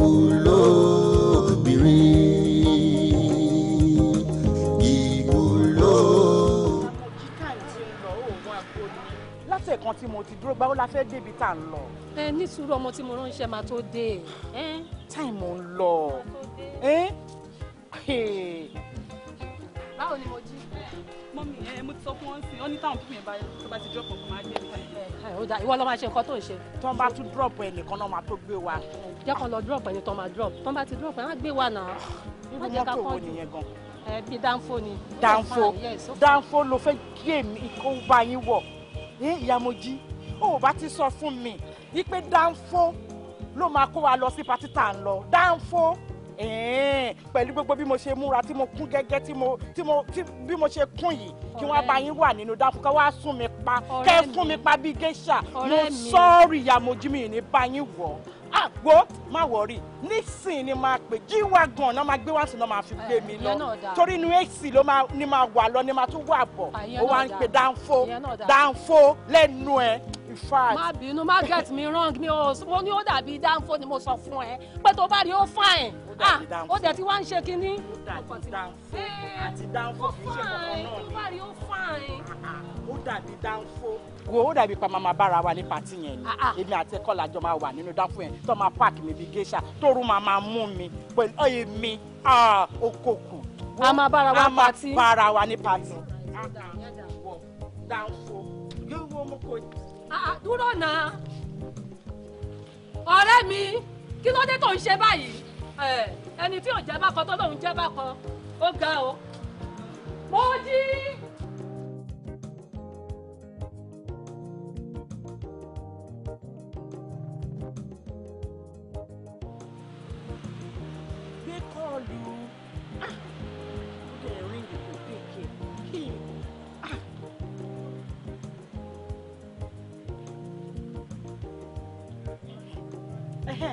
òkú lóbìnrin ìkú ló. àjíká ìtì ń lọ oògùn àgbo ni látẹ̀ kan tí mo ti dúró gbáwó la fẹ́ débi tá à ń lọ. ẹ ní sùúrù ọmọ tí mo ránṣẹ́ máa tó dé ẹ. táìmù ń lọ báwo ni mo jí mọ́mí ẹ eh, mo ti sọ fún wọn sí ọ́ní táwọn pípín yẹn bá tó bá ti drop ọ̀gbọ́n máa gbé mi. Eh, eh, ó dà ìwọ ló máa ṣe nǹkan tó ń ṣe. tó ń bá tún drop ẹ nìkan náà máa tó gbé wa. jẹ́ kàn lọ drop ẹni tó máa drop tó ń bá ti drop ẹ á gbé wa náà. irú mọ́tò wo nìyẹn gan. ẹ bí dánfó ni. dánfó ah, dánfó ló fẹ́ gé mi kó ń bá yín wọ̀ ẹ ìyàmójì ó bá ti sọ fún mi wípé dánfó ló máa kó wa lọ sí patí tá à ń lọ dánfó pẹ̀lú gbogbo bí mo ṣe múra tí mo kún gẹ́gẹ́ tí mo tí mo tí bí mo ṣe kún yìí kí wọ́n bá yín wà nínú dáàbò ká wá sún mi pa kẹ́ fún mi pa bí geisha mo sọ́ọ̀rì ìyàmójú mi ní bá yín wọ̀ àgbo ah, má wọ̀rì nísìnyí ni máa pè jí wá gan náà máa gbé wá sí náà máa fi gbé mi lọ torí inú èsì ló ni máa wà lọ ni máa tún wà bọ̀ ah, ó wá ń pè dáńfó dáńfó lẹ́nu ẹ̀ in fact. má bínú má get me wrong mi ò mo ní ó dàbí dánfó ni mo sọ fún ẹ pé tó bá rí ó fine ah ó dẹ̀ ti wá ń ṣe kínní. ó dàbí dánfó àti dánfó kì í ṣe kankan náà ni tó bá rí ó fine. Ah, ah, ó dàbí dánfó. wo ó dàbí pa màmá bára wa ní pàtí yẹn ni ah, èmi àti ẹkọ làjọ máa wà nínú dánfó yẹn tó máa park mi bí geisha tóru máa máa mú mi pẹ̀lú ọyẹ mi okòkù. a máa bára wa ní pàtí. a bára wa ní pàtí. dánfó yóò wọ́n mú kò jẹ́ dúró náà ọ̀rẹ́ mi kí ló dé tó ń ṣe báyìí ẹni tí òun jẹ́ bákan tó lóun jẹ́ bákan ó ga o mo jí. gbé kọ́ọ̀lù.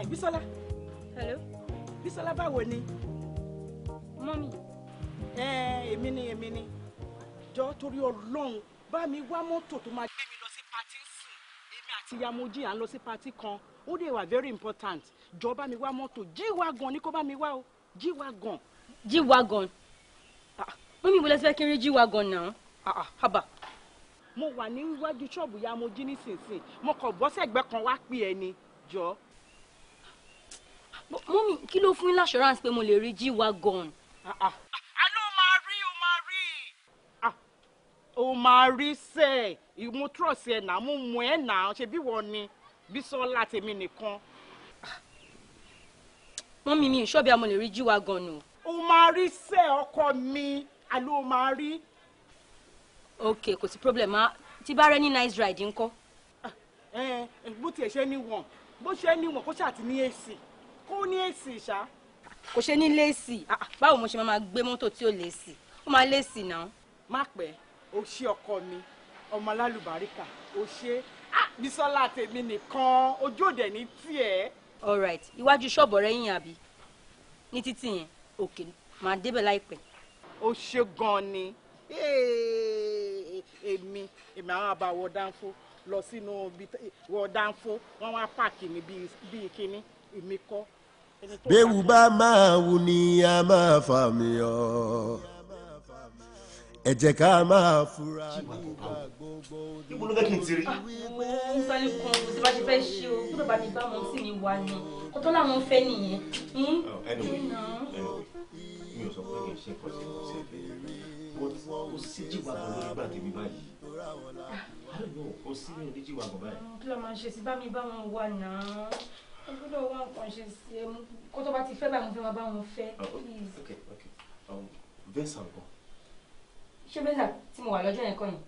Bísọ́lá. hello. Bísọ́lá báwo ni. mọ́mì. ẹ̀ẹ́n èmi ni èmi ni jọ torí Ọlọ́run bá mi wá mọ́tò tó máa gbé mi lọ sí patí sùn èmi àti Yamoji à ń lọ sí patí kan ó dẹ̀ wà very important jọ bá mi wá mọ́tò G-Wagon ni kó bá mi wá o G-Wagon. G-Wagon ah. mọ́mì mo lọ fẹ́ kiri G-Wagon náà. Ah, ah, haba mo wà níwájú ṣọ́ọ̀bù Yamoji nísinsìnyí mo kàn bọ́ sẹ́gbẹ́ kan wá pè é ni jọ mọ́mí kí ló fún yín láṣọ́ránsì pé mo lè rí jí wa gan. a ah, ló ah. máa rí o máa rí. Ah, o máa rí sẹ́ ìmú trọ́ọ̀sì ẹ̀ náà mú mú ẹ̀ náà ṣe bí wọ́n ni Bísọ́lá tèmi nìkan. mọ́mí mi ìṣọ́bí àmọ́ lè rí jí wa gan nù. o máa rí sẹ́ ọkọ mi a ló máa rí. ok kò sí problem a ti bá rẹ ní nice ride ńkọ́. ẹ ẹ bó tiẹ̀ ṣe ní wọn bó ṣe ní wọn kó ṣáà èsì kó ní èsì ṣá. kò ṣe ní lẹ́sì ah, ah, báwo mo ṣe máa gbé mọ́tò tí ò lẹ́sì ó máa lẹ́sì náà. má pẹ́ o ṣé ọkọ mi ọmọ alálùbáríkà o ṣé ah, Bísọ́lá tèmi nìkan ojú òde ní tiẹ̀. all right iwájú ṣọ́ọ̀bù ọ̀rẹ́ yín àbí ní títì yẹn òkè máa débẹ̀ láìpẹ́. o ṣé gan-an ni èmi èmi àwọn àbáwọ̀ dánfó lọ sínú wọ̀ dánfó wọ́n wá páàkì mi bíi kíní èmi kọ́ bẹ́ẹ̀wù bá máa wù ni a máa fà mí ọ́ ẹ ká máa fura nígbà gbogbo nítorí wípé. ń sáré kun kò sí bá ṣe fẹ́ ṣe o kúrò bá mi bá wọn sí mi wá ni kó tó láwọn fẹ́ nìyẹn. Hmm? Oh, mi ò sọ pé kì í ṣe nǹkan tí mo kó sí jìwà kan lórí ìgbà tèmi báyìí. àlọ́ ah. kó sí ní jìwà kan báyìí. kí ló máa ń ṣe sí bá mi bá wọn wà náà ẹ gbọ́dọ̀ wá nǹkan ṣe sí ẹ um, kó tó bá ti fẹ́ báyìí mo fẹ́ máa bá wọn fẹ́ oh, please. ok ok vẹ́sà ń bọ̀. ṣé vẹ́sà tí mo wà lọ́jọ́ yẹn kọ́ yẹn.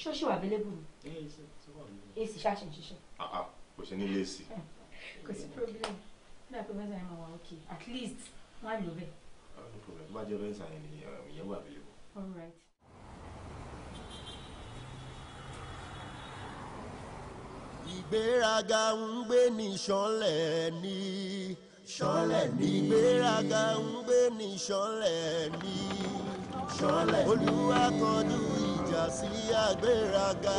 ṣé ó ṣì ah, ah, problem nígbà pé vẹ́sà yẹn at least wọ́n á ah, no problem bá jẹ́ vẹ́sà yẹn ni ìyẹn all right. ìgbéraga ń gbé ní ṣánlẹ̀ ni ṣánlẹ̀ ni ìgbéraga ń gbé ní ṣánlẹ̀ ni ṣánlẹ̀ ni Olúwa kọjú ìjà sí àgbéraga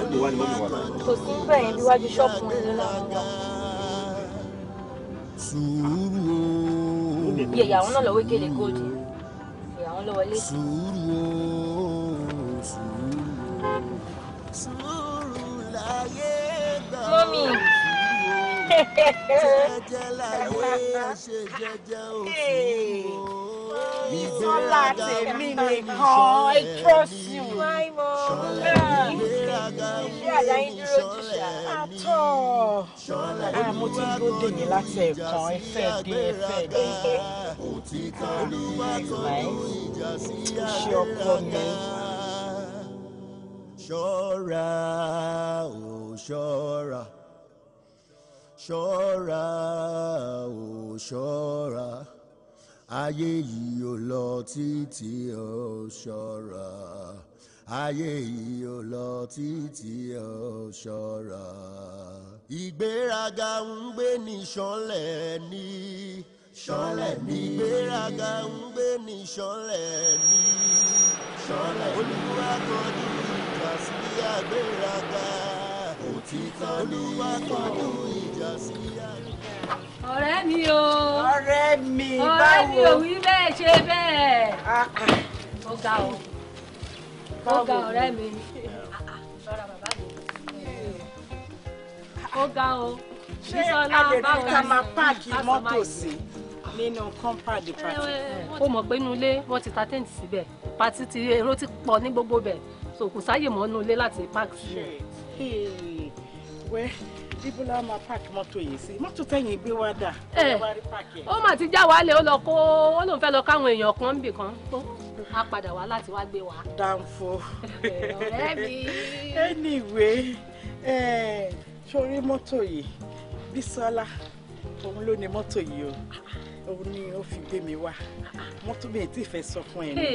Olúwa kọjú ìjà sí àgbéraga sùúrù o. ìyàwó náà lọ wékele gold ìyàwó lọ wọlé. sùúrù o. mọ́mì. jẹ́jẹ́ láyé ṣe jẹ́jẹ́ òfin. Ìsọ́lá tèmi nìkan, I trust you. Ilé àdáyé dúró ti ṣàtọ̀. Mo ti ń dúró dèmi láti ẹ̀kan, ẹ fẹ́ dé, ẹ fẹ́ dé. Ṣé ọkọ mi? ṣọ́ra o ṣọ́ra ṣọ́ra o ṣọ́ra ayé yìí ò lọ títí o ṣọ́ra ayé yìí ò lọ títí o ṣọ́ra. ìgbéraga ń gbé ní ṣánlẹ̀ ní ṣánlẹ̀ ní ìgbéraga ń gbé ní ṣánlẹ̀ ní ṣánlẹ̀ ní olùwàgọ́dún ìjà sí àgbéraga òtítọ́ olúwa kọjú ìjà sí àgbéraga. ọ̀rẹ́ mi o. ọ̀rẹ́ mi báwo. ọ̀rẹ́ mi ò wí bẹ́ẹ̀ ṣe bẹ́ẹ̀. Ah, ah. ó ga o ó ga ọ̀rẹ́ mi ó ga o. ṣé àgbẹ̀dẹ̀ ká máa páàkì mọ́tò sí nínú kọ́ńpáàdì pàtì. ó mọ̀ pé inú ilé wọ́n ti ta tẹ́ǹtì síbẹ̀ pàtì ti èrò ti pọ̀ ní gbogbo bẹ̀ so kò sáyè mọ́ nulẹ̀ láti park sí. wẹ́ ibo máa park mọ́tò yìí sí mọ́tò tẹ̀yìn gbé wá dà. Eh. ẹ ó mà ti já wálé ó lọ kó ó lóun fẹ́ lọ káwọn èèyàn kan ń bì kan á padà wá láti wá gbé wa. dànfọ ọ̀rẹ́ mi. anyway sórí mọ́tò yìí Bísọ́lá òun ló ní mọ́tò yìí o ó ní ó fi gbé mi wá mọ́tò mi ti fẹ́ sọ fún ẹ ní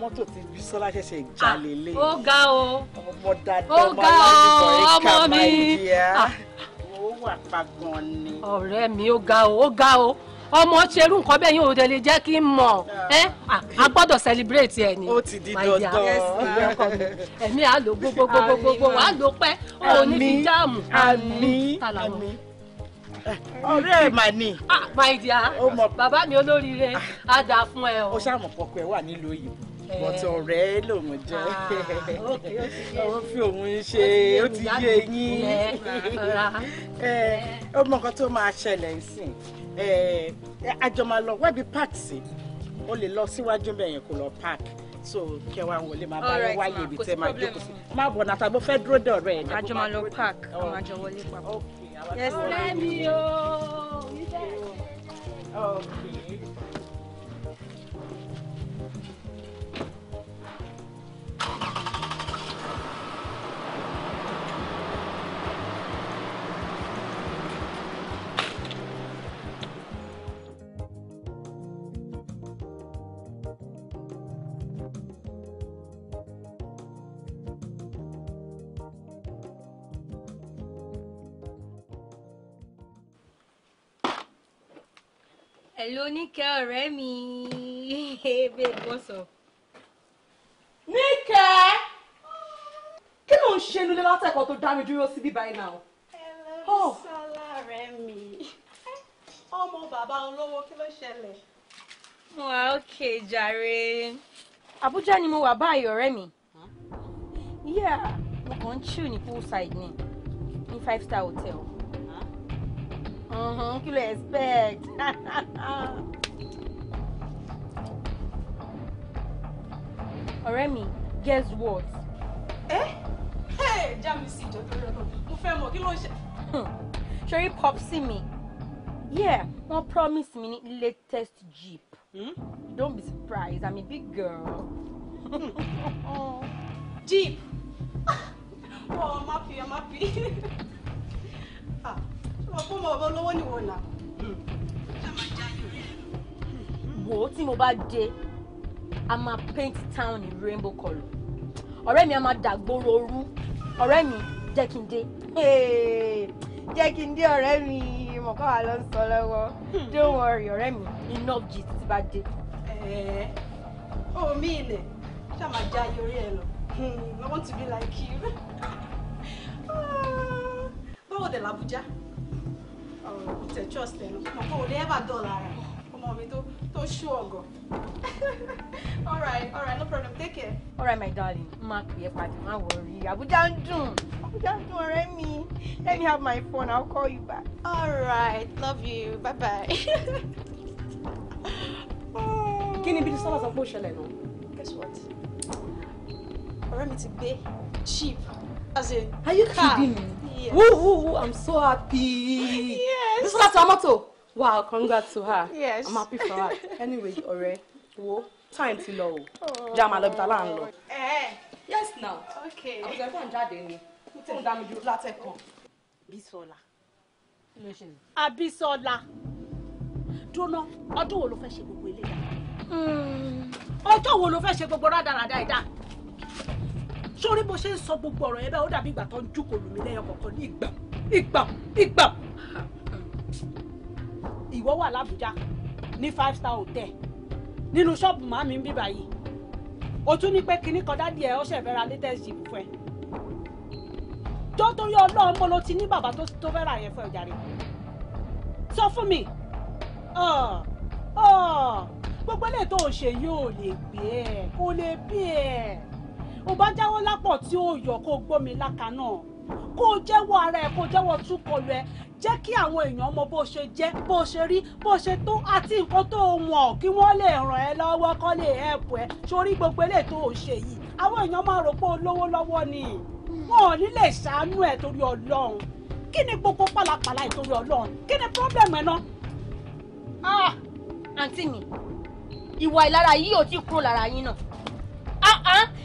mọ́tò ti bí sọ́lá ṣẹ̀ṣẹ̀ ah, jalè lé ó ga o ọmọ dáadáa ọmọ aládùúgbò ẹ̀ ká máa ó wà pa ni. ọ̀rẹ́ mi ó ga o ó ga o ọmọ ṣerú nǹkan bẹ́ẹ̀ yín ò lè jẹ́ kí n mọ̀ ẹ́ ah. eh? ah, a gbọ́dọ̀ celebrate ẹ ni. ó ti di dandan ẹ̀mí àlò gbogbogbogbogbò wàá lò pẹ́ òní fi jáàmù. àmín àmín ọ̀rẹ́ ẹ̀ mà ní. Ah, my dear bàbá mi olóríire á ah. dáa fún ẹ o. ó ṣàmù kọkọ ẹ wà nílùú òyìnbó eh. bọ̀tọ̀ ọ̀rẹ́ lòun jẹ́ ah, ó fi òun ṣe ó ti yé yín eh, eh, ó mọ nǹkan tó máa ṣẹlẹ̀ nsìn àjọ máa lọ wẹ́ẹ̀bì park sí o lè lọ síwájú bẹ̀yẹn kó lọ park so kẹ wa wọlé máa bá yín wáyé ibi tẹ máa jókòó sí máa bọ̀ nàtàgbọ́ fẹ́ dúró dọ̀rọ̀ ẹ̀. àjọ máa lọ park àwọn àjọ wọlé papọ̀ ọ̀rẹ́ mi Okay. Hello, Níkẹ́ ọ̀rẹ́ mi. Hey, babe, what's up? Níkẹ́! Kí ló ń ṣe nílé látẹ̀kọ́ tó dá mi dúró síbí báyìí náà? Hello, oh. Sọlá ọ̀rẹ́ mi. Ọmọ bàbá olówó kí ló ṣẹlẹ̀? Mo wà ókè jàre. Àbújá ni mo wà báyìí ọ̀rẹ́ mi. Yeah, mo kàn ń chill ní poolside ni, ní five star hotel. Uh kí ló expect. ọ̀rẹ́ mi guess what. Eh? Hey, já don't sí ìjọ tó rẹ lọ mo fẹ́ mọ̀ kí ló ń ṣe. ṣorí popsi yeah wọ́n promise me the latest jeep hmm? don't be surprised i'm a big girl. Hmm. jeep oh i'm happy i'm happy. ah. ọkùnrin mọ̀ ọ̀bọ lọ́wọ́ nìwọ̀n náà. wo tí mo ba de, a ma paint town in rainbow colour ọ̀rẹ́ mi a máa dàgbòrò ooru ọ̀rẹ́ mi jẹ́ kí n dé. jẹ́ kí n dé ọ̀rẹ́ mi mọ̀kọ́ wa ló ń sọ lọ́wọ́ hmm. don't worry ọ̀rẹ́ mi enough gist ti bá dé. Eh, omi ilẹ̀ ṣáà máa já ayé orí ẹ lọ hmm, I want to be like you. Ah, báwo dẹ̀ làbújá. ìtẹ̀ trust ẹnu mọ̀ kó o lè ever dọ́là ara ọmọ mi tó tó ṣú ọ̀gọ̀ all right all right no problem take care. all right my darling máa pè é padà má wọrí Àbújá ń dùn Àbújá ń dùn ọ̀rẹ́ mi let me have my phone I'll call you back. all right love you bye bye. kí ni bíi sọ́lá sọ pé ó ṣẹlẹ̀ náà. guess what ọ̀rẹ́ mi ti gbé jeep as in car. are you kidding me. Yes. Woohoo! I'm so happy. Yes. This is our tomato. Wow, congrats to her. Yes. I'm happy for her. Anyway, ọ̀rẹ́, wo time to know. o. Oh. Ja ma lọ bi ta la ń lọ. Eh. Yes now. Okay. Àwọn ọ̀sẹ̀ fún jáde ni. Mo ti ń dá mi dúró látẹ̀kàn. Bísọ́lá. Abísọ́lá. Dúró ọdún wo I fẹ́ ṣe gbogbo eléyà? Hmm. Ọjọ́ wo ló fẹ́ ṣe gbogbo rádaràda sórí bó ṣe ń sọ gbogbo ọ̀rọ̀ yẹn bẹ́ẹ̀ ó dàbí ìgbà tó ń jùkọ̀ lùmí lẹ́yọ kọ̀ọ̀kan ní ìgbà ìgbà ìgbà ìwọ wà lábújá ní five star hotel nínú ṣọ́ọ̀bù màmí ń bíbà yìí o tún ní pé kinní kan dádì ẹ ọṣẹ fẹ́ latest jeep fún ẹ tó torí ọlọ́run mo ló ti ní bàbá tó fẹ́ ra yẹn fún ẹ jàre sọ fún mi gbogbo eléyìí tó o ṣe yóò lè gbé ẹ kó lè bí ẹ o bá jáwọ́ lápọ̀ tí ó yọ kó gbọ́ mi láka náà kó o jẹ́wọ́ ara ẹ̀ kó o jẹ́wọ́ túkọlù ẹ̀ jẹ́ kí àwọn èèyàn mọ bó ṣe jẹ́ bó ṣe rí bó ṣe tó àti nǹkan tó wọ̀n kí wọ́n lè ràn ẹ́ lọ́wọ́ kó lè help ẹ sórí gbogbo eléyìí tó o ṣe yìí àwọn èèyàn máa rò pé olówó lọ́wọ́ ni wọn ò ní lè ṣàánú ẹ̀ torí ọlọ́run kí ni gbogbo pàlàpàlà ìtorí ọlọ́run kí ni problem ẹ̀ náà. Ah, àǹtí mi ìwà ìlara yìí ò tí kúrò lára yín náà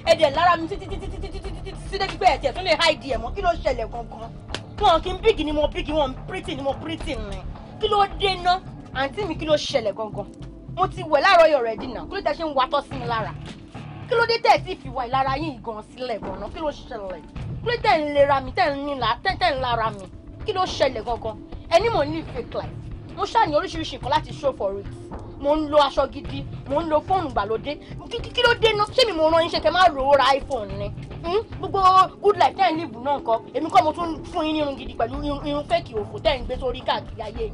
ẹ̀dẹ̀ lára mi títí títí títí títí títí títí débi pé ẹ̀tẹ̀ tún lè háìdì ẹ̀ mọ́ kí ló ṣẹlẹ̀ gangan wọn kí n bíìgì ni mo bíìgì wọn pírítì ni mo pírítì ni kí ló dé ná àǹtí mi kí ló ṣẹlẹ̀ gangan mo ti wẹ̀ láàárọ̀ yọ̀ rẹ̀ dìnnà kí ló tẹ ṣe ń watọ́ sí mi lára kí ló dé tẹ̀ sí ìfìwà ìlara yín gan sílẹ̀ gan kí ló ṣẹlẹ̀ kí ló tẹ̀ ń lera mi tẹ̀ ń nílà tẹ̀ ń lára mi kí ló ṣẹlẹ̀ gangan ẹni mò ń ní fake life mo ṣàní oríṣiríṣi nǹkan láti show for it mo ń lo aṣọ gidi mo ń lo fóònù gbàlódé kí ló dé náà ṣé mi mo rán iṣẹ́ kẹ́ máa rò ó ra iPhone ni hmm? gbogbo good life ten live náà nǹkan èmi kọ́ mo tún fún yín ní irun gidi pẹ̀lú irun fẹ́ẹ̀kì òfò tẹ̀ ń gbé sórí káàkiri ayé yìí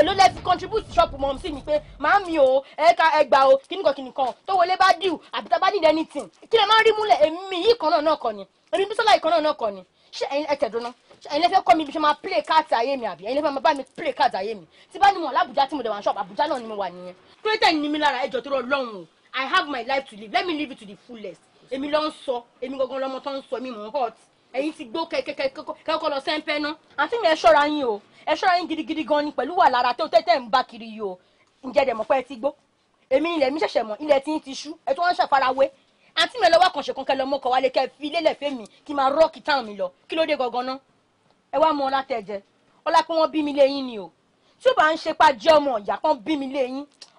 èló lẹ fi contribute shop mọ̀ sí mi pé màá mi o ẹ̀ka ẹgbàá o kíníkan kíníkan tó wọlé bá dìú àbí tá a bá need anything kí lè má rí múlẹ̀ èmi yìí kan náà náà kọ́ ni èmi bísọ́lá yìí kan náà náà kọ́ ni ṣé ẹ̀yin ẹ̀kẹ́dùn náà ẹ̀yin lẹ́fẹ́ kọ́ mi bí ṣe máa play káàtì ayé mi àbí ẹ̀yin lẹ́fẹ́ máa bá mi play káàtì ayé mi tí bá ní mọ̀ lábùjá tí mo dẹ̀ wà ṣọ́ọ̀bù àbújá náà ni mo wà nìyẹn kírẹ́tẹ̀ ni mi lára ẹjọ́ tó rọ lọ́hùn o I have my life to live let me live it to the fullest èmi ló ń sọ èmi gangan lọmọ tó ń sọ èmi mò ń hot ẹ̀yin ti gbó kẹ́kẹ́kẹ́kọ́ lọ sẹ́ńpẹ́ ná àǹtí mi ẹ ṣọ́ra yín o ẹ ṣọ́ra yín gidigidi gan ni pẹ̀lú wà lára tó tẹ́tẹ́ ń bá kiri yìí o ǹjẹ́ dẹ̀ mọ̀ pé ẹ ti gbó èmi ilẹ̀ mi ṣẹ̀ṣẹ̀ mọ̀ ilẹ̀ tí ń ti ṣú ẹ tó wọ́n ń ṣàfarawé àǹtí mi ẹ lọ́wọ́ kan ṣèkan kẹ lọ́mọ kọ wálé kẹ fi lélẹ̀ fẹ́mi kí n máa rọ́ọ̀kì táwọn mi lọ kí ló dé gangan náà ẹ wá mọ ọlá tẹ̀jẹ̀ ọlá pé wọ́n bí mi léyìn ni o tí ó bá ń ṣe pa jẹ́ ọmọ ìyá kan bí mi léyìn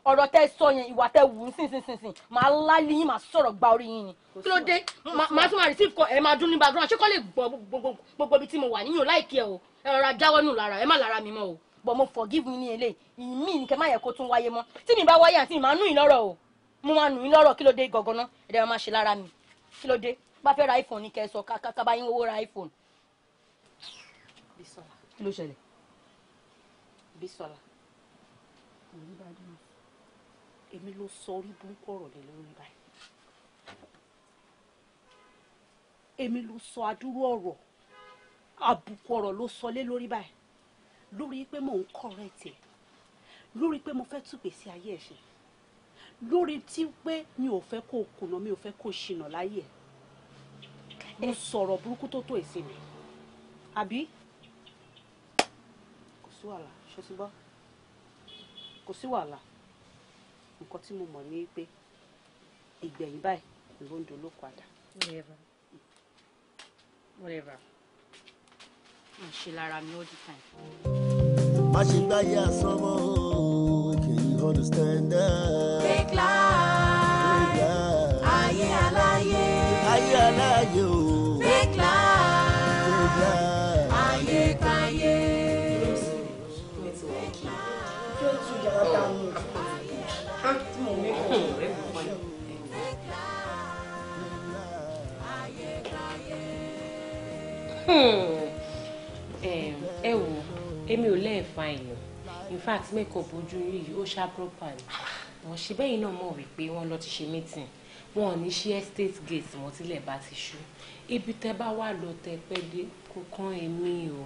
ọ̀rọ̀ tẹ́ sọ yẹn ìwà tẹ́ wù ú sínsìnsìn màá lálé yín màá sọ̀rọ̀ gba orí yín ni kí ló dé màá tún máa receive call ẹ̀ máa dún ní background ṣé kọ́ lè gbọ́ gbogbo ibi tí mo wà níyàn láìkí ẹ o ẹ rọra jáwọ́ nù lára ẹ má lára mi mọ́ o but mo forgive mi ní eléyìí ìmí ni kẹ má yẹ kó tún wáyé mọ́ tí mi bá wáyé àti mi máa nù yín lọ́rọ̀ o mo máa nù yín lọ́rọ̀ kí ló dé gangan náà ẹ̀dẹ̀ máa ṣe lára mi kí ló dé bá fẹ́ ra iPhone ni kẹ́ ẹ sọ kábàáyín owó ra iPhone Bisola. ló ṣẹlẹ̀. Bisola. èmi ló sọ orí burúkú ọ̀rọ̀ lé lórí báyìí. èmi ló sọ adúrú ọ̀rọ̀ àbùkù ọ̀rọ̀ ló sọ lé lórí báyìí lórí pé mò ń kọ̀rẹ́ tiẹ̀ lórí pé mo fẹ́ tùgbèsí ayé ẹ̀ ṣe lórí tí pé mi ò fẹ́ kó o kùnà mi ò fẹ́ kó o ṣìnà láyé ẹ̀ ẹ sọ̀rọ̀ burúkú tó tó èsì àbí sí wàhálà ṣó ti gbọ́ kò sí wàhálà nǹkan tí mo mọ̀ ní pé ìgbẹ̀yìn báyìí ìwọ ń dolo padà. whatever ṣe lára mi all the time. má ṣe gbáyé àsọmọ can you understand that. fake life ayé aláyé. ayé aláyé o. ẹ hmm. eh, wò èmi ò lẹ́ẹ̀fà èèyàn in fact makeup ojú yìí ó ṣá proper ni wọ́n ṣe bẹ́yìn náà mọ̀ wípé wọ́n lọ ti ṣe meeting wọn ò ní ṣe estate gate mọ́ tílẹ̀ bá ti ṣú ibi tẹ́ bá wà lọ tẹ́ pẹ́ dé kó kán èmi o.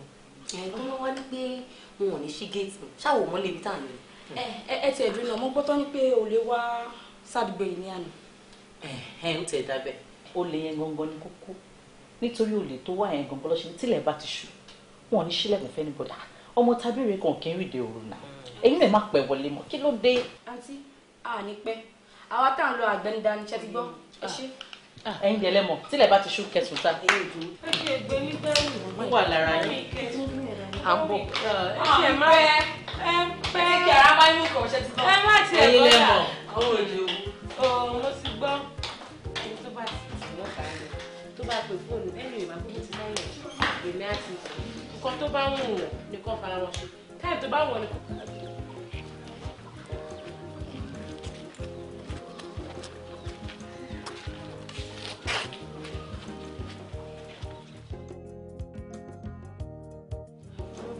ẹ̀ẹ́dọ́n wá ní pé wọn ò ní ṣí gate ṣáà wò mọ́lẹ̀ ibi tá à ń ẹ ẹ tiẹ̀ dúró náà mo gbọ́ ni pé o lè wá sádùgbò yìí ní àná. ẹ ẹ ń tẹ̀ dábẹ́ o lè yẹn gangan ní kókó nítorí olè tó wà yẹn gangan lọ́sẹ̀ tílẹ̀ bá ti ṣù wọn ò ní sílẹ̀kùn fẹ́ ní bọ́dà ọmọ tábìrì kan kì í de òru náà èyí lè má pẹ́ wọlé mọ́ kí ló dé. àǹtí a ní pẹ́ àwa tá à ń lọ àgbẹ̀ni dání ṣe ti gbọ́ ẹ ṣe. Ah. Ah, ẹyin jẹlẹ mọ tílẹ̀ bá ti ṣù kẹsùn ta. ó ṣe ègbè à ń bọ̀. ẹ má ẹ pẹ́ ẹ kí ara máa ń mú kàn ṣe ti bọ̀. ẹ má tiẹ̀ bọ́ ẹ̀yin lẹ́mọ̀ ọ̀hún òde o. mo ti gbọ́ ẹni tó bá ti tì mọ́ kàá rẹ̀ tó bá pe fóònù ẹnu ìwà gbogbo ti láyè èmi àti nǹkan tó bá ń wù nìkan fara wọn ṣe táyà tó bá wọ̀ nìkan fara wọn ṣe.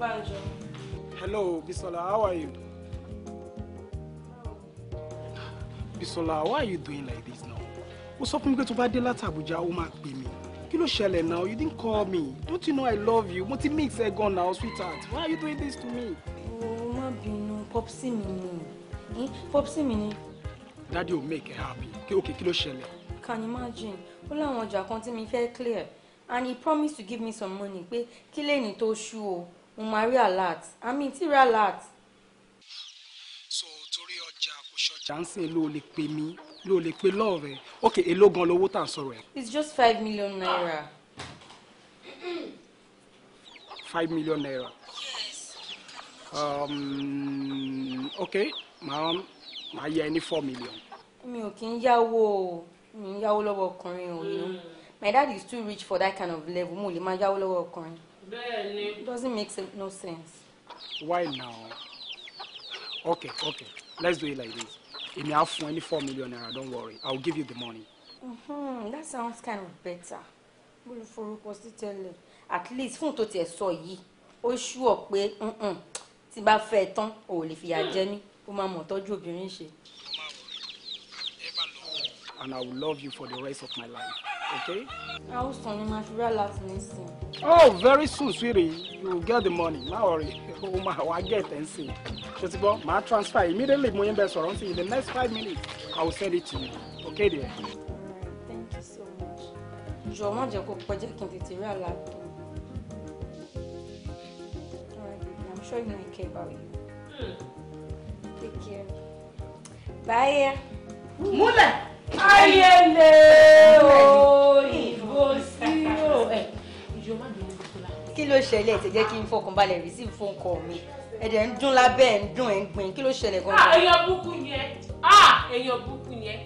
Banjo. Hello, Bisola, how are you? Bisola, why are you doing like this now? Ó sọ fún mi pé tó bá dé láti Abuja ó máa pè mí. now? You didn't call me. Don't you know I love you? Mo mix ẹ gan now, sweetheart. Why are you doing this to me? Oh, má bínú, popsi Mini. Hmm? Popsi mi Daddy will make her happy. Okay, okay. Kilo ṣẹlẹ̀? Can you imagine? Ó láwọn ọjà to tí mi fẹ́ clear and he promised to give me some money pé kí lẹ́yìn tó ṣú mo máa rí alert àmì tí rí alert. so torí ọjà kò ṣọjà ń sìn ló lè pè mí ló lè pè lọ́ọ̀rẹ́ ok èló gan lowó tá à ń sọ̀rọ̀ ẹ̀. it's just five million naira. five million naira. yes. Um, ok màá màá yẹ ẹ ní four million. mi ò kí ń yáwó o mi ń yáwó lọ́wọ́ ọkùnrin o you know hmm. my dad is too rich for that kind of level mo lè máa yáwó lọ́wọ́ ọkùnrin bẹ́ẹ̀ni. it doesn't make no sense. why now okay okay let's do it like this èmi á fún ẹ four million naira don't worry I'll give you the money. Mm-hmm, that sounds kind of better mo lè forúkọ sí tẹ́lẹ̀ at least fún tó tiẹ̀ sọ yìí ó ṣúọ̀ pé tí bá fẹ́ tán ò lè fìyà jẹ mí ó máa mọ̀ tọ́jú obìnrin ṣe. and i will love you for the rest of my life okay? I How soon my real relax missing? Oh, very soon, sweetie. You will get the money. No worry. Oh my, I get and see. Just go. My transfer immediately. My investment. I'll see in the next five minutes. I will send it to you. Okay, dear. Thank you so much. Jọ̀ọ́ má jẹ́ kó pẹ́ I'm sure you know I care about you. Mm. Take care. Bye. Múlẹ̀. ṣẹlẹ̀ tẹ̀ jẹ́ kí n fọkànbalẹ̀ receive phone call mi ẹ̀dẹ̀ ń dún lábẹ́ ẹ̀ ń dún ẹ̀ ń gbìn kí ló ṣẹlẹ̀ gan-an. Ah, èèyàn búkú yẹn ah, èèyàn búkú yẹn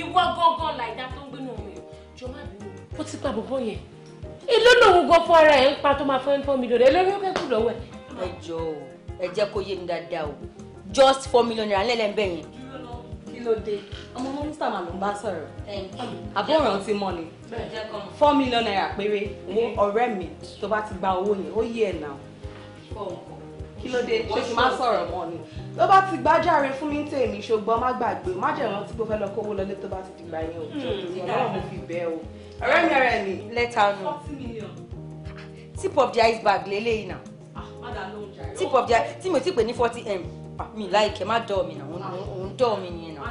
ìwọ gángan làìdá tó ń gbénu ọmọ yẹn jọ má bínú ó ti pa bọ̀bọ̀ yẹn ìlú lòun gan fún ara ẹ̀ ń pa tó máa fẹ́ fọ́ mi lòdì ẹlẹ́rìí ó kẹ́kù lọ́wọ́ ẹ̀. ẹ jọ ẹ jẹ́ kó yé mi dáadáa o just four million naira ńlẹ́lẹ́ ń yẹn kí ló dé ọmọ mínísítà máa ló ń bá sọ̀rọ̀ àbúrò ti mọ ni four million naira péré wo ọ̀rẹ́ mi tó bá ti gba owó yẹn ó yí ẹ̀ náà kí ló dé ṣé kí n má sọ̀rọ̀ mọ́ ni tó bá ti gbájáre fún mi tèmi ṣùgbọ́n má gbàgbé má jẹ̀ rántí pé ó fẹ́ lọ kówó lọlé tó bá ti dìgbà yẹn o hmm, ọlọ́run mo fi bẹ́ẹ̀ o ọ̀rẹ́ mi ọ̀rẹ́ mi. lẹ́tà nù tip of the iceberg lélẹ́yìí náà ah, tip of the tí mi ò tí pè ní forty m ah, mi láìkẹ́ má dọ̀ mi náà ọ̀dọ̀ mi yẹn náà.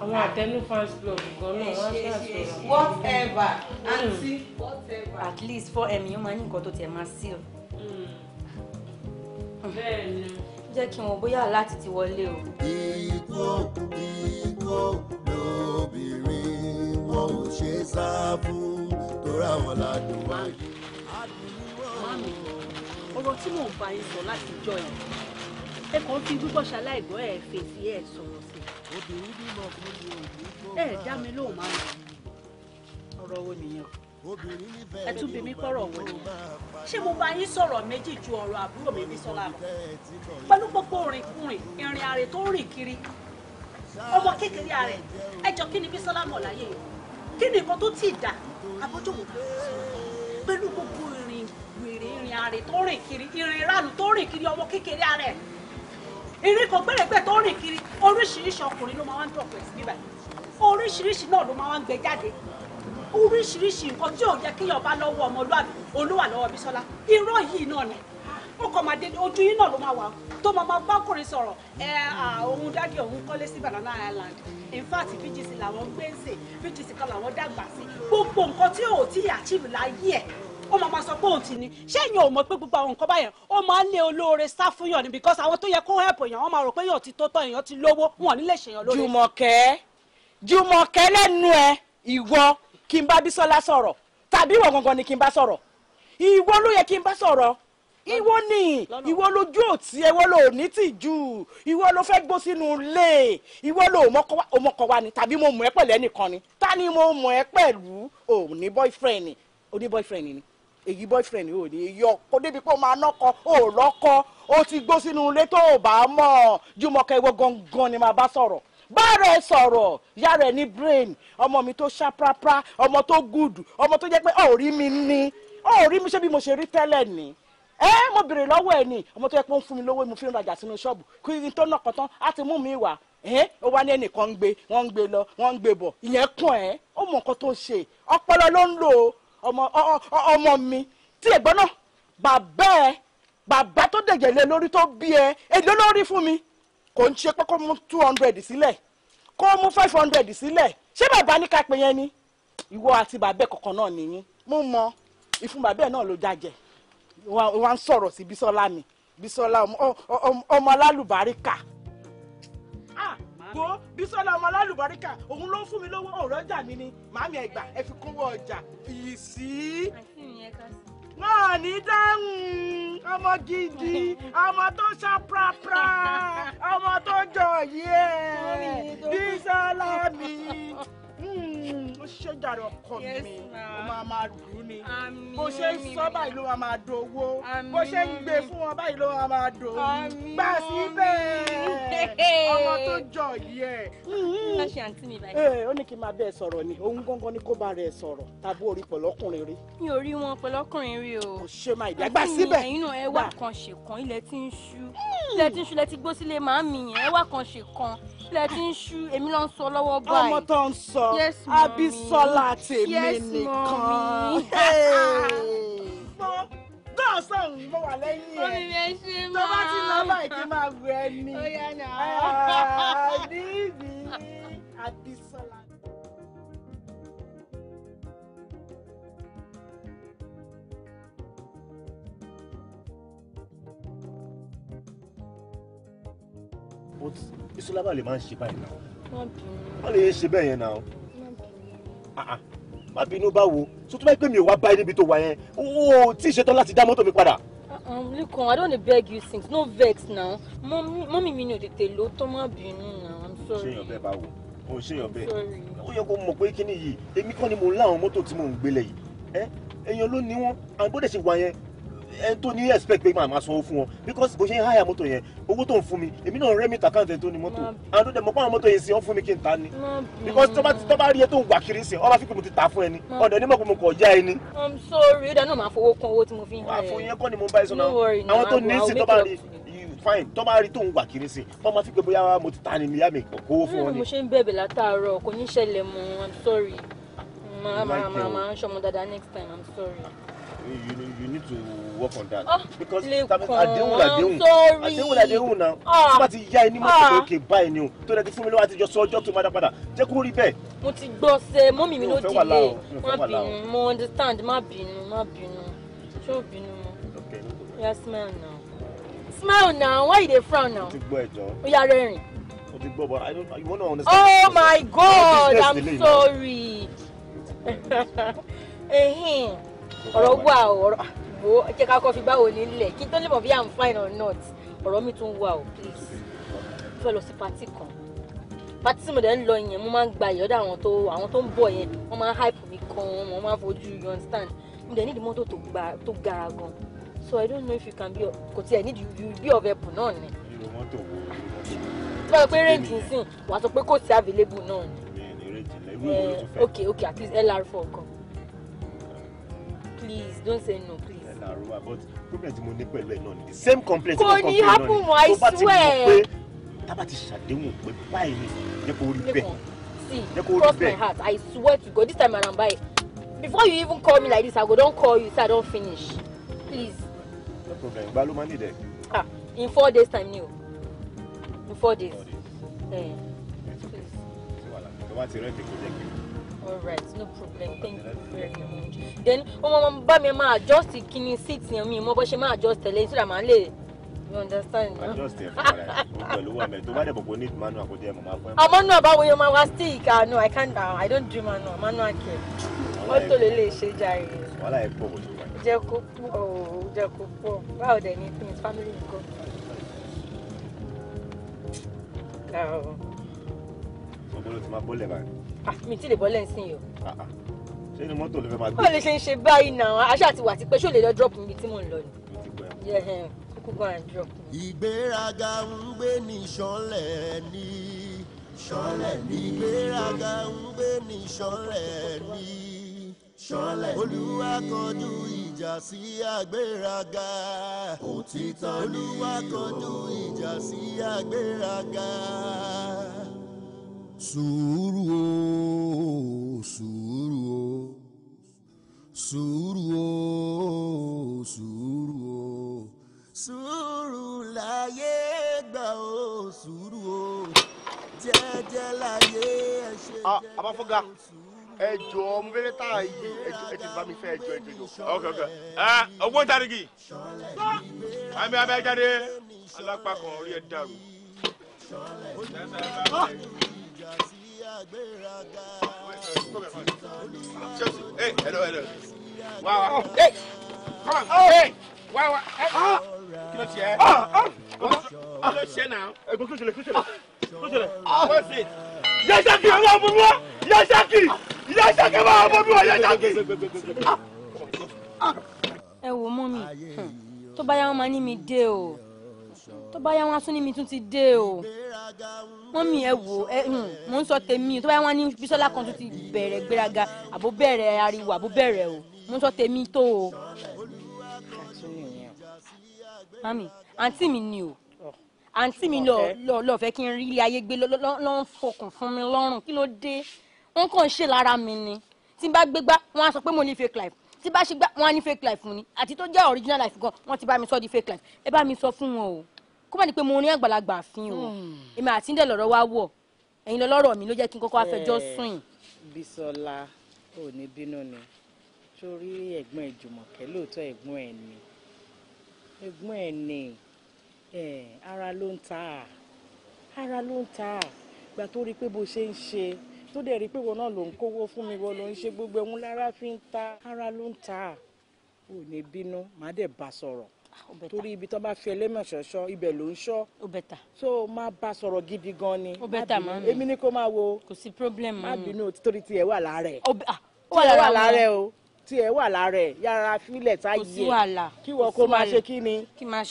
àwọn àtẹnu fans club gan náà wọn ṣàṣọ. whatever aunty hmm. whatever. at least four m yóò máa ní nǹkan tó tiẹ̀ máa seal. Hmm. bẹ́ẹ̀ni. jẹ́ kí n wọ bóyá láti ti wọlé o. ikú ikú lóbìnrin wọn ò ṣe sá fún torí àwọn ládùn wáyé. mami ọ̀rọ̀ tí mò ń bá yín sọ láti jọ yìí ẹ kàn fi gbígbọ́ ṣaláìgbọ́ ẹ fèsì ẹ sọ̀rọ̀ sí. obìnrin bímọ fún mi ò ní gbọ́ bá. ẹ dá mi lóhùn máa ń ọ̀rọ̀ wo nìyẹn ẹ tún bí mi pọ̀rọ̀ wọ̀ ni ṣé mo bá yín sọ̀rọ̀ méjì ju ọ̀rọ̀ àbúrò mi ní sọ́la lọ pẹ̀lú gbogbo òrìnkùnrin ìrìn àrè tó ń rìn kiri ọmọ kékeré ààrẹ ẹjọ kí ni Bísọ́lá mọ̀ láyé kí ni nǹkan tó tì dà abójúwò pẹ̀lú gbogbo ìrìn ìrìn àrè tó rìn kiri ìrìn ìranù tó rìn kiri ọmọ kékeré ààrẹ ìrìn kan tó rìn kiri oríṣiríṣi ọkùnrin ló máa ń dọ̀pọ̀ ẹ̀sìn oríṣiríṣi náà ló máa ń gbé jáde oríṣiríṣi nǹkan tí ò yẹ kíyàn bá lọ́wọ́ ọmọlúwàbí olúwa lọ́wọ́ Bísọ́lá irọ́ yìí náà ni ó kọ́ máa dé ojú yín náà ló máa wà tó máa máa bákùnrin sọ̀rọ̀ ẹ òun dádì òun kọ́lé sí Banana Island in fact VGC làwọn gbé ń sè VGC kan làwọn dàgbà sí gbogbo nǹkan tí ò tí ì àchìlù láyé ẹ̀ ó máa ma sọ pé òun ti ní ṣé èèyàn ò mọ̀ pé gbogbo àwọn nǹkan báyẹn ó máa ń lé olóore sá fún yàn ni because àwọn tó yẹ kó help èèyàn wọ́n máa rò pé yàn ti tó tọ́ èèyàn ti lówó wọn ò ní lè ṣèyàn lóore. jùmọ̀kẹ́ jùmọ̀kẹ́ lẹ́nu ẹ ìwọ kí n bá bísọ́lá sọ̀rọ̀ tàbí ìwọ gangan ni kí n bá sọ̀rọ̀ ìwọ ló yẹ kí n bá sọ̀rọ̀ ìwọ ni ìwọ lójú òtí ẹwọ ló ní tìjú ìwọ ló fẹ́ gbó sínú ilé ìwọ ló ọmọkọ ni tàbí mo mọ̀ ẹ́ pẹ̀lú ẹnìkan ni ta ni mo mọ̀ ẹ́ pẹ̀lú òní boyfriend ni òní boyfriend ni èyí boyfriend ò ní yọ kó débi pé ó máa nọkọ ó lọkọ ó ti gbó sínú ilé tó o bá mọ jùmọ̀kẹ́ ìwọ gangan ni màá bá sọ̀rọ̀ báàrọ̀ ẹ sọ̀rọ̀ yára ẹ ní brain ọmọ mi tó ṣàprápra ọmọ tó gùdù ọmọ tó jẹ́ pé ó rí mi ní ó mi ṣé bí mo ṣe rí tẹ́lẹ̀ ni ẹ mo bèrè lọ́wọ́ ẹ ní ọmọ tó yẹ pé ó ń fún mi lówó mo fi ń rajà sínú ṣọ́ọ̀bù kí n tó nà kọ́tán á ti mú mi wá ẹ ó wá ní ẹnìkan ń gbé wọ́n ń gbé lọ wọ́n ń gbé bọ̀ ìyẹn kàn ẹ́ ó mọ nǹkan tó ṣe ọpọlọ ló ń lò ó ọmọ mi tí ẹ̀gbọ́n náà bàbá ẹ bàbá tó dẹ̀jẹ̀ lé lórí tó bí ẹ èlé lórí fún mi kò ń ṣe pé kó mú two hundred sílẹ̀ kó mú five hundred sílẹ̀ ṣé bàbá ní ká pe yẹn ni ìwọ àti bàbá ẹ kọ̀ọ̀kan náà nìyí mo mọ ìfún bàbá ẹ náà ló jàjẹ wọn ń sọ̀rọ̀ sí Bísọ́lá mi Bísọ́lá ọmọ alálùbáríkà wo Bísọ́lá ọmọ alálùbáríkà òun ló fún mi lówó ọ̀rọ̀ ọjà mi ni màámi ẹ̀gbà ẹ fi kúnwó ọjà iyì sí. wọn ò ní dáhùn ọmọ gidi ọmọ tó ṣá prapra ọmọ tó jọ yìí ẹ Bísọ́lá mi ṣe jàre ọkọ mi ó máa máa dùn ni bó ṣe ń sọ báyìí ló máa máa dowó bó ṣe ń gbé fún wọn báyìí ló máa máa dò gbà síbẹ̀ ọmọ tó jọ yìí ẹ̀. ó ní kí n máa bẹ́ẹ̀ sọ̀rọ̀ ni òun gangan ni kó bá rẹ̀ sọ̀rọ̀ tàbí orí pẹ̀lọ́kùnrin rí. mi ò rí wọn pẹ̀lọ́kùnrin rí o. kò ṣe máa ìdá gbà síbẹ̀. ẹ̀yin náà ẹwà kan ṣe kan ilẹ̀ tí hmm. ń ṣú ilẹ̀ tí ń ṣú ilẹ̀ tí gbó sílé màámi yẹn ẹwà kan ṣe kan ilẹ̀ tí ń ṣú èmi ló ń sọ lọ́wọ́ báyìí. ọmọ tó ń sọ àbí Bísọ́lá tèmi nìkan. náà sọ̀rọ̀ mo wà lẹ́yìn ẹ̀ tó bá ti lọ báyìí kí n máa wù ẹ́ ní bíbí Àbísọ́lá. Bísọ́lá bá lè máa ń ṣe báyìí náà wọ́n lè ṣe bẹ́ẹ̀ yẹn náà. Ah, ah. má bínú bá wo tó tó bá pè mí ò wá bá níbi tó wà yẹn o tí ì ṣetán láti dá mọ́tò mi padà. Ah, Lukan, I don't beg you things, no vex now. Mọ́mí mi ni ò tètè lò tó bínú now, I'm sorry. Ṣé ìyọ̀bẹ bá wo? O ṣé ìyọ̀bẹ. Ó yẹ kó mọ̀ pé kíní yìí, èmi kọ́ ni mo láwọn mọ́tò tí mò ń gbélé yìí. Èèyàn ló ní wọn, à ṣe wà yẹn, tó ní expect pé màá sanwó fún wọn because bó ṣe ń háyà mọ́tò yẹn owó tó ń fún mi èmi náà rẹ́mi tàkàǹtẹ̀ tó ní mọ́tò àwọn dẹ̀ mọ́ pàwọn mọ́tò yẹn sí ọ́n fún mi kí n ta ni because tó bá ti rí ẹ tó ń wà kiri sí ọ bá fi pé mo ti ta fún ẹ ni ọ̀dọ̀ ní mọ̀ pé mo kọ̀ já ẹ ni. i'm sorry ó dáná máa fowó kún owó tí mo fi ń há ẹ. àfọyín ẹkọ ni mo bá ẹ sọ náà àwọn tó ní sí tó bá rí fine tó bá rí tóun wà kiri sí wọn máa fi pé bóyá mo ti ta ni mi yá mi fún wọn ni. mo ṣe ń bẹ̀bẹ̀ látàárọ̀ kò ní ṣẹlẹ̀ mọ́ i'm sorry màá màá màá ṣọmọ dáadáa next time i'm sorry you, you need to work on that. Oh, because àdéhùn àdéhùn àdéhùn àdéhùn náà ah, tí wọ́n ti yá ẹni mọ̀ pé ah. òkè báyìí ni o tó lẹ́ẹ̀dí fún mi lọ́wọ́ àtijọ́ sọ ọjọ́ tó máa dá padà jẹ́ kó rí bẹ́ẹ̀. mo ti gbọ́ sẹ́ mọ́mì mi ló dìde má bínú mo understand má bínú má bínú ṣé ò bínú mọ́ oya smile now smile now why you dey frown now oya rẹ́rìn. mo ti gbọ́ but I don't you wanna understand. oh my God I'm sorry. ọ̀rọ̀ wà o ọ̀rọ̀ wo jẹ́ ká kọ́ fi báwo ní ilẹ̀ kí tó lè mọ̀ bí i'm fine or not ọ̀rọ̀ mi tún wà o please fẹ́ lọ sí pati kan pati tí mo dẹ̀ ń lọ yẹn mo máa ń gba ìyọ́dọ̀ àwọn tó àwọn tó ń bọ̀ yẹn wọ́n máa ń hype mi kan wọ́n máa ń fojú you understand mo dẹ̀ nídìí mọ́tò tó gba tó gara gan so i don't know if you can be kò tiẹ̀ nídìí you be of help náà ni. irú mọ́tò wo tí wọ́n pé rẹ́ǹtì ń sìn wàá available náà ni. Eh, ok ok lr four kan please don't say no please. ẹ na aroma but problem ti mo ní pẹ̀lú ẹ̀ náà ni the same complaint. kò ní happen mo i swear. tábà ti ṣàdéhùn pé báyìí ni jẹ́ kó bẹ́ẹ̀. see cross my heart i swear to god this time around bye before you even call me like this i go don call you say i don finish please. no problem gba ló máa ní ìdẹ. ah in four days time ni o in four days. four days. Eh, please. ṣé wàhálà tó bá ti rẹ́ẹ̀dì kò jẹ́ kí n alright no problem thank you very much then ọmọ ọmọ bá mi máa adjust kíní seat yẹn mi mo bọ́ ṣe máa adjust tẹ̀lé so that màá lè you understand adjust ẹ fún ara ẹ pẹ̀lú wa mẹ tó bá dẹ̀ bọ̀ bọ̀ need manual kó jẹ́ mọ̀ máa fún ẹ. àmọ́ náà báwo yẹn máa wá stick ah no i can't ah i don't do manual manual care mọ́tò lè lè ṣe jàre. wàhálà ẹ pọ̀ kò tó wà. jẹ́ kó pọ̀ oh, jẹ́ kó pọ̀ báwo dẹ̀ ni things family nǹkan. ọmọ ló ti máa bọ́lẹ̀ báyìí mi ti lè bọ́ lẹ́sìn yìí o. Ah, ah. ṣé ni mọ́tò lè fẹ́ máa gbé. báwo lè ṣe ń ṣe báyìí náà aṣáà ti wà ti pẹ́ ṣó lè lọ drop níbi tí mò ń lọ ni. ìgbéraga ń gbé ní ṣánlẹ̀ ní ṣánlẹ̀ ní ìgbéraga ń gbé ní ṣánlẹ̀ ní ṣánlẹ̀ ní olúwa kọjú ìjà sí àgbéraga òtítọ́ ní olúwa kọjú ìjà sí àgbéraga sùúrù o sùúrù o sùúrù o sùúrù o sùúrù láyé gbà o sùúrù o jẹ́jẹ́ láyé ẹ ṣe ah, jẹ́jẹ́ o sùúrù ẹ jọ mo fẹ́ tá a yí ẹ ti bá mi fẹ́ ẹ jọ ẹ jọ jọ. ok ok ọgbọ́n ah, tarigi àmì abẹ́jáde alápá orí ẹ dàrú. Hey, hello, hello. Wow, Hey, come on. Hey, wow, Hey. Ah. Ah, ah. Kí ló ṣe ẹ́? Kí ló ṣe náà? Ẹ̀gbọ́n kí ló ṣẹlẹ̀? Kí ah. What's it? Yasaki, àwọn ọmọ mi wá! Yasaki! Yasaki, àwọn ọmọ mi wá! Yasaki! Ẹ wo mọ́ mi, hm. tó bá yá wọn máa ní mi dé o, tó bá yá wọn á ní mi tún ti dé o wọ́n mi ẹ wò ẹ hmm, mò ń sọ tèmi tó bá wọn ní Bísọ́lá kan tó ti bẹ̀rẹ̀ gbéraga àbó bẹ̀rẹ̀ ariwo àbó bẹ̀rẹ̀ o mò ń sọ tèmi tó o. mami àǹtí mi ni o àǹtí mi lọ lọ lọ fẹ́ kí n rí ilé ayé gbé lọ ń fọkàn fún mi lọ́rùn kí ló dé wọ́n kàn ń ṣe lára mi ni tí n bá gbégbá wọ́n á sọ pé mo ní fake life tí bá ṣe gbá wọ́n á ní fake life fún ni àti tó jẹ́ original life gan wọ́n ti bá mi sọ di fake life ẹ bá mi sọ fún wọn o kó má di pé mo rin àgbàlagbà fín o hmm. èmi àti ndẹ lọ́rọ̀ wa wọ ẹ̀yin lọ́rọ̀ mi ló jẹ́ kí n kọ́kọ́ afẹjọ́ eh, sùn. Bísọ́lá ò ní bínú ni torí ẹ̀gbọ́n ìjùmọ̀kẹ́ lóòótọ́ ẹ̀gbọ́n ẹ̀ ni ẹ̀gbọ́n ẹ̀ ni eh, ara ló ń ta ara ló ń ta gbà tó rí pé bó ṣe ń ṣe tó dẹ̀ rí pé wọn náà ló ń kówó fún mi wọn ló ń ṣe gbogbo ẹ̀hún lára fi ń ta ara ló ń ta ò ní bínú màá dẹ̀ bá sọ̀rọ̀ torí ibi tó bá fi ẹlẹ́mọ̀ṣọ́ ṣọ́ ibẹ̀ ló ń ṣọ́ so máa bá sọ̀rọ̀ gidi gan ni èmi ni kò máa wo kò sí problem má bínú torí tiẹ̀ wà láàárẹ̀ ó ah, wà lára o tiẹ̀ wà lára ẹ̀ yára filẹ̀ tá kí wọ́n kó máa ṣe kí ni kó máa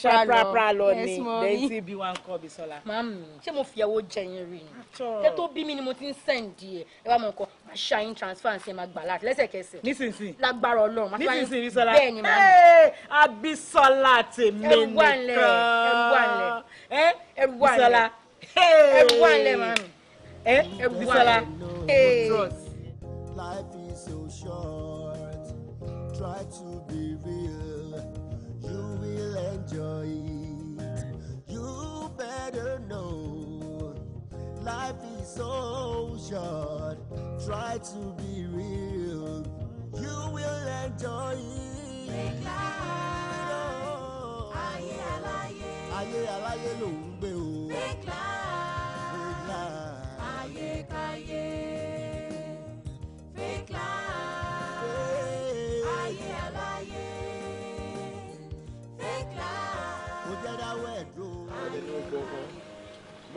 ṣá prapra lọ ni lẹ́yìn tí bí wọn kọ́ Bísọ́lá. màmí ṣé mo fìyàwó jẹyìn rí ni ẹ tó bí mi ni mo ti ń sẹ́ǹdì ẹ̀ ẹ bá mọ nǹkan máa ṣá yín transfer ṣe máa gbà láti lẹ́sẹ̀kẹsẹ̀ nísinsìnyí lágbára Ọlọ́run máa ṣá yín bẹ́ẹ̀ ni màmí. Abísọ́lá tèmi nìkan ẹrù wà lẹ eh, ẹrù wà lẹ ẹrù wà lẹ màmí eh, ẹrù wà lẹ. try to be real, you will enjoy it. You better know life is so short. Try to be real, you will enjoy it. Make life. Ayé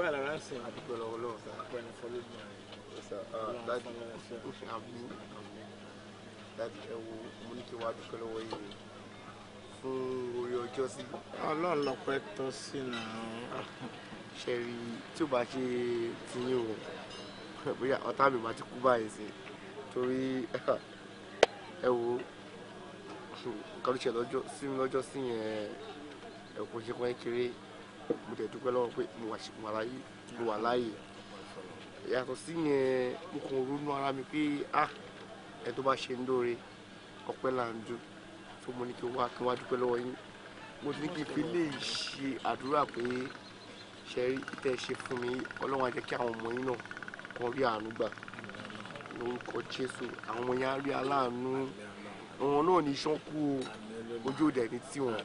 dúpẹ́ lára ń sìn. àdúpẹ́ lọ́wọ́ lọ́wọ́ sá pẹ́ ní fọlọ́ ní ààrẹ dájú àbú dájú ẹ wo mo ní kí wàá dúpẹ́ lọ́wọ́ yìí fún orí ọjọ́ sí. ọlọ́run lọ́pẹ́ tọ́ sí náà. ṣe rí tí ò bá ṣe tiyín o bóyá ọ̀tá mi máa ti kú báyìí sí torí ẹ wo nǹkan ló ṣe lọ́jọ́ sí mi lọ́jọ́ sí yẹn ẹ̀kọ́ ṣe pọ́n kéré mo tẹ̀ dúpẹ́ lọ́wọ́ pé mo wà láyé mo wà láyé yàtọ̀ sí yẹn mo kàn ronú ah ẹ tó bá ṣe ń dóore ọpẹ́ là ń dún tó mo ní kí n wá kí n wá dúpẹ́ lọ́wọ́ yín mo ti ní kí n fi lè ṣe àdúrà pé ṣe rí tẹ́ ṣe fún mi ọlọ́run á jẹ́ kí àwọn ọmọ yín náà kan rí àánú gbà lórúkọ jésù àwọn yẹn á rí aláàánú náà ní sọ́kù ojú òde ní tiwọn.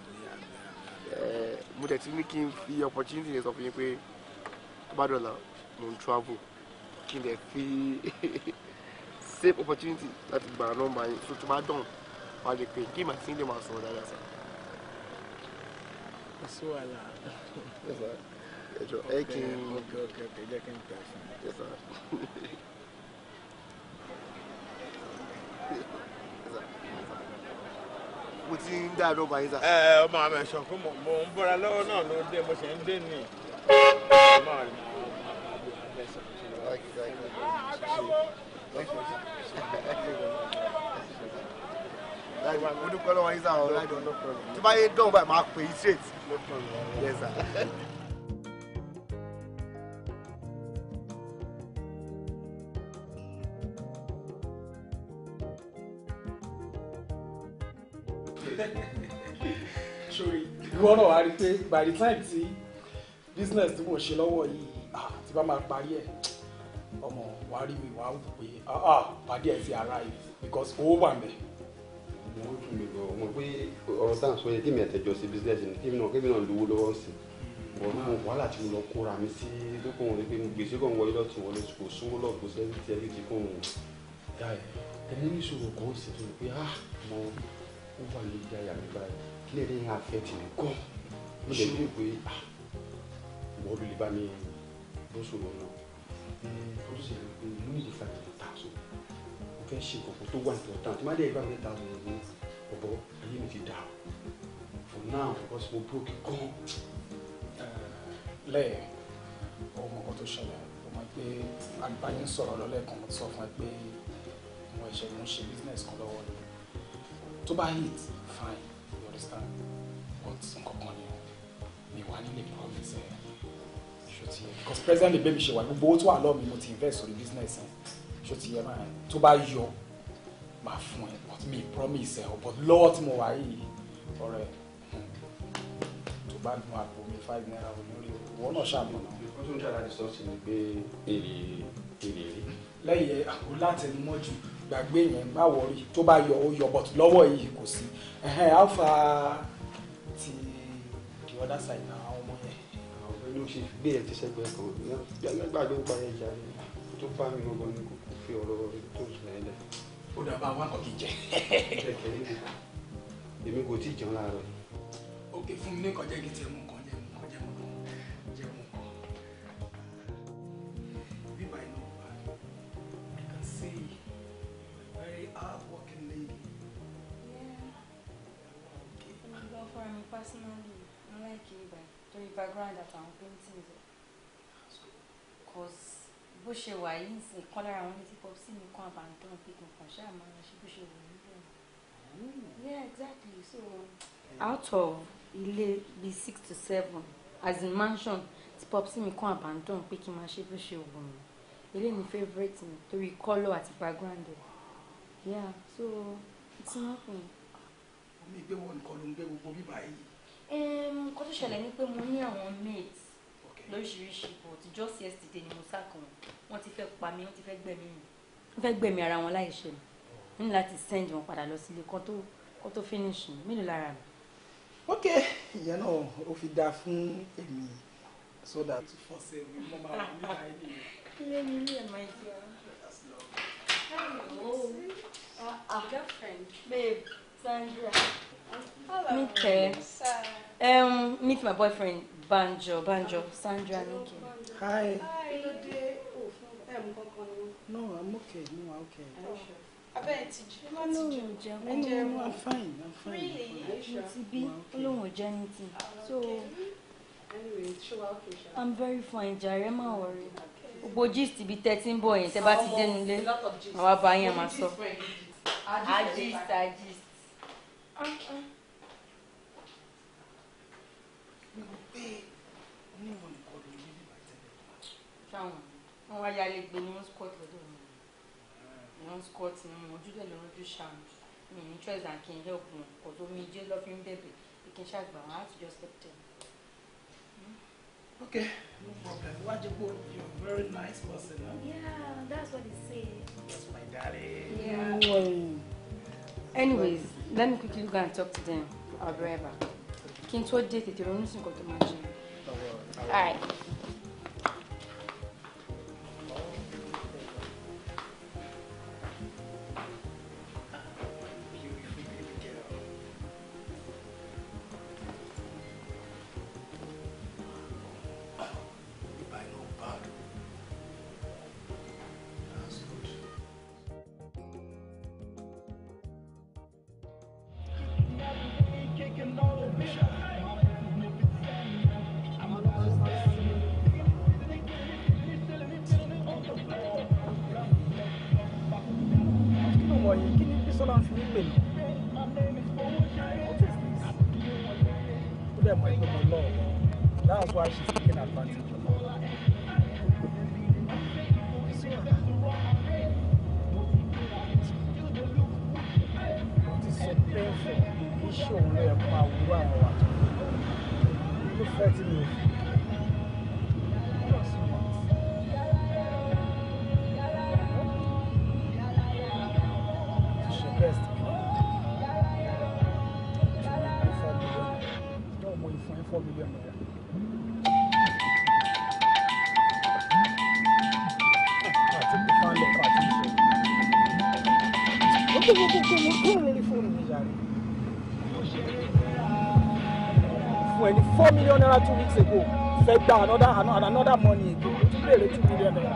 Eh, mo tẹ̀ tí ní kí n fi opportunity yẹn sọ fún yín pé tó mo ń travel kí n lè fi save opportunity láti gba nọ́mbà yín tó tó bá dọ̀n wá lè pè kí màá sí lè máa sọ̀rọ̀ dáadáa sá. kò sí wàhálà. ẹjọ ẹ kì í. ok ok ok jẹ́ kí n tẹ̀ fún mi mo ti ń dá àdọ́gba yín sà. ẹ ẹ ọmọ àmì ẹ̀sán fún mọ̀ mò ń bọ́ra lọ́wọ́ náà ló dé mo ṣe ń dé nì. mo dúpẹ́ dán báyìí máa pè é straight. sori ìwọ náà wá rí i pé by the time tí business tí mo ṣe lọ́wọ́ yìí tí bá máa parí ẹ̀ ọmọ wa rí mi wá wò pé ah, ah, pàdé ẹ̀ ti arrive because owó wà mẹ́. mo ń dùn mí lọ mo pé ọ̀rọ̀ tá à ń sọ yẹn kí mi ẹ̀tẹ̀jọ́ sí business ni kí mi náà kí mi náà lówó lọ́wọ́ sí wọ́n mú wàhálà tí mo lọ kóra mi sí lókun òun pé mo gbèsè kàn wọlé lọ́tì wọlé kò sówó lọ kò sẹ́yìn tí ẹ fi ti kún un. ẹni ní ìṣòro kan ó sì fi hàn pé ah, ó wà lórí àyà mi báyìí kí lè rí ìhàn àfẹ́tì mi gan mo lè rí ìwé ìwọ ló lè bá mi bó sọ̀rọ̀ náà ó tún ṣe lè pe mo ní ìdífà ìlú tààzọ mo fẹ́ ṣe kòkó tó wà nípa ọ̀tàn tí má dé ìgbà mi tààzọ ìlú ọ̀bọ̀ ayé mi ti dà for now because mo broke gan. lẹ́ẹ̀ ọmọ kan tó ṣẹlẹ̀ ó máa gbé agbáyé sọ̀rọ̀ lọ́lẹ́kan mo ti sọ fún ẹ pé mo ẹ̀ṣẹ̀ mo ń ṣe business kan lọ́wọ́ ni tó bá hit fine you understand but nǹkan kan ni mi wà nílé promise ẹ ṣòtì yẹ because president lè bẹ́ẹ̀ mi ṣe wà gbogbo owó tó wà lọ́ọ̀ mi mo ti invest sórí business ẹ ṣòtì yẹ máa tó bá yọ máa fún ẹ but mi promise ẹ but lọ́wọ́ tí mo wà yìí ọ̀rẹ́ tó bá gun àpò mi five naira olórí ìwọ náà ṣàmùnà. ìkú tó ń jáde àdìsọ́ọ̀sì ni pé èrè èrè rí. lẹ́yìn àpò látẹnumọ́jú gbàgbé yẹn má wọrí tó bá yọ ó yọ but lọ́wọ́ yìí kò sí how far ti the other side na àwọn ọmọ yẹn. àwọn ọmọ ló ṣe gbé ẹ ti sẹgbẹ kan gbàgbà ló ń pa ẹja tó bá mi gbọgbọ ni kò fi ọ̀rọ̀ tó sùn ẹ ó dàbá wọn kò kì jẹ. èmi kò tí ì jẹun láàárọ̀. ó ké fún mi ní kọjá kí n ti mú personally mo like yìí báyìí torí background àtàwọn paintings rẹ̀ cause bó ṣe wà yìí ń sìn kọ́ lára àwọn ní tipọ́ sí mi kan àbàntàn pé kò ṣáà máa ṣe bó ṣe wù mí bẹ́ẹ̀. Ah. yeah exactly so out of ilé bíi six to seven as in mansion tí popsi mi kan àbàntàn pé kí n máa ṣe bó ṣe wù mí eléyìí ni favourite mi torí colour àti background rẹ̀ yeah so it's nothing mi pé wọn nìkan ló ń gbé gbogbo bíbá yìí. nǹkan tó ṣẹlẹ̀ ni pé mo ní àwọn mates lóríṣiríṣi but just yesterday ni mo sá kan wọ́n ti fẹ́ pa mí wọ́n ti fẹ́ gbẹ̀mí mi wọ́n fẹ́ gbẹ̀mí ara wọn láì ṣe mi ní láti send wọn padà lọ sílé kan tó kan tó finish mi mélòó lára mi. ok ìyẹn náà ó fi dáa fún èmi so that for sale mi mo máa wà nípa ẹni. ilé mi ní ẹ̀ máa jẹun. Hello. Oh. Uh, uh, girlfriend. Babe. Sandra. Hello. Mite. Um, meet my boyfriend, Banjo. Banjo. Sandra Hi. Hi. Oh, um, no, I'm okay. No, I'm okay. Are you sure? I'm jẹ olóhùn mo ti bí olóhùn jẹ ní ti ah, so i'm very fine jàre má wọrí gbogbo gist ibi thirteen boy yẹn tẹ bá ti dénú buying àwa bá yẹn máa sọ mi Okay, no problem. you're a very nice person. Huh? Yeah, that's what he said. That's my daddy. Yeah. Anyways. Let me quickly go and talk to them. I'll be right back. Kí n tó dé tètè ronú not nǹkan to máa jẹ. All right. dẹ̀ mọ̀ ẹgbẹ́ mo lọ́ọ̀ that's why she's taking advantage of her. ti sọ painful iṣẹ́ òun ló yẹ kó máa wúrọ̀ àwọn àtúntò. irúfẹ́ million naira two weeks ago fẹ́ gba another another money ago o tún béèrè two million naira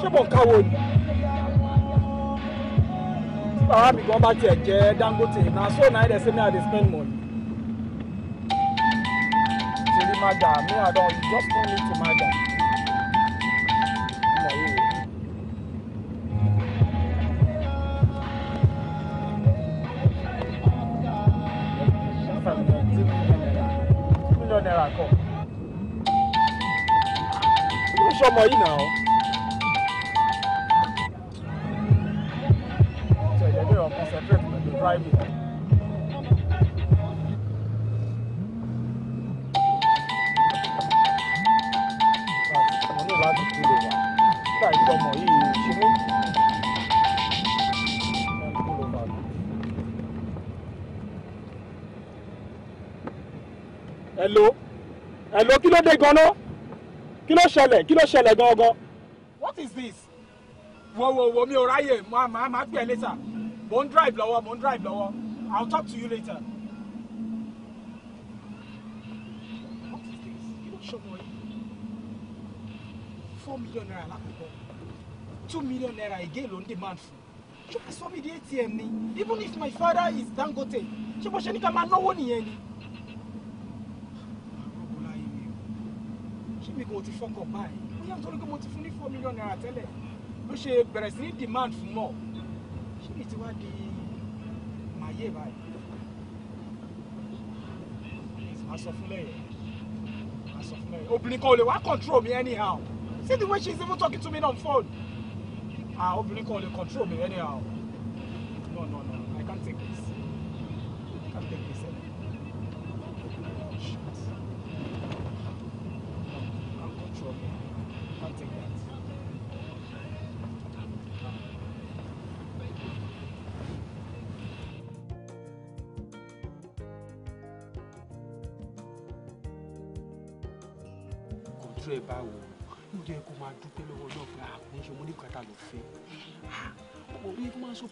ṣé mo káwo ni tí bàbá mi gan bá tiẹ̀ jẹ́ Dangote na so na ẹ̀ ṣe me I dey spend money ṣèlú maga me I don just turn me to maga. you know. ṣẹlẹ̀ kí ló ṣẹlẹ̀ gangan. what is this? wo wo wo mi ò ráyè máa máa máa pè é later mo ń drive lọ́wọ́ mo ń drive lọ́wọ́ i will talk to you later. what is this? kí ló ṣọmọ yìí four million naira lákòókò two million naira again ló ń demand fún ṣùgbọ́n sọ́mi di atm ni even if my father is Dangote ṣé bó ṣe ní ká máa náwó nìyẹn ni. mi kò ti fọkàn báyìí bóyá nítorí pé mo ti fún ní four million naira tẹ́lẹ̀ ló ṣe bẹ̀rẹ̀ sí ní demand fún mọ́ ṣé ní tiwa di màyé báyìí má sọ fún lẹ́yìn má sọ fún lẹ́yìn obìnrin kan ò lè wá control me anyhow see the way she is even talking to me on phone ah obìnrin kan ò lè control me anyhow.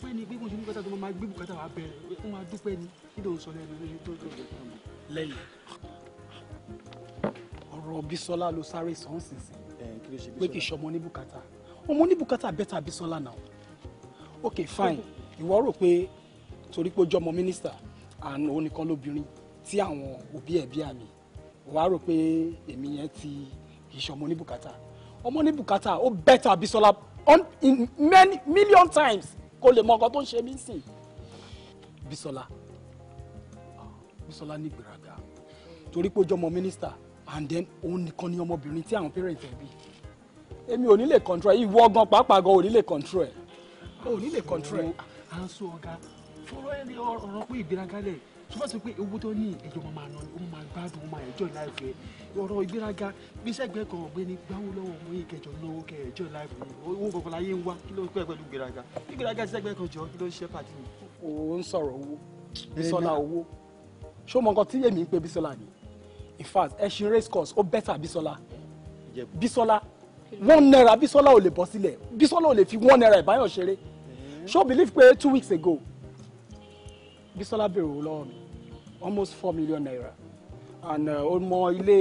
fẹ́ ni pé wọ́n ṣe bùkátà tó máa gbé bùkátà wa bẹ̀rẹ̀ wọ́n máa dúpẹ́ ni kí ló ń sọ lẹ́nu lórí tó tó lẹ́yìn ọ̀rọ̀ Bísọ́lá ló sáré sàn sínsìn pé kì í ṣọmọ ní bùkátà ọmọ ní bùkátà bẹ́tà Bísọ́lá náà ok fine ìwọ rò pé torí pé ó jọmọ mínísítà àná oníkan lóbìnrin tí àwọn òbí ẹ̀ bí àmì wàá rò pé èmi yẹn ti kì í ṣọmọ ní bùkátà ọmọ ní bùkátà ó bẹ́tà Bísọ́lá on in many million times kó lè mọ nǹkan tó ń ṣe mí sìn. Bisola Bisola ní ìgbéraga torí pé ó jọmọ mínísítà and then òun nìkan ni ọmọbìnrin tí àwọn parent ẹ bí èmi ò ní lè control ẹ ìwọ gan pàápàá gan ò ní lè control ẹ ò ní lè control ẹ. à ń sọ ọ̀gá fọlọ́ ẹni ọ̀rọ̀ pé ìgbéraga lẹ̀ tó bá sọ pé owó tó ní ẹjọ́ máa máa ná ni ó máa gbádùn ó máa ẹjọ́ láìfẹ́ ọ̀rọ̀ ìgbéraga bí sẹ́gbẹ́ kan ọ̀gbẹ́ni gbáwó lọ́wọ́ ọmọ yìí kẹjọ náwó kẹ ẹjọ́ láìfẹ́ owó kankan láyé ń wá kí ló pẹ́ pẹ̀lú ìgbéraga ìgbéraga sẹ́gbẹ́ kan jọ kí ló ń ṣe pàtì mi. o ń sọ̀rọ̀ owó Bísọ́lá owó ṣó mọ nǹkan tí èmi ń pe Bísọ́lá ni in fact ẹṣin race course ó bẹ́tà Bísọ́lá Bísọ́lá one naira Bísọ́lá ò lè bọ́ sílẹ̀ Bísọ́lá ò lè fi one naira ìbáyọ̀ ṣeré ṣó believe pé two weeks ago Bísọ́lá bèrè owó lọ́wọ́ mi almost four million naira and ọmọ uh, ilé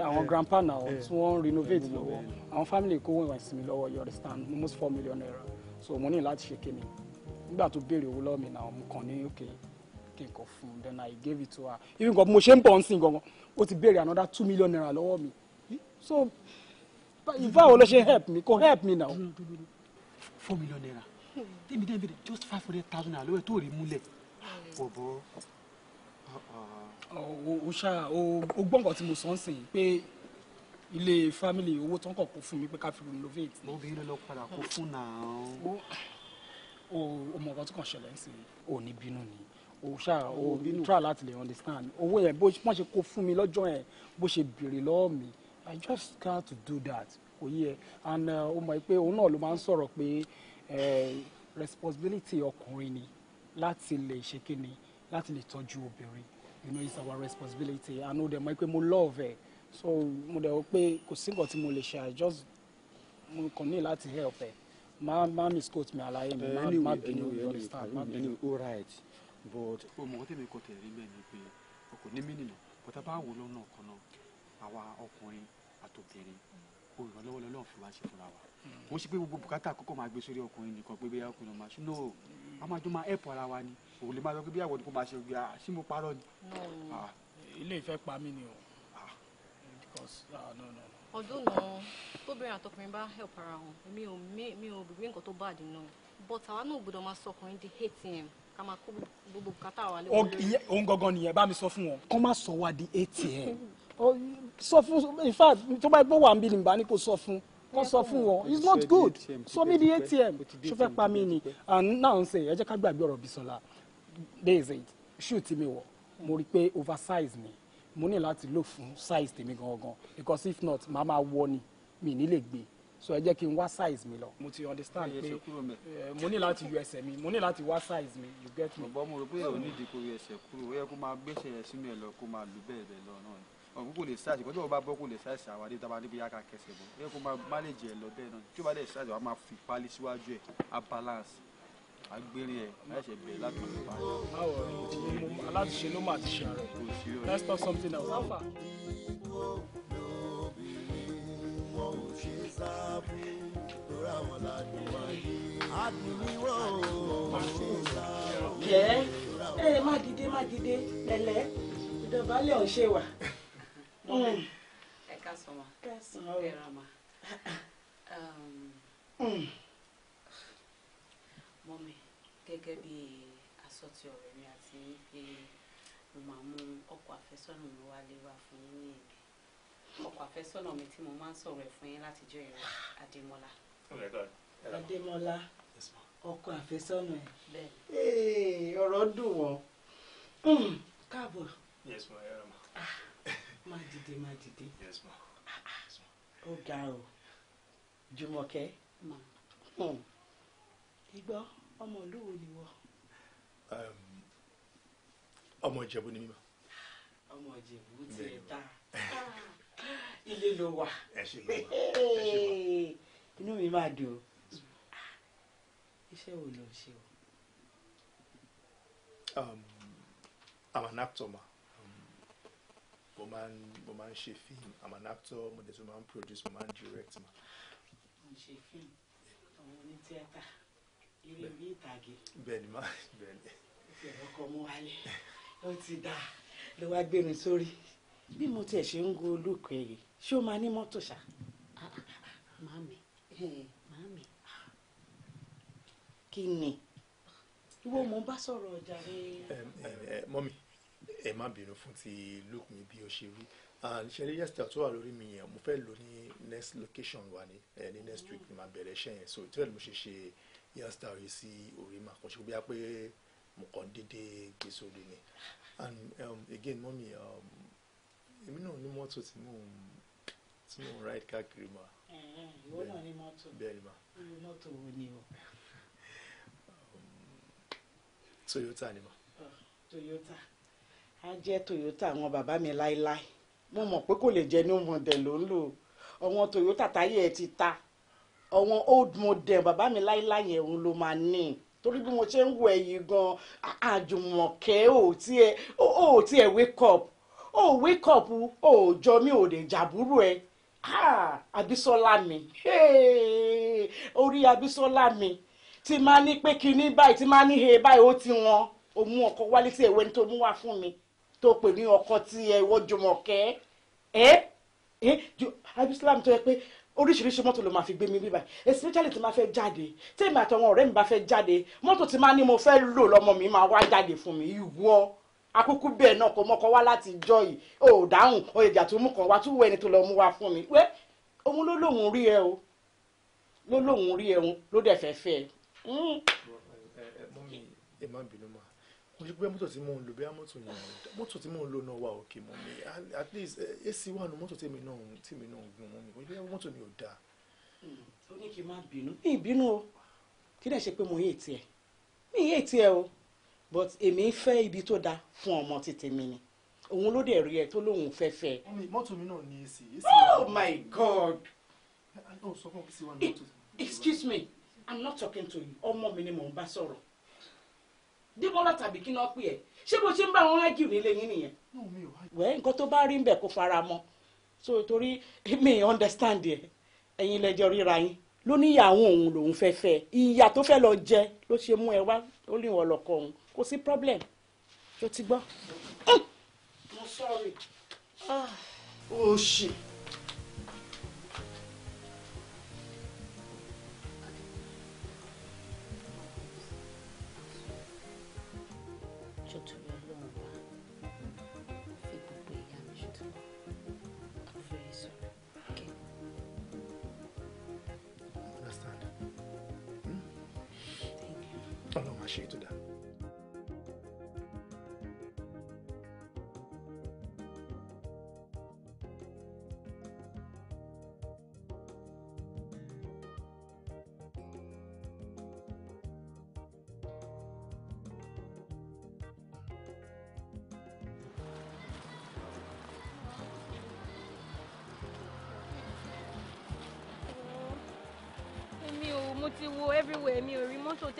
àwọn eh, grandpa náà eh, tí wọ́n renovate lọ́wọ́ àwọn family kó wọ́n ìwọ̀n ìsinmi lọ́wọ́ you understand almost four million naira so mo ní láti ṣe kíni nígbà tó béèrè owó lọ́wọ́ mi náà mo kàn ní òkè kí n kò fún un then I gave it to her even gan mo ṣe ń bọ̀ ń sìn gangan ó ti béèrè another two million naira lọ́wọ́ mi so ìfá wo ló ṣe help me kò help me now. four million naira tèmi dẹ́n bèrè just five hundred thousand naira lọ́wọ́ tó rí múlẹ̀ kò burú. Ah, ah. o ṣá o gbọ́ nǹkan tí mo sọ ń sìn pé ilé family owó tán kàn kó fún mi pé ká fi renovate. mo bí ló lọ padà kó fún náà. o mọ nǹkan tó kàn ṣẹlẹ̀ ń sìn o ní bínú ni o ṣá o try láti lè understand owó yẹn bó wọ́n ṣe kó fún mi lọ́jọ́ yẹn bó ṣe béèrè lọ́wọ́ mi i just can't do that kò yẹ and ó uh, mọ̀ pé òun náà ló máa ń sọ̀rọ̀ pé eh, responsibility ọkùnrin ni láti lè ṣe kíni láti lè tọ́jú obìnrin you know it's our responsibility i know dem mọ̀ pé mo love ẹ so mo dẹ̀ wọ́n pé kò sí nǹkan tí mo lè ṣe i just mo kàn ní láti help ẹ má má misquote mi àlàyé mi má má bínú you understand má bínú. all right but ọmọ ọtí mi kọ tẹ̀lé bẹ́ẹ̀ ni pé ọkọ ní mí nìyẹn bọ́tà bá wò lọ́nà kan náà àwa ọkùnrin àtòbìnrin olùrànlọ́wọ́ lọ́nà fi wá ṣe fúnra wa hmm. kò ṣe pé gbogbo bùkátà àkọ́kọ́ máa gbé sórí ọkùnrin nìkan pé bẹ́ẹ̀ ọkùnrin máa ṣúná a máa jọ máa ẹ̀pù ara wa ni òun lè máa lọ pé bí àwọn òdìkó máa ṣe ògbé à sí mo parọ́ ni. Ah. ilé ìfẹ́ pa mí ni o ah. because ọdún ah, náà tóbìnrin àtọkùnrin bá help ara wọn mi ò mi ò gbé nǹkan tó báàdì náà but àwa náà gbọ́dọ̀ máa sọkùnrin di atm ká máa kó gbogbo kátà wa lé. òun gangan nìyẹn bá mi sọ fún wọn kó má sọ wá di atm sọ fún in fact tó bá gbọ́ wà ń bí nìbá ni kò sọ fún wọ́n sọ fún wọn it's not good sọ mí di atm ṣó fẹ́ pa mí ni and now ṣe ẹ jẹ́ ká gbàgbé ọ̀rọ̀ Bisola days eight shoe ti mi wọ̀ mo rí i pé oversize ni mo ní láti lò fún size tèmi gangan because if not màá máa wọ ni mi ní lè gbé so ẹ jẹ́ kí n wá size mi lọ mo ti understand pé eh, mo ní láti yọ ẹsẹ̀ mi mo ní láti wá size mi you get me. ọ̀bọ mo rò pé ò ní ìdíkò ẹsẹ̀ kúrò ó yẹ kó máa gbéṣẹ̀ yẹn sínú ẹ̀ lọ kó máa lù bẹ́ẹ̀ bẹ́ẹ̀ lọ náà ni ọ̀hún lè ṣáàṣì kó tó bá lè ṣáàṣì àwọn adé níbi yàrá kẹsẹ̀ bọ̀ ẹ kó má lè jẹ lọ bẹ́ẹ̀ náà tí ó bá dẹ̀ ṣáàṣì wàá máa fi pálí síwájú ẹ̀ á balance agbérin ẹ̀ láṣẹ bẹ̀rẹ̀ láti fi pa. báwo ni o ti mú aláṣẹ ló máa ti ṣe ààrẹ let's talk something else. alfa. wọn ẹ má dìde má dìde lẹlẹ ìdọ̀bálẹ̀ ò wà ẹ ká sọ ma ẹ ra ma mọ́mi gẹ́gẹ́ bí asọ́tí ọ̀rẹ́ mi àti pé mo máa mú ọkọ àfẹ́sọ́nà mi wálé wá fún yín ní èdè ọkọ àfẹ́sọ́nà mi tí mo máa ń sọ̀rọ̀ ẹ̀ fún yín látijọ́ ìrìn Adémọ́lá. Adémọ́lá ọkọ àfẹ́sọ́nà ẹ̀ ọ̀rọ̀ dùn wọ́n káàbọ̀. Yes ma má dìde má dìde. yes ma. ó ga o Jùmọ̀kẹ́ hmm. igbó ọmọ ìlú wo ni wọ. Um, ọmọ Ìjẹ̀bú ni mímọ. ọmọ Ìjẹ̀bú ti ẹ̀ ta ilé ló wà. ẹ ṣe ló wà ẹ ṣe wà. inú mi máa dùn o iṣẹ́ wo ló ń ṣe o. Um, I'm an actor mo máa ń mo máa ń ṣe film i'm an mo dẹ̀ tún máa ń produce mo máa ń direct ma. mo ṣe film àwọn oní tíátà eré orí ìtàgé. bẹ́ẹ̀ni má bẹ́ẹ̀ni. ó ti ẹ̀rọ kan mú wálé ó ti dà ló wá gbé mi sórí bí mo tiẹ̀ ṣe ń go olóòkè yìí ṣé o máa ní mọ́tò ṣá. màámi màámi kí ni ìwọ mo bá sọ̀rọ̀ ọjà rẹ. mọ́mi ẹ má bínú fún ti look mi bí o ṣe rí and ṣẹlẹ yẹsẹ tó wà lórí mi yẹn mo fẹ́ lò ní next location wa ni ẹ ní next week ni màá bẹ̀rẹ̀ iṣẹ́ yẹn so ìtúrẹ́lì mo ṣe ṣe yẹsẹ yìí sí orí mà kàn ṣe bí a pé mo kàn dédé gbé sórí ni and um, again mọ́mí um, èmi náà ní mọ́tò tí mò ń tí mò ń ride káàkiri mà. Mm-hmm. bẹ́ẹ̀ ni mà. Um, Toyota ni mà. Oh, Toyota á jẹ́ toyota àwọn bàbá mi láéláé mo mọ̀ pé kò lè jẹ́ new model ló ń lò àwọn toyota táyé ẹ̀ ti ta àwọn old model bàbá mi láéláé yẹn òun ló máa ní torí bí mo ṣe ń wọ ẹ̀yìn gan àjùmọ̀kẹ́ ò tiẹ̀ ò tiẹ̀ wake up ò wake up ò jọ mi ò lè jàbúrò ẹ̀ ah, Abísọ́lá mi orí Abísọ́lá mi ti máa ní pé kinní báyìí ti máa ní he báyìí ó ti wọn òun ọkọ wálé sí ẹ̀wẹ́ ní tó mú wá fún mi tó pè ní ọkọ tí ẹ wọ́n Jùmọ̀kẹ́ ẹ́ ẹ́ Islam tó yẹ pé oríṣiríṣi mọ́tò ló máa fi gbé mi bíbá especially tí máa fẹ́ jáde tí èmi àtọwọn ọ̀rẹ́ mi bá fẹ́ jáde mọ́tò tí máa ní mo fẹ́ lò lọ́mọ mi máa wá jáde fún mi ìwọ akúkú bẹ́ẹ̀ náà kò mọ́kọ́ wá láti jọ yìí ò dáhùn ó ìjà tó mú kan wá tó wọ ẹni tó lọ mú wá fún mi wẹ́ òun ló lóun rí ẹ o ló lóun rí ẹ o ló dẹ̀ fẹ́ fẹ́ ẹ. mọ́mí ẹ má bínú mọ́ mo ṣe pé mọ́tò tí mò ń lò bẹ́ẹ̀ mọ́tò yẹn mọ́tò tí mò ń lò náà wà òkè mọ́ mi at least eh, ac wà nù mọ́tò tèmi náà tèmi náà gùn mọ́ mi bóyá mọ́tò mi ò dáa. Hmm. ó ní kí n má bínú mi ìbínú o kí dẹ̀ ṣe pé mo yé tiẹ̀ mi yé tiẹ̀ o but èmi ń fẹ́ ibi tó dáa fún ọmọ ti tèmi ni òun ló dẹ̀ rí ẹ tó lóun fẹ́ fẹ́. mọ́tò mi náà ní ac. oh my god. Ah, e, excuse me i'm not talking to you ọmọ mi ni mò ń bá sọ̀rọ̀ débọ́lá tàbí kí náà pè ẹ́ ṣé bó ṣe ń bá wọn ágìrì nílé yín nìyẹn. wẹ́ẹ́ nǹkan tó bá rí ń bẹ̀ kó fara mọ́ so torí èmi understand ẹ̀ ẹ̀yin lẹ́jọ́ ríra yín ló níyàwó òun lòun fẹ́ fẹ́ ìyà tó fẹ́ lọ jẹ ló ṣe mú ẹ wá ó lè wọ́n lọ́kọ òun kò sí problem tó ti gbọ́. mo sọ̀rọ̀ ó ṣe.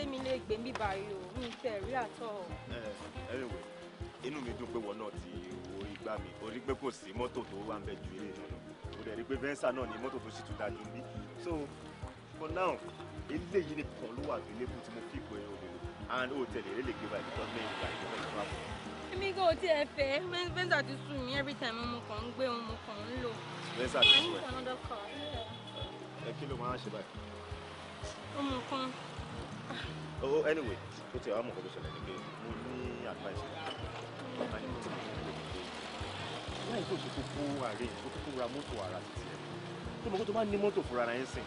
tèmi lè gbé mi báyìí o mi fẹ́ rí àtọ̀. ẹ ẹ wẹ inú mi dùn pé wọn náà ti orí gbá mi orí pé kò sí mọ́tò tó wà ń bẹ ju eré náà o dẹ̀ rí pé Venza náà ni mọ́tò tó sì tún dájú bí so for now eléyìí nìkan ló wà available tí mo fi ìpò ẹ̀rọ lérò and o tẹ̀lé lè gbé báyìí because mi ò gbà ìjọba ìjọba fún èmi kò tiẹ̀ fẹ́ Venza ti sùn mí every time mo kàn ń gbé òun mo kàn ń lò. Venza ti sùn ẹ kí ló máa ń ṣe báyìí. ọmọ kan Oh, oh anyway ó ti àwọn ọmọkùnrin ṣẹlẹ̀ ní pé mo ní advice bàbá yìí tó ti kúrò nílé láì tó ti kúkú àárẹ̀ tó ti kúkú ra mọ́tò ara títí ẹ̀ tó mọ̀ kó tó bá ní mọ́tò fúnra ara yẹn sìn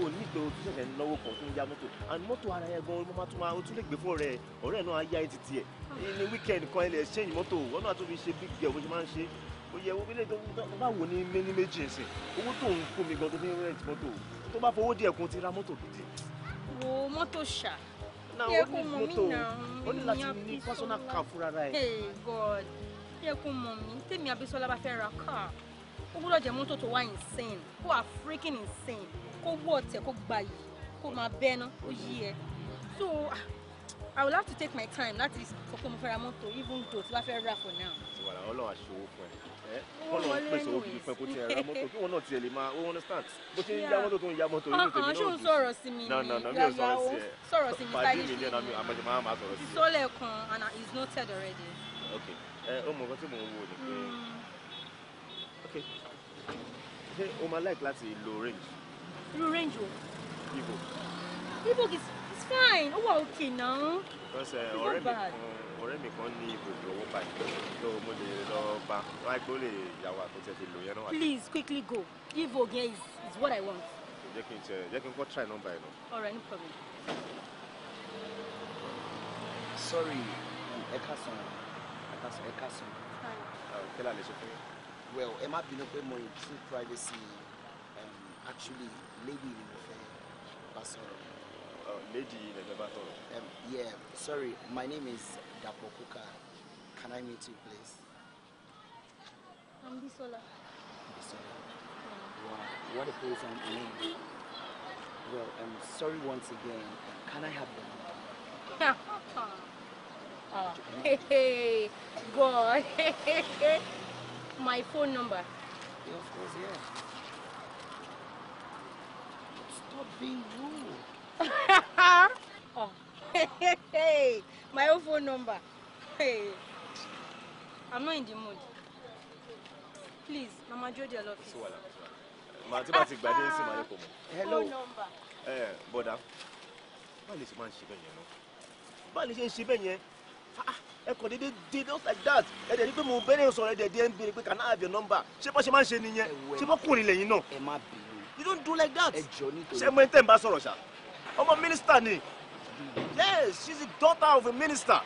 o ní ìgbẹ́ o tún ṣẹ̀ṣẹ̀ ń lọ́wọ́ kan tó ń ya mọ́tò and mọ́tò ara yẹn gan-an ló máa tún máa o tún lè gbé fún ọ̀rẹ́ ọ̀rẹ́ náà á yá etí tiẹ̀ ní weekend kan ẹ lè exchange mọ́tò wọn náà tún fi ṣe big girl bó ṣe máa ń ṣe ó yẹ owó ilé tó bá wò ní méjì ẹ̀sìn owó tó ń fún mi gan tó fi ń rent mọ́tò to bá fowó díẹ̀ kún to ra mọ́tò gidi wo mọ́tò ṣá yẹ kó moto? mí náà ó ní láti ní personal car fúnra rẹ̀. ee god yẹ kó mọ̀ mí tèmi Abísọ́lá bá fẹ́ ra car ó gbọ́dọ̀ jẹ́ mọ́tò to wá insane kó wà freaking insane kó wọ ọ̀tẹ̀ kó gba yìí kó máa bẹ́ná ó yí ẹ so ah, i will have to take my time láti sọ pé mo fẹ́ ra mọ́tò even though tí wàá fẹ́ rà for now. ìwà làwọn náà ṣòwò fún ẹ wọn pèsè owó kìí pẹ́ kó ra mọ́tò kí wọn náà tiẹ̀ lè máa wọ́n understand bó ṣe ń ya mọ́tò tó ń ya mọ́tò inú tèmi náà ṣé o sọ̀rọ̀ sí mi ni yàyà o sọ̀rọ̀ sí mi sáyé sí mi àmọ́jọ máa máa sọ̀rọ̀ sí mi. ìsọlẹ̀ kan and it's noted already. ok ẹ ó mọ nǹkan tí ń wò ni pé hmm. ok ṣé o máa like láti lo range. lo range o. ibo. ibo is fine ó wà òkè náà. because eh, ọ̀rẹ́ mi kan ọ̀rẹ́ mi kan ní ibùdó owó báyìí tó mo lè lọ bá láì pé ó lè yà wá tó lò yẹn náà. please quickly go give oge is is what i want. jẹ́ kí n tẹ jẹ́ kí n kọ́ try number yẹn náà. all right no problem. sorry ẹ ká sàn ẹ ká sàn. Ah, kí la lè ṣe fún yín. well ẹ má bínú pé mo in true privacy um, actually lady mo fẹ́ bá sọ̀rọ̀. Oh, lady in the um, Yeah, sorry, my name is Dapokuka. Can I meet you, please? I'm Bisola. Bisola. Wow, what a pleasant name. Well, I'm um, sorry once again. Can I have the number? oh, hey, hey, my phone number. Yeah, of course, yeah. Stop being rude. hey, my own phone number. Hey. I'm not in the mood. Please, Mama Jodi, I love you. Màá tí bá ti gbàdé ń sìn Hello. Ẹ bọ̀dá, báwo lè ṣe máa ń ṣe bẹ́ẹ̀ yẹn náà? Báwo lè ṣe ń ṣe bẹ́ẹ̀ yẹn? Ah, like that. Ẹ dẹ̀ ní pé mo bẹ̀rẹ̀ sọ̀rọ̀ ẹ dẹ̀ dé ń béèrè pé can I have your number? Ṣé bọ́ man máa ń ṣe nìyẹn? Ṣé bọ́ kùnrin lẹ́yìn náà? Ẹ má bínú. You don't do like that. Ẹ jọ nítorí. Ṣé mo ń tẹ̀ ń bá sọ̀rọ̀ ṣá? Ọmọ mínísítà ni yes she's the daughter of a minister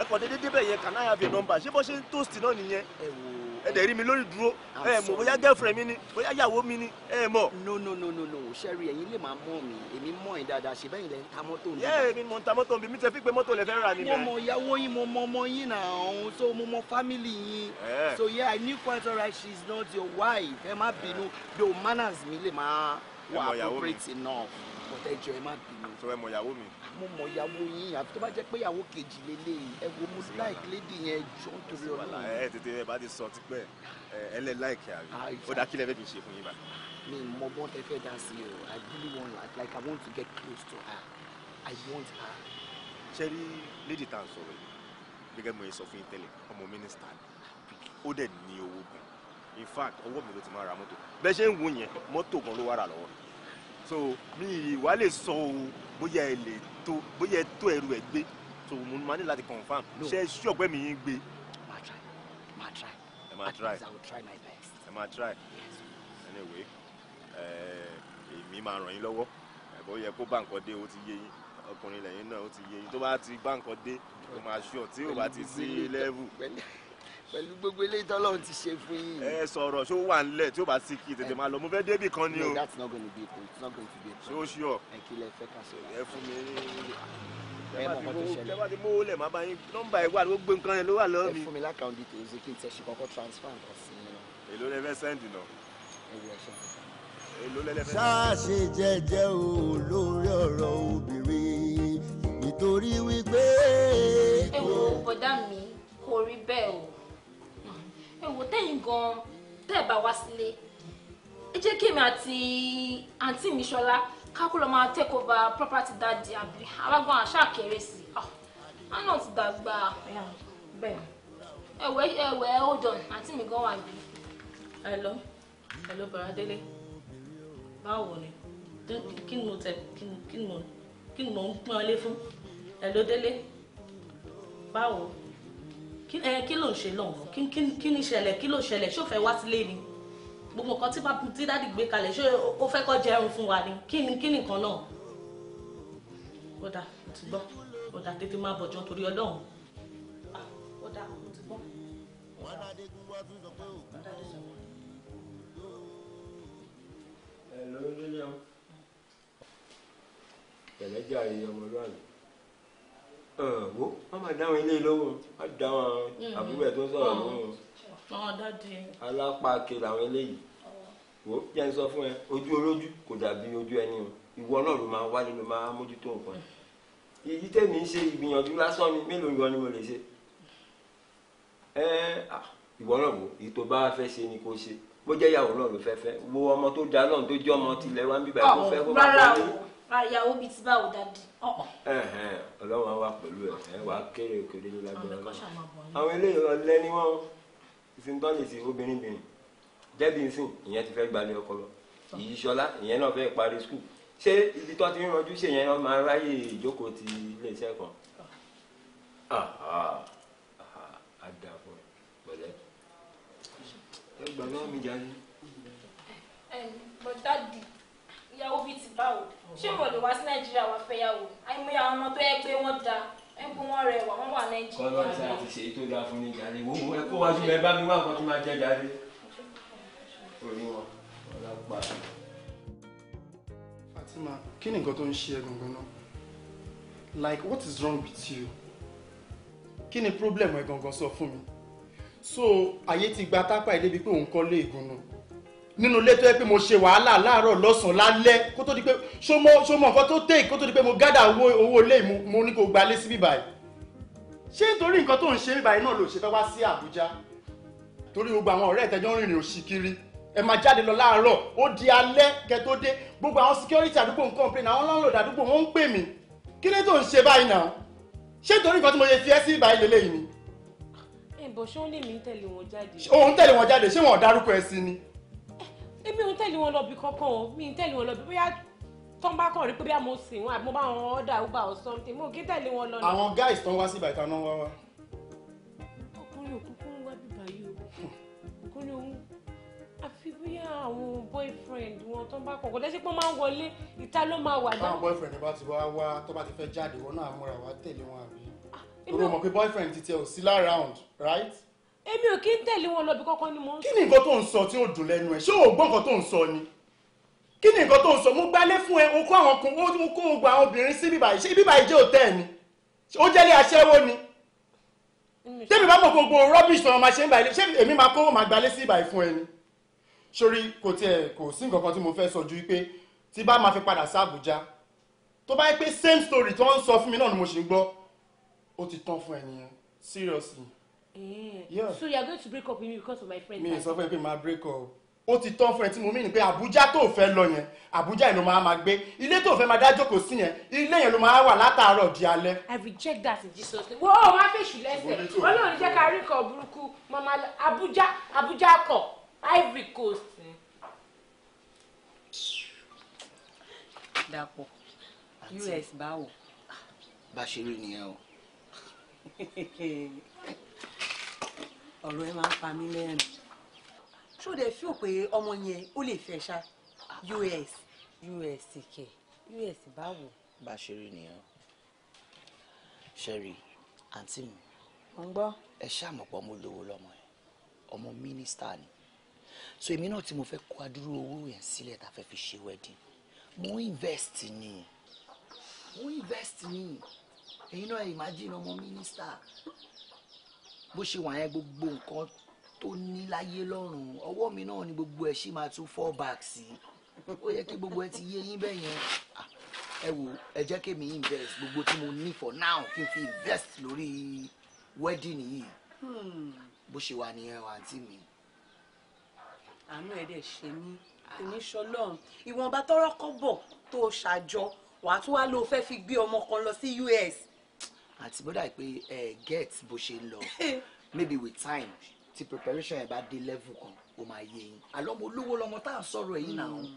ẹ kàn déédéé débẹ̀ yẹn can I have your number ṣé bó ṣe ń toast náà nìyẹn ẹ wò ó ẹ dẹ̀ rí mi lórí dúró ẹ mọ̀ bóyá girlfriend mi ni bóyá ìyàwó mi ni ẹ mọ̀. no no no no no sẹ́rí ẹ̀yin lè máa mọ̀ mi èmi mọ̀ ẹ̀ dáadáa ṣe bẹ́yìn lẹ́ ń ta mọ́tò mi. yẹ́ẹ̀ mi mọ̀ ń ta mọ́tò mi mi tẹ́ fi pé mọ́tò lẹ fẹ́ rà níbẹ̀. mo mọ ìyàwó yín mo mọ ọmọ yín náà ọ̀hún so mo mọ family yín eh. so yeah I knew quite alright she is not your wife ẹ má bínú though manners mi lè máa wà appropriate enough but ẹ jọ ẹ má bínú. so ẹ mọ ìyàwó mi mo mọ ìyàwó yín àfi tó bá jẹ́ pé ìyàwó kejì lélẹ̀ ẹ wo mo like lady yẹn jọ nítorí ọlọ́run. ẹ tètè ẹ bá ti sọ tipẹ́ ẹ lẹ like àrí ah, ó dá kílẹ̀ bẹ́ẹ̀ kì ṣe fún yín bá. mi mọ bọ́n tẹ fẹ́ dá sí o i really want like i want to get close to her i want her. ṣe rí lady tá à ń sọ̀rọ̀ yìí gẹ́gẹ́ mo yẹ sọ fún yín tẹ́lẹ̀ ọmọ mínísítà ó dẹ̀ ní owó gan in fact ọwọ́ mi ló ti máa ra mọ́tò bẹ́ẹ̀ ṣe ń wò yẹn mọ́tò gan ló wà rà lọ́wọ́ mi so mi ìwà lè sọ ohun bóyá ẹ lè tó bóyá ẹ tó ẹrù ẹ gbé so mo máa ní láti confam ṣe ṣú ọgbẹ́ mi yín gbé. máa try máa try ẹ try at least i will try my best. ẹ máa try anyway èmi máa ràn yín lọ́wọ́ ẹ̀bọ́ yẹ kó bá nǹkan dé ó ti yé yín ọkùnrin lẹ́yìn náà ó ti yé yín tó bá ti bá nǹkan dé ó máa ṣú ọ̀ tí ò bá ti sí level pẹ̀lú gbogbo ilé ìtọ́lọ́run ti ṣe fún yín. ẹ sọ̀rọ̀ ṣó wà nílẹ̀ tí ó bá sick tètè máa lọ mo fẹ́ débì kan ni o. no that's not gonna be it it's not going to be it. ṣé ṣí ọ. ẹ kí lẹ fẹ́ ká ṣe. ẹ fún mi ní tẹ́wá ti mówó lẹ̀ má bá yín nọ́mbà ẹ̀ wà ló gbé nǹkan yẹn ló wà lọ́wọ́ mi. ẹ fún mi lákàndí tó ṣe kí n tẹ̀ kọ́kọ́ transfer nǹkan sí i. èló lẹ fẹ́ sẹ́ndì náà. èló lẹ fẹ́ ọ̀rọ̀ obìnrin nítorí wípé. ẹ wo bọ̀dá mi kò rí bẹ́ẹ̀ o ẹ wò tẹ́yìn gan-an tẹ́ ẹ bá wá sílé ẹ jẹ́ kémi àti àǹtí mi ṣọlá kákó lọ́ọ́ máa take over property dáàdì àbí alágbọ́n àṣà kéré sí i á ah, náà ti dàgbà bẹ́ẹ̀ ẹ̀wẹ̀ ẹ̀wẹ̀ hold on àǹtí mi gan wà bí. hello hello Bàràdélé báwo ni kí ni mo tẹ kí ni mo ń pín ọ lé fún hello Délé báwo. Eh, kí ló ń ṣe lọ́wọ́ kí ni ṣẹlẹ̀ kí ló ṣẹlẹ̀ ṣó fẹ́ wá sílé ni gbogbo nǹkan tí bàbá tí dáàdì gbé kalẹ̀ ṣé ó fẹ́ kọ́ jẹun fún wa ni kí ni kí nìkan náà ó dà mo ti gbọ́ ó dà tètè máa bọ̀jọ́ torí ọlọ́run ah, ó dà mo ti gbọ́. Hello, William. Pẹ̀lẹ́jà iye ọmọlúwàbí wo wọn máa dáhùn ilé lọ́wọ́ wọn dáhùn mm-hmm. àbúrò ẹ̀ tó ń sọ̀rọ̀ lọ́wọ́ mm-hmm. alápàáké làwọn eléyìí wo jẹ́ ń sọ fún ẹ ojú olójú kò dàbí ojú ẹni o ìwọ ọlọ́run máa wá nínú máa mójútó nǹkan mm-hmm. èyí tèmi ń ṣe ìgbìyànjú lásán ni mélòó ìwọ ni mo lè ṣe ẹ ìwọ náà wò èyí tó bá fẹ́ ṣe ni kò ṣe bó jẹ́ ìyàwó náà ló fẹ́ fẹ́ wo ọmọ tó da náà tó jẹ́ ọmọ tilẹ̀ wá ń bíbá ẹ̀ kó fẹ́ kó máa bọ́ ọ́ àyàwó bíi ti o dáadé. Oh. ọlọ́run á wà pẹ̀lú ẹ̀ ẹ̀ wàá kéré òkèlè ní lágbára àwọn eléyìí ọ̀lẹ́ ni wọ́n ìsìntọ́nì sí obìnrin bìnrin jẹ́bi nsìn ìyẹn ti fẹ́ gbalẹ̀ ọkọ lọ ìyíṣọlá ìyẹn náà fẹ́ parí skul ṣé ibi tó ti ń rọjú ṣe yẹn wọ́n máa ráyè ìjókòó ti iléeṣẹ́ kan á dà fún ẹ pẹ̀lẹ́ ẹ gbàgbọ́ mi jáde. ẹ ẹ bọ́dá dì í ìyàwó bíi ti báwo ṣé mo lè wá sí nàìjíríà wá fẹ́ yàwó àìmọye àwọn ọmọ tó yẹ pé wọ́n da ẹ̀kú wọn rẹwà wọ́n wà nàìjíríà. kọ́lọ́ ṣe àti ṣe tó dáa fún ní jàre wo ẹ kó wájú ẹ bá mi wá nǹkan tó máa jẹ jàre. Fatima kí ni nǹkan tó ń ṣe ẹ gangan náà like what is wrong with you kí ni problem ẹ gangan sọ fún mi so ayé ti gba tápá ẹ débi pé òun kọ́ lé ìgúnnu nínú ilé tó yẹ pé mo ṣe wàhálà láàárọ̀ lọ́sàn-án lálẹ́ kó tó di pé ṣọmọ ṣọmọ nǹkan tó tẹ̀ kó tó di pé mo gádà owó owó ilé mo ní kó gba lé sí bíbáyìí ṣé nítorí nǹkan tó ń ṣe bíbáyìí náà ló ṣe fẹ́ wá sí Àbújá torí gbogbo àwọn ọ̀rẹ́ ìtẹ́jọ́ rìnrìn òṣì kiri ẹ máa jáde lọ láàárọ̀ ó di alẹ́ kẹ́ tó dé gbogbo àwọn security àdúgbò ń complain àwọn landlord àdúgbò wọ́n ń pè mí kí ló tó ń ṣe báyìí náà ṣé nítorí nǹkan tí mo ṣe fi ẹ́ sí báyìí lélẹ́yìn ni. ẹ bọ ṣé ó lè mí tẹ̀lé wọn jáde. òun tẹ̀lé wọn jáde ṣé wọn ò dárúkọ ẹ sí ni èmi ò ń tẹ̀lé wọn lọ bí kankan o mi ń tẹ̀lé wọn lọ bí bóyá tó ń bá kàn rí pé bí a mo sìn wọn àbí mo bá wọn ọ̀dà uber or something mo kí tẹ̀lé wọn lọ. àwọn guys tó ń wá sí ìbàdàn náà wá wá. ọkùnrin òkùnkùn ń wá bíbá yìí o ọkùnrin òun àfi bóyá àwọn boyfriend wọn tó ń bá kàn kò dẹ́sí pé wọ́n máa ń wọlé ìta ló máa wà dáhùn. àwọn boyfriend bá ti wá wá tó bá ti fẹ́ jáde wọn náà múra wá tẹ̀lé wọn àbí. Ah, torí o mọ̀ boyfriend ti tẹ ò right èmi ò kí ń tẹ̀lé wọn lọ́bi kankan ni mò ń sọ. kí ni nǹkan tó ń sọ tí ó dùn lẹ́nu ẹ̀ ṣé o gbọ́ nǹkan tó ń sọ ni kí ni nǹkan tó ń sọ mo gbálé fún ẹ o kó àwọn kun o kó o gba àwọn obìnrin sí bíbá yìí ṣé bíbá yìí jẹ́ òtẹ́ ni ó jẹ́lé aṣẹ́wó ni tẹ́mi bá mọ̀ gbogbo rubbish náà máa ṣe ń báyìí ṣé èmi máa kó máa gbálé sí bíbá yìí fún ẹ ni sórí kò tiẹ̀ kò sí nǹkan kan tí mo fẹ́ sọ ju pé tí bá máa fi padà sí Àbújá tó bá yẹ pé same story tó ń sọ fún mi náà ni mo ṣì ń gbọ́ ó ti tán fún ẹ nìyẹn seriously yeah. so you are going to break up with me because of my friend. mi sọ fún ẹ pé break up ó ti tán fún ẹ tí mo mí ni pé Abuja tó fẹ́ lọ yẹn àbújá yẹn ló máa máa gbé ilé tó fẹ́ máa dá jókòó sí yẹn ilé yẹn ló máa wà látàárọ̀ di alẹ́. i reject that in jesus name. wo o wá fèsì lẹ́sẹ̀ ọlọ́run jẹ́ ká rí kan burúkú mama abuja abuja kọ ivory coast. dàpọ̀ us báwo. bá a ṣe rí nìyẹn o. ọ̀rọ̀ ẹ máa ń pa mí lẹ́rìn ṣó dẹ̀ fíò pé ọmọ yẹn ó lè fẹ́ ṣá us us kẹ̀ us báwo. bá a ṣe rí nìyẹn ṣẹ́rí àǹtí mi. mo ń gbọ́. ẹ ṣàmọ̀pọ̀ mo lówó lọ́mọ ẹ̀ ọmọ mínísítà ni so èmi náà tí mo fẹ́ kó adúrú owó yẹn sílẹ̀ tá a fẹ́ fi ṣe wedding mo invest ni mo invest ni èyí náà imagine ọmọ mínísítà bó ṣe wà yẹn gbogbo nǹkan tó ní láyé lọ́rùn ọwọ́ mi náà ni gbogbo ẹ̀ ṣì máa tún fall back sí ó yẹ kí gbogbo ẹ ti yé yín bẹ́ẹ̀ yẹn ẹ wò ẹ jẹ́ kí mi invest gbogbo tí mo ní for now kí n fi invest lórí wedding yìí hmm. bó ṣe wà nìyẹn wà àǹtí mi. àánú ẹ dẹ̀ ṣe mí oníṣọlọ́run ìwọ̀nba tọ́rọ́ kọ́ bọ̀ tó ṣàjọ wàá tún wá lọ fẹ́ fi gbé ọmọ kan lọ sí US àti bó dàbí pé ẹ get bó ṣe lọ maybe with time ti preparation ẹ bá dé level kan ó máa yé yín àlọ́ mo lówó lọ́mọ tá à ń sọ̀rọ̀ ẹ̀yìn náà hmm.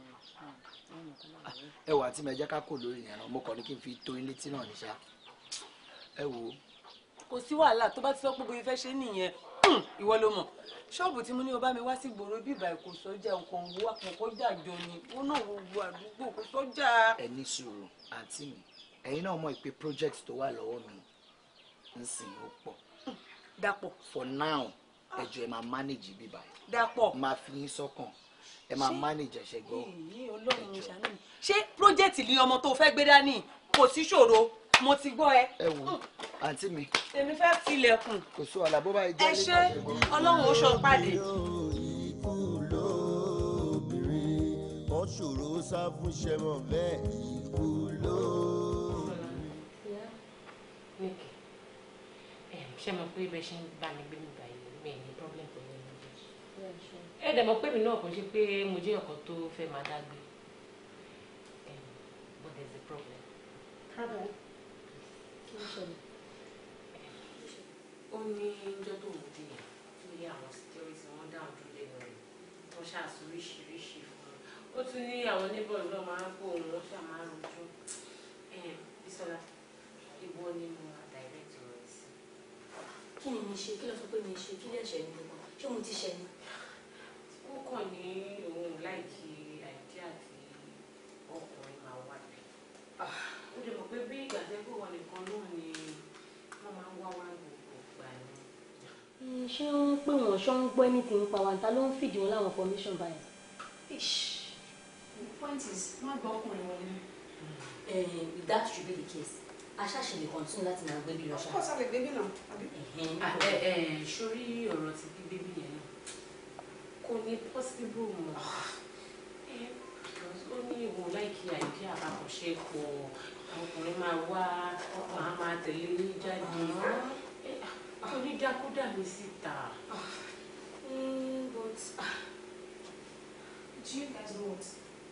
ẹ wà tí mo ẹ jẹ́ ká kò lórí yẹn náà mo kàn ní kí n fi tó yín létí náà ní ṣá ẹ wò ó. kò sí wàhálà tó bá ti sọ pé bóyá fẹ́ ṣe nìyẹn hmm, ìwọ ló mọ̀ ṣọ́ọ̀bù tí mo ní o bá mi wá sí gbòòrò bíbà kò sọ́jà nǹkan owó àkànkọ́jà jọ ni ó náà wo wo àdúgbò kò sọ́jà. ẹ ní sùúrù àǹtí mi ẹ̀yin náà mọ̀ pé project tó wà lọ́wọ́ mi ń sìn ó pọ̀. Hmm, dapò. for now ah. ẹ jọ̀ọ́ ẹ máa manage bí báyìí. dapò. máa fi yín sọ́kàn ẹ máa manage ẹ̀ṣẹ̀ gbọ́. ṣé pírójẹ́tì lé ọmọ tó fẹ́ gbé dání kò sí ṣòro mo ti gbọ́ ẹ. ẹ wo hmm. àǹtí mi. èmi fẹ́ tilẹ̀kùn. kò sí ọ̀la bó bá yẹ jẹ́ ẹ ṣe ọlọ́run ó ṣọ pàdé. wọ́n ṣòro sá fún ṣẹmọ bẹ́ẹ̀ ikú ló. Nick ṣe mọ̀ pé bẹ́ẹ̀ ṣe ń bá gbé mi báyìí mi ní problem pẹ̀lú ẹni méjèèjì. ẹ dẹ̀ mọ̀ pé mi náà kò ṣe pé mo jẹ́ ọ̀kan tó fẹ́ máa dágbé but there is a problem. problem kí ló ṣẹlẹ̀. ó ní ọjọ́ tó ń dé yẹn lórí àwọn security wọn dáhùn dúró lẹ́nu rẹ̀ wọ́n ṣàṣù oríṣiríṣi fún un ó tún ní àwọn neighbor náà máa ń kó òun wọ́n ṣàmáà rojú Bísọ́lá ìwọ ni mo kí ni mi ṣe kí ló sọ pé mi ṣe kí lè ṣe ní gbogbo ṣé mo ti ṣe ni. ó kàn ní òun láìkí àìdí àti ọkùnrin máa wá bí. ó dẹ̀ mọ̀ pé bí ìgbà tẹ́kọ̀ wọn nìkan náà ni wọ́n máa ń wá wá gbogbo ìgbà ni. Hmm, ṣé ó ń pè wọ́n ṣọ́ ń gbọ́ ẹni tí ń pa wa ta ló ń fìdí wọn láwọn formation báyìí. the má gbọ́ ọkùnrin wọlé. Eh, that should be the case aṣáṣe lè kọ̀ntínú láti máa gbé bí lọ ṣá. ọkọ lè gbé bí náà. Ah, ẹ ẹ sórí ọ̀rọ̀ ti gbígbé bí yẹn náà kò ní pọ́sibú mọ́ ah. ó ní ìwọ̀n láìkí àìdí àbàkọ̀ṣe pọ̀ ọkùnrin máa wá máa máa tẹ̀lé ní jáde ah. onídàkúdà mi síta. Hmm, but do you guys know what?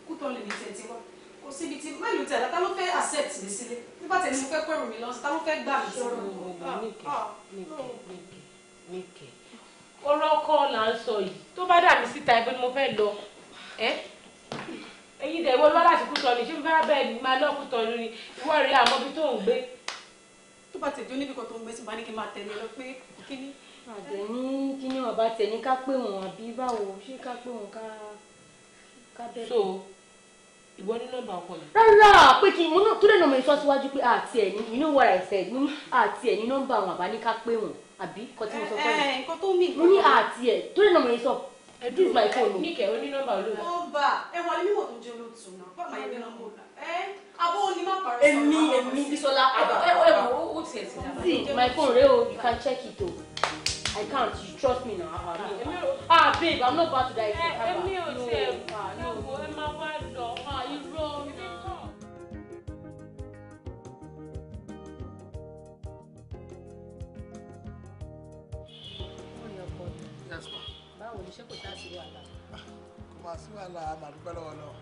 kútọ́ lè ní tẹ̀síwájú kò síbi tí mẹ́lùú tẹ̀ lọ́ta ló fẹ́ accept mi sílé nígbà tẹ̀ ni mo fẹ́ pẹ̀rù mi lọ sí ta ló fẹ́ gbà mí sí ah, mi. Ah, ọ̀rọ̀ ọkọ là ń sọ yìí tó bá dà mí síta ẹgbẹ́ ni mo fẹ́ lọ ẹyin dẹ̀ wọ́n lọ́la àsìkò tọ̀ ni ṣé mo fẹ́ bẹ́ẹ̀ máa lọ́kù tọ̀ ni ìwọ rí àmọ́ bí tó ń gbé. tó bá tẹ̀jú níbi kan tó ń gbé sí bá ní kí n máa tẹ̀lé lọ pé kíní. àjẹ́ ní kíní ọba tẹ̀ ní ká pè wọ́n àbí báwo ṣé ká pè wọ́n ká bẹ́ẹ̀. so ìwọ ní nọ́mbà ọkọ mi. rárá pé kí n tó dẹ̀ nọ́mbà ìṣọ́ síwájú pé àti ẹ̀ ní you know what I said mo ní àti ẹ̀ ní nọ́mbà àwọn àbá ní ká pé wọ́n àbí kọ́ tí mo sọ fún ẹ. Eh, eh, nǹkan tó mì. mo ní àti ẹ̀ tó dẹ̀ nọ́mbà ìṣọ́ ẹdùn my phone. níkẹ́ ó ní nọ́mbà olóòtú. nọ́mbà ẹ wọlé mímọ̀ tó jẹ́ olóòtú náà bá máa yẹ nọ́mbà ọ̀la. ẹ òní má parọ́ sọ̀rọ̀. èmi èmi Bísọ́lá àbá ẹ ẹ wò ó tiẹ̀ sí dábàá. see my phone rẹ o you can check it o. I can't. You trust me now. Ah, ah, babe, I'm not about to die. Emi eh, o tiẹ̀ no. Ah, mi ṣé kò sá sí wàhálà. kò máa sí wàhálà àmàdúgbò lọ́wọ́ náà.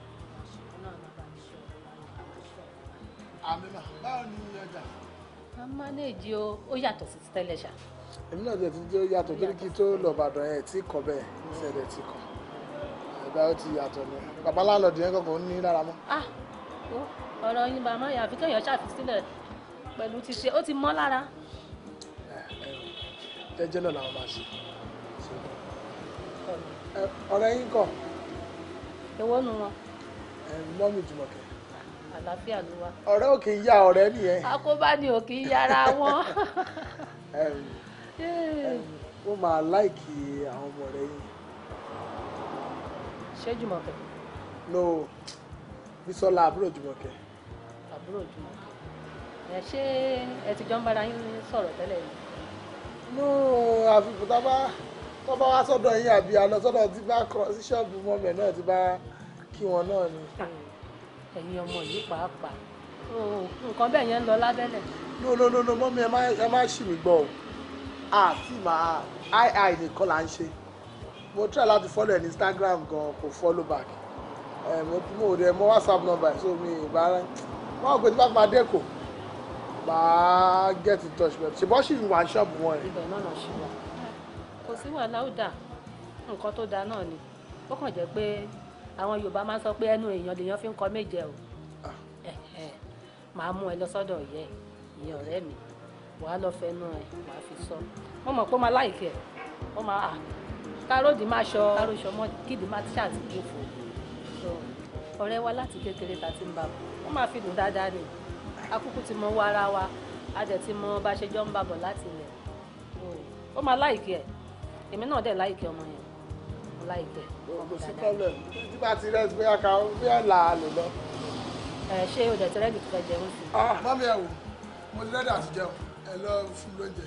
àmì mà báwo ni ọjà. a mánéèjì o ó yàtọ̀ sí tẹ́lẹ̀ ṣá. èmi náà jẹ́ ti jẹ́ yàtọ̀ torí kí tó lọ Ìbàdàn ẹ̀ tí kọ̀ bẹ́ẹ̀ ṣẹlẹ̀ tí kọ̀ ẹ̀dá ó ti yàtọ̀ ni bàbá láńlọ́ọ̀dù yẹn kọ̀ọ̀kan ó ní lára mọ́. ah ọ̀rọ̀ yín bàmá yà àfi kéèyàn ṣàfisílẹ̀ pẹ̀lú ti ṣe ó ti mọ́ lára. jẹ́jẹ́ lọ́la máa ṣe ọ̀rẹ́ yín kọ̀. èwo nu wọn. ẹ mọ́mí jùmọ̀kẹ́. àlàáfíà ló wà. ọ̀rẹ́ ò kì í ya ọ̀rẹ́ nìyẹn. àkóbá ni ò kì í yára wọn. ó máa láìkì àwọn ọmọ rẹ yìí. ṣé jùmọ̀kẹ́. no Bísọ́lá àbúrò jùmọ̀kẹ́. àbúrò jùmọ̀kẹ́ ẹ ṣé ẹ ti jọ ń bára yín sọ̀rọ̀ tẹ́lẹ̀ yìí. no àfikún tá a bá tó bá wá sọ́dọ̀ yín àbí àlọ́ sọ́dọ̀ tí bá kọ sí ṣọ́ọ̀bù mọ́mẹ́ náà ti bá kí wọn náà ni. ẹ̀yin ọmọ yìí pàápàá nǹkan bẹ́ẹ̀ yẹn ń lọ lábẹ́lẹ̀. no no no no mọ́mí ẹ má ṣì mí gbọ́ o àti màá i i nìkan là ń ṣe mo try láti follow ẹ ní Instagram gan kò follow back mo rẹ mo WhatsApp number so mi ìbá rẹ wọn ò pè tí bá fi máa dẹ́kọ̀ máa get in touch pẹ̀lú ṣùgbọ́n ṣì ń wá ṣọ́ọ̀bù wọn rẹ̀. ibẹ̀ náà lọ ṣe wà sí wàhálà ó dà nǹkan tó da náà ni ó kàn jẹ́ pé àwọn Yorùbá máa ń sọ pé ẹnu èèyàn lèèyàn fi ń kọ méje o ah. màá mú ẹ lọ sọ́dọ̀ yẹ ìyẹn ọ̀rẹ́ mi wàá lọ fẹnu ẹ wàá fi sọ wọn mọ̀ pé ó máa láìkẹ́ ó máa à ah, káròdì máa ṣọ káròṣọ mọ́ kídì máa ṣáà ti gbé fò ọ̀rẹ́ wa láti kékeré ta ti ń bà bọ̀ wọ́n máa fi dùn dáadáa ni akúkú ti mọ owó ara wa a dẹ̀ ti mọ bá ṣe jọ ń bà bọ̀ láti ilẹ̀ ó máa láìkẹ́ ẹ̀ èmi náà dẹ̀ láìkẹ́ ọmọ yẹn mo láìkẹ́. kò sí pọ́lẹ̀ tí bá ti rẹ́sì bóyá ká bóyá là á lò lọ. ẹ ṣé o dẹ̀ ti rẹ́dì tó fẹ́ jẹun sí. Ah, mọ́mí ẹ̀ wò mo ti rẹ́dì àti jẹun ẹ lọ fún lóúnjẹ.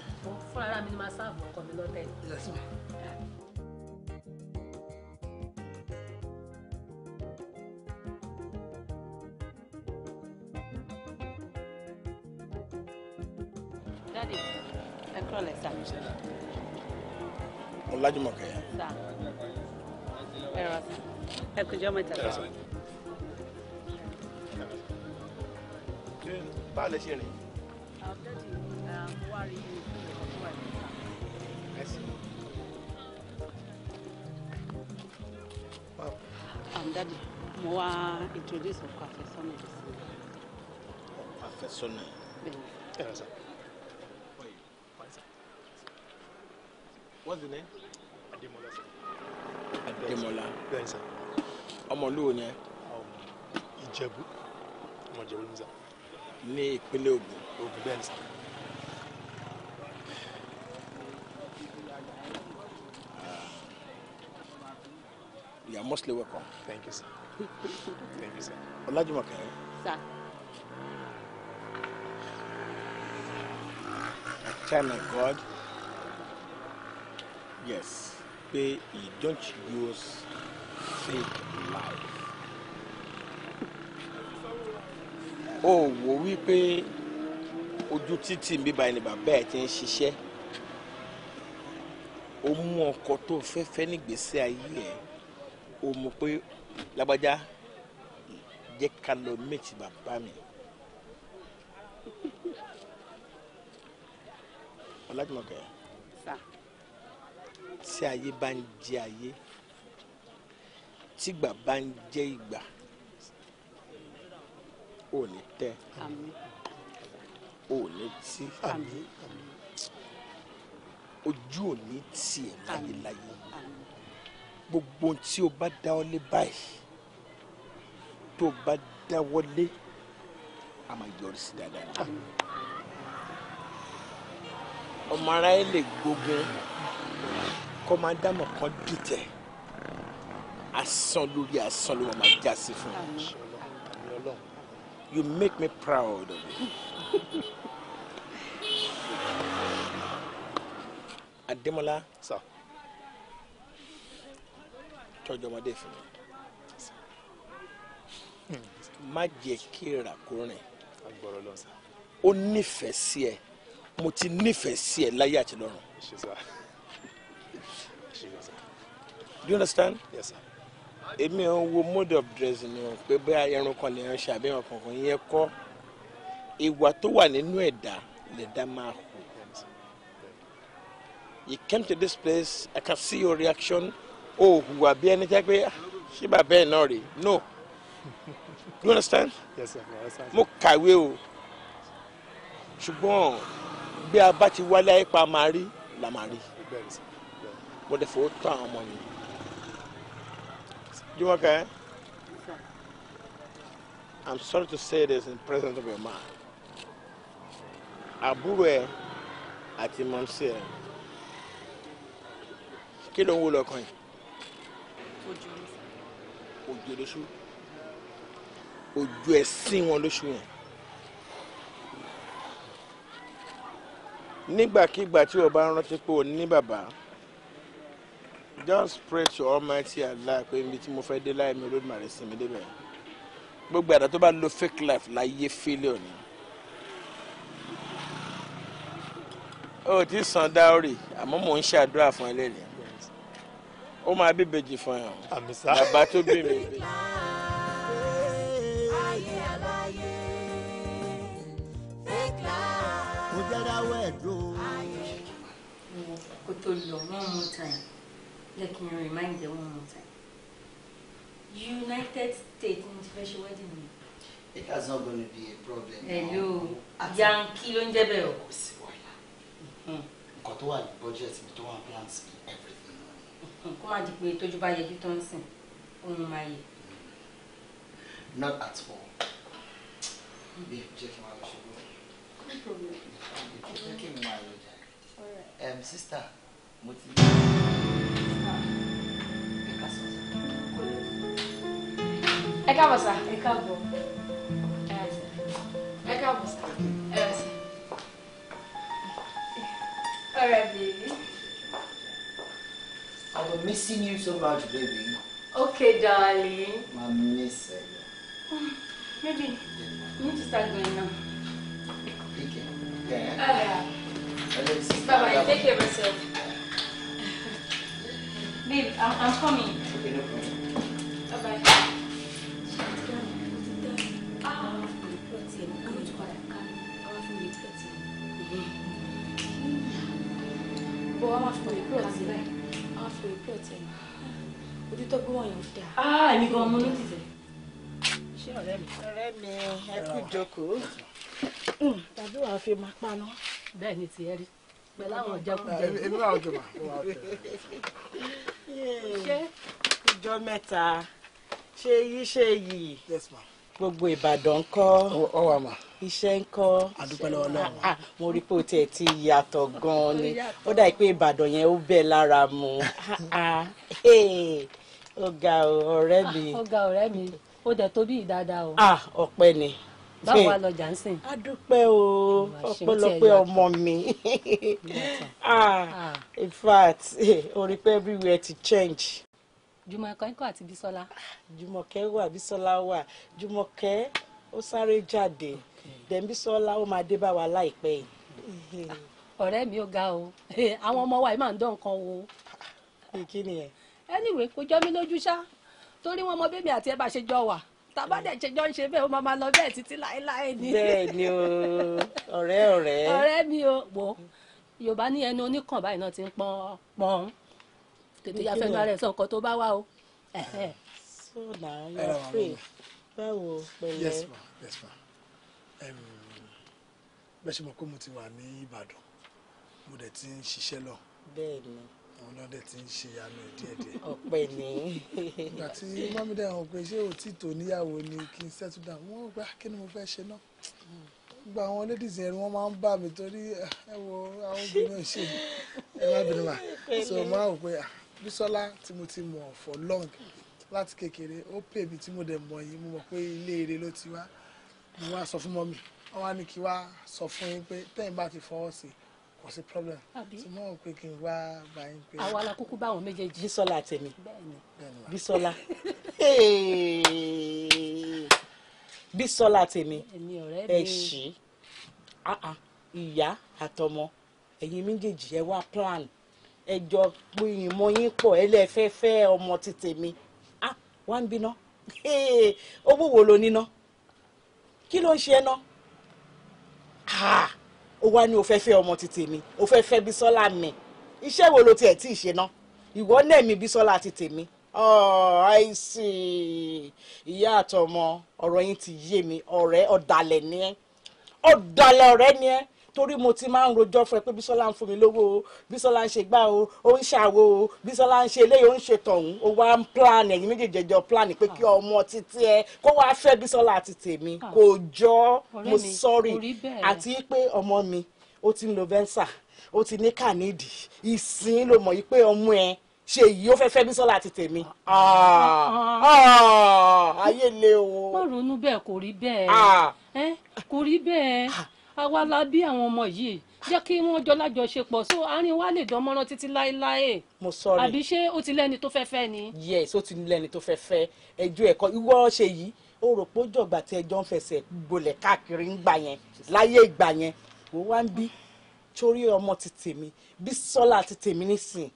fúnra ara mi ni màá sáàbù ọkọ mi lọ́tẹ̀. Yes ma. Daddy, ẹ kúrò lẹ́sà mo lájùmọ̀kẹ́. ẹ kú jọ́ mẹ́ta. báwo lè ṣe rìn. Um, um mo wá introduce ọkọ àfẹ́sọ́nà. Àfẹ́sọ́nà. Bẹ́ẹ̀ni. What's the name? Ademola. Ademola. Bẹ́ẹ̀ sà. Ọmọ olúwo ni ẹ. Um, Ìjẹ̀bú. Ọmọ Ìjẹ̀bú ni sà. Ní ìpínlẹ̀ Ògùn. Ògùn bẹ́ẹ̀ sà. Ah. You are mostly welcome. Thank you, sir. Thank you, sir. Olajumoke. Sir. I thank God yes pé he don't use fake life ó wò wípé ojú títì mi báyìí ni bàbá ẹ̀ ti ń ṣiṣẹ́ ó mú ọkọ tó fẹ́fẹ́ nígbèsí ayé ẹ̀ ó mú pé lágbájá jẹ́ ká lọ méjì bàbá mi. ọlájúmọ̀kẹ́ tí ayé bá ń jẹ ayé tígbà bá ń jẹ ìgbà ò ní tẹ ò ní tí ojú ò ní tì ẹ́ láyéláyé gbogbo tí o bá dáwọ́lé báyìí tó o bá dáwọ́lé a máa yọrí sí dáadáa ọmọ aráyé lè gbógun kọ́ máa dámọ̀ kan dìtẹ̀ asán lórí asán ló máa já mi you make me proud of you. Ademola, sá tọ́jú ọmọdé fún mi má jẹ́ kí ìràkúrìn ó nífẹ̀ẹ́ sí mo ti nífẹ̀ẹ́ láyé àti lọ́run do you understand. yes sir. èmi ò ń wo mode of dressing ni o pé bóyá irun kan lè ṣe àbí irun kankan yẹn kọ́ ìwà tó wà nínú ẹ̀dá lẹ̀dá máa hù. you came to this place i can see your reaction o hùwà bí ẹni jẹ́ pé ah, ṣé bàbá ẹ̀ náà rè no do you understand. yes sir. mo kàwé o ṣùgbọ́n bí a bá ti wálé ayé pa máa rí la máa rí mo dẹ̀ fọ́ tán àwọn ọmọ yìí. Jumoke, I'm sorry to say this in presence of your man. Àbúrò ẹ̀ àti mọ̀nsí ẹ̀ kí ló ń wò lọ́kàn yìí? Òjò lóṣù. Òjò ẹ̀sìn wọn lóṣù yẹn. Nígbàkigbà tí o bá ń rántí pé o ní bàbá just pray to almighty allah pé ibi tí mo fẹ́ dé láì mi olódùmarè sí mi débẹ̀ gbogbo àdá tó bá lo fake life láyé failure ni o ti san dáórì àmọ́ mò ń ṣàdúrà fún ẹlẹ́rìí ó máa bí bèjì fún ẹ o bàbá tó bí mi. kó tó lọ one more time jẹ́ kí remind you one more time United States ni mo ti fẹ́ ṣe wedding it has not going to be a problem. hello young kilo ń jẹ́ bẹ́ẹ̀ o. Mm-hmm. budget mi tó wà ní plans mi everything. Mm-hmm. kó má di pé tójú bá yẹ mm-hmm. not at all. babe jẹ́ kí n máa lọ no problem. jẹ́ kí n máa lọ jà. Um, sister mo ẹ káàbọ̀ sá. ẹ káàbọ̀. ẹ káàbọ̀ sá. ẹ rẹ sá. ọ̀rẹ́ bèbí. I've been missing you so much, baby. Okay, darling. I miss you. Maybe you need to start going now. Okay. Yeah. Bye-bye. Take care of yourself. Babe, I'm, I'm coming. Okay, no problem. Bye-bye. Bọ́ wá máa fún mi plot I Wá fún mi plot yẹn. I tó gbé wọ̀nyẹn dá. Áà ah, èmi gan-an mo ló ti fẹ́. Ṣé ọ̀rẹ́ mi? Ọ̀rẹ́ mi ẹ kú ìjókòó. Hmm, tàbí wàá fi máa paná. Bẹ́ẹ̀ ni tiẹ̀ rí pẹ̀lú àwọn jẹkújẹ. èmi náà ọjọ́ mà mo ṣé ìjọ mẹ́ta ṣe yí ṣe yìí. gbogbo Ìbàdàn ń kọ́. iṣẹ́ ń kọ́. Ah, ah, mo rí pé o tiẹ̀ ti yàtọ̀ gan-an ni ó dà pé ìbàdàn yẹn ó bẹ̀ lára mu. ọ̀gá ọ̀rẹ́ mi. ọ̀gá ah, ọ̀rẹ́ mi ó dẹ̀ tó ìdáadáa o. ọpẹ́ ni báwo wá lọ jansen. a dúpẹ́ o ọpẹ́lọpẹ́ ọmọ mi ah, ah. in fact orí everywhere ti change. Jùmọ̀kẹ́ kọ́ àti Bísọ́lá. Jùmọ̀kẹ́ wà Bísọ́lá wa Jùmọ̀kẹ́ ó sáré jáde then Bísọ́lá ó máa dé bá wa láìpẹ́ yìí. Ah, ọ̀rẹ́ mi ò ga o àwọn ọmọ wa yìí máa ń dán nǹkan wo. kí ni ẹ. anyway kò jọ mí lójú ṣá torí wọn mọ bébí àti ẹ bá ṣe jọ wà tábà dẹ̀ ṣe jọ ń ṣe bẹ́ẹ̀ ó máa lọ bẹ́ẹ̀ títí láéláé ni. bẹ́ẹ̀ ni o ọ̀rẹ́ ọ̀rẹ́. ọ̀rẹ́ mi o wo yorùbá ní ẹnu oníkàn báyìí náà ti ń pọ́n pọ́n tètè ya fẹ́nu ara ẹ̀ sọ nǹkan tó bá wà o. so na your báwo pẹ̀lẹ́. yes ma yes ma bẹ́ẹ̀ ṣe mọ̀ pé mo ti wà ní Ìbàdàn mo dẹ̀ ti ń ṣiṣẹ́ lọ. bẹ́ẹ̀ òun náà dẹ̀ ti ń ṣe àmì díẹ̀díẹ̀. ọ̀pẹ ni. ìgbà tí mọ́mídà hàn pé ṣé o tí tò níyàwó ni kí n settle down wọ́n gbà ah, kí ni mo fẹ́ ṣe náà. gba àwọn ladies yẹn ni wọ́n máa ń bà mí torí ah, ẹ wo àwọn obìnrin ṣe ẹ má bínú mà so máa wò pé ah, Bísọ́lá tí mo ti mọ̀ for long láti kékeré ó pè mí tí mo dẹ̀ mọ̀ yìí mo mọ̀ pé ilé ire ló ti wá mo wá sọ fún mọ́mì wọ́n wá ní kí wá sọ fún yín pé tẹ́yìn bá ti fọwọ́ sí i kò sí problem tí mò ń pè kí n wá bá yín pé. àwa la kúkú báwọn méjèèjì Bísọ́lá àtẹ̀mí Bísọ́lá Bísọ́lá àtẹ̀mí ẹ ṣí ìyá àtọmọ ẹ̀yin méjèèjì ẹ wá plan ẹ jọ pé ìmọ̀ yín pọ̀ ẹ lè fẹ́ fẹ́ ọmọ ti tèmi ah wá ń bínú owó wo lo níná kí ló ń ṣe ẹ ná. Ah! ó wá ní o fẹ́ fẹ́ ọmọ ti tèmi o fẹ́ fẹ́ Bísọ́lá mi iṣẹ́ wo ló tiẹ̀ tí ì ṣe ná ìwọ náà mi Bísọ́lá ti tèmi àìsí oh, ìyá àtọmọ ọ̀rọ̀ yín ti yé mi ọ̀rẹ́ ọ̀dàlẹ̀ ni ẹ́ ọ̀dàlẹ̀ ọ̀rẹ́ ni ẹ́ torí mo ti máa ń rojọ́ fún ẹ pé Bísọ́lá ń fún mi lówó o Bísọ́lá ń ṣe gbá o ó ń ṣàwo o Bísọ́lá ń ṣe eléyìí ó ń ṣe tọ̀hún ó wá ń plan ẹ̀yin méjèèjì jọ plan pé kí ọmọ títí ẹ kó wá fẹ́ Bísọ́lá àti tèmi ah. kò jọ mo sorry àti pé ọmọ mi ó ti ń lo venza ó ti ní kànídì ìsìn ló mọ̀ yí pé ọmọ ẹ ṣe èyí ó fẹ́ẹ́ fẹ́ Bísọ́lá àti tèmi ah, ah, ayé le o. má ronú bẹ́ẹ̀ kò rí bẹ́ẹ̀ eh, kò rí bẹ́ẹ̀ àwa la bí àwọn ọmọ yìí jẹ́ kí wọ́n jọ lájọṣepọ̀ so àárín wa lè dán mọ́rán títí láéláé. mo sọ̀rọ̀ àbí ṣé ó ti lẹ́ni tó fẹ́ fẹ́ ni. yes ó ti lẹ́ni tó fẹ́ fẹ́ ẹjọ́ ẹ̀kọ́ ìwọ ṣe yìí ó rò pé ó jọ̀gbà tí ẹjọ́ ń fẹsẹ̀ gbolẹ̀ káàkiri ń gbà yẹn láyé ìgbà yẹn wò wá ń bí torí ọmọ ti tèmi bí sọ́lá ti tèmi nísìn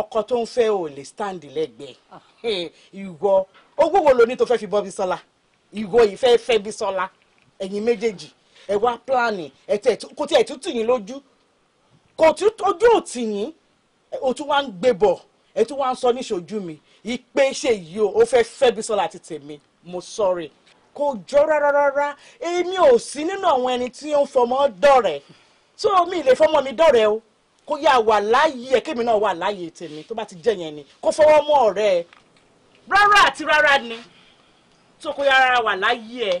ọkọ tó ń fẹ́ ò lè stand lẹ́gbẹ̀ẹ́ ah. ìwọ owó wo lo ní tó fẹ́ fi bọ́ bí sọ́lá ìwọ yìí fẹ́ fẹ́ bí sọ́lá ẹ̀yin méjèèjì ẹ wá pílánì kò tí ẹ tún tì yín lójú kò tún ojú ò tì yín o tún wá ń gbé bọ̀ ẹ tún wá ń sọ níṣojú mi ìpè ṣe yìí o ó fẹ́ fẹ́ Bísọ́lá àti tèmi mo sọ̀rọ̀ kò jọ rárá rárá èmi ò sí nínú àwọn ẹni tí ó ń fọmọ dọ̀rẹ́ tí omi ìlè fọmọ mi dọ̀rẹ́ o kó yá wà láàyè ẹ kémi náà wà láàyè tèmi tó bá ti jẹ́ yẹn ni kó fọwọ́ mọ́ ọ̀rẹ́ ẹ rárá àti rárá ni tó kó yára wà láàyè ẹ.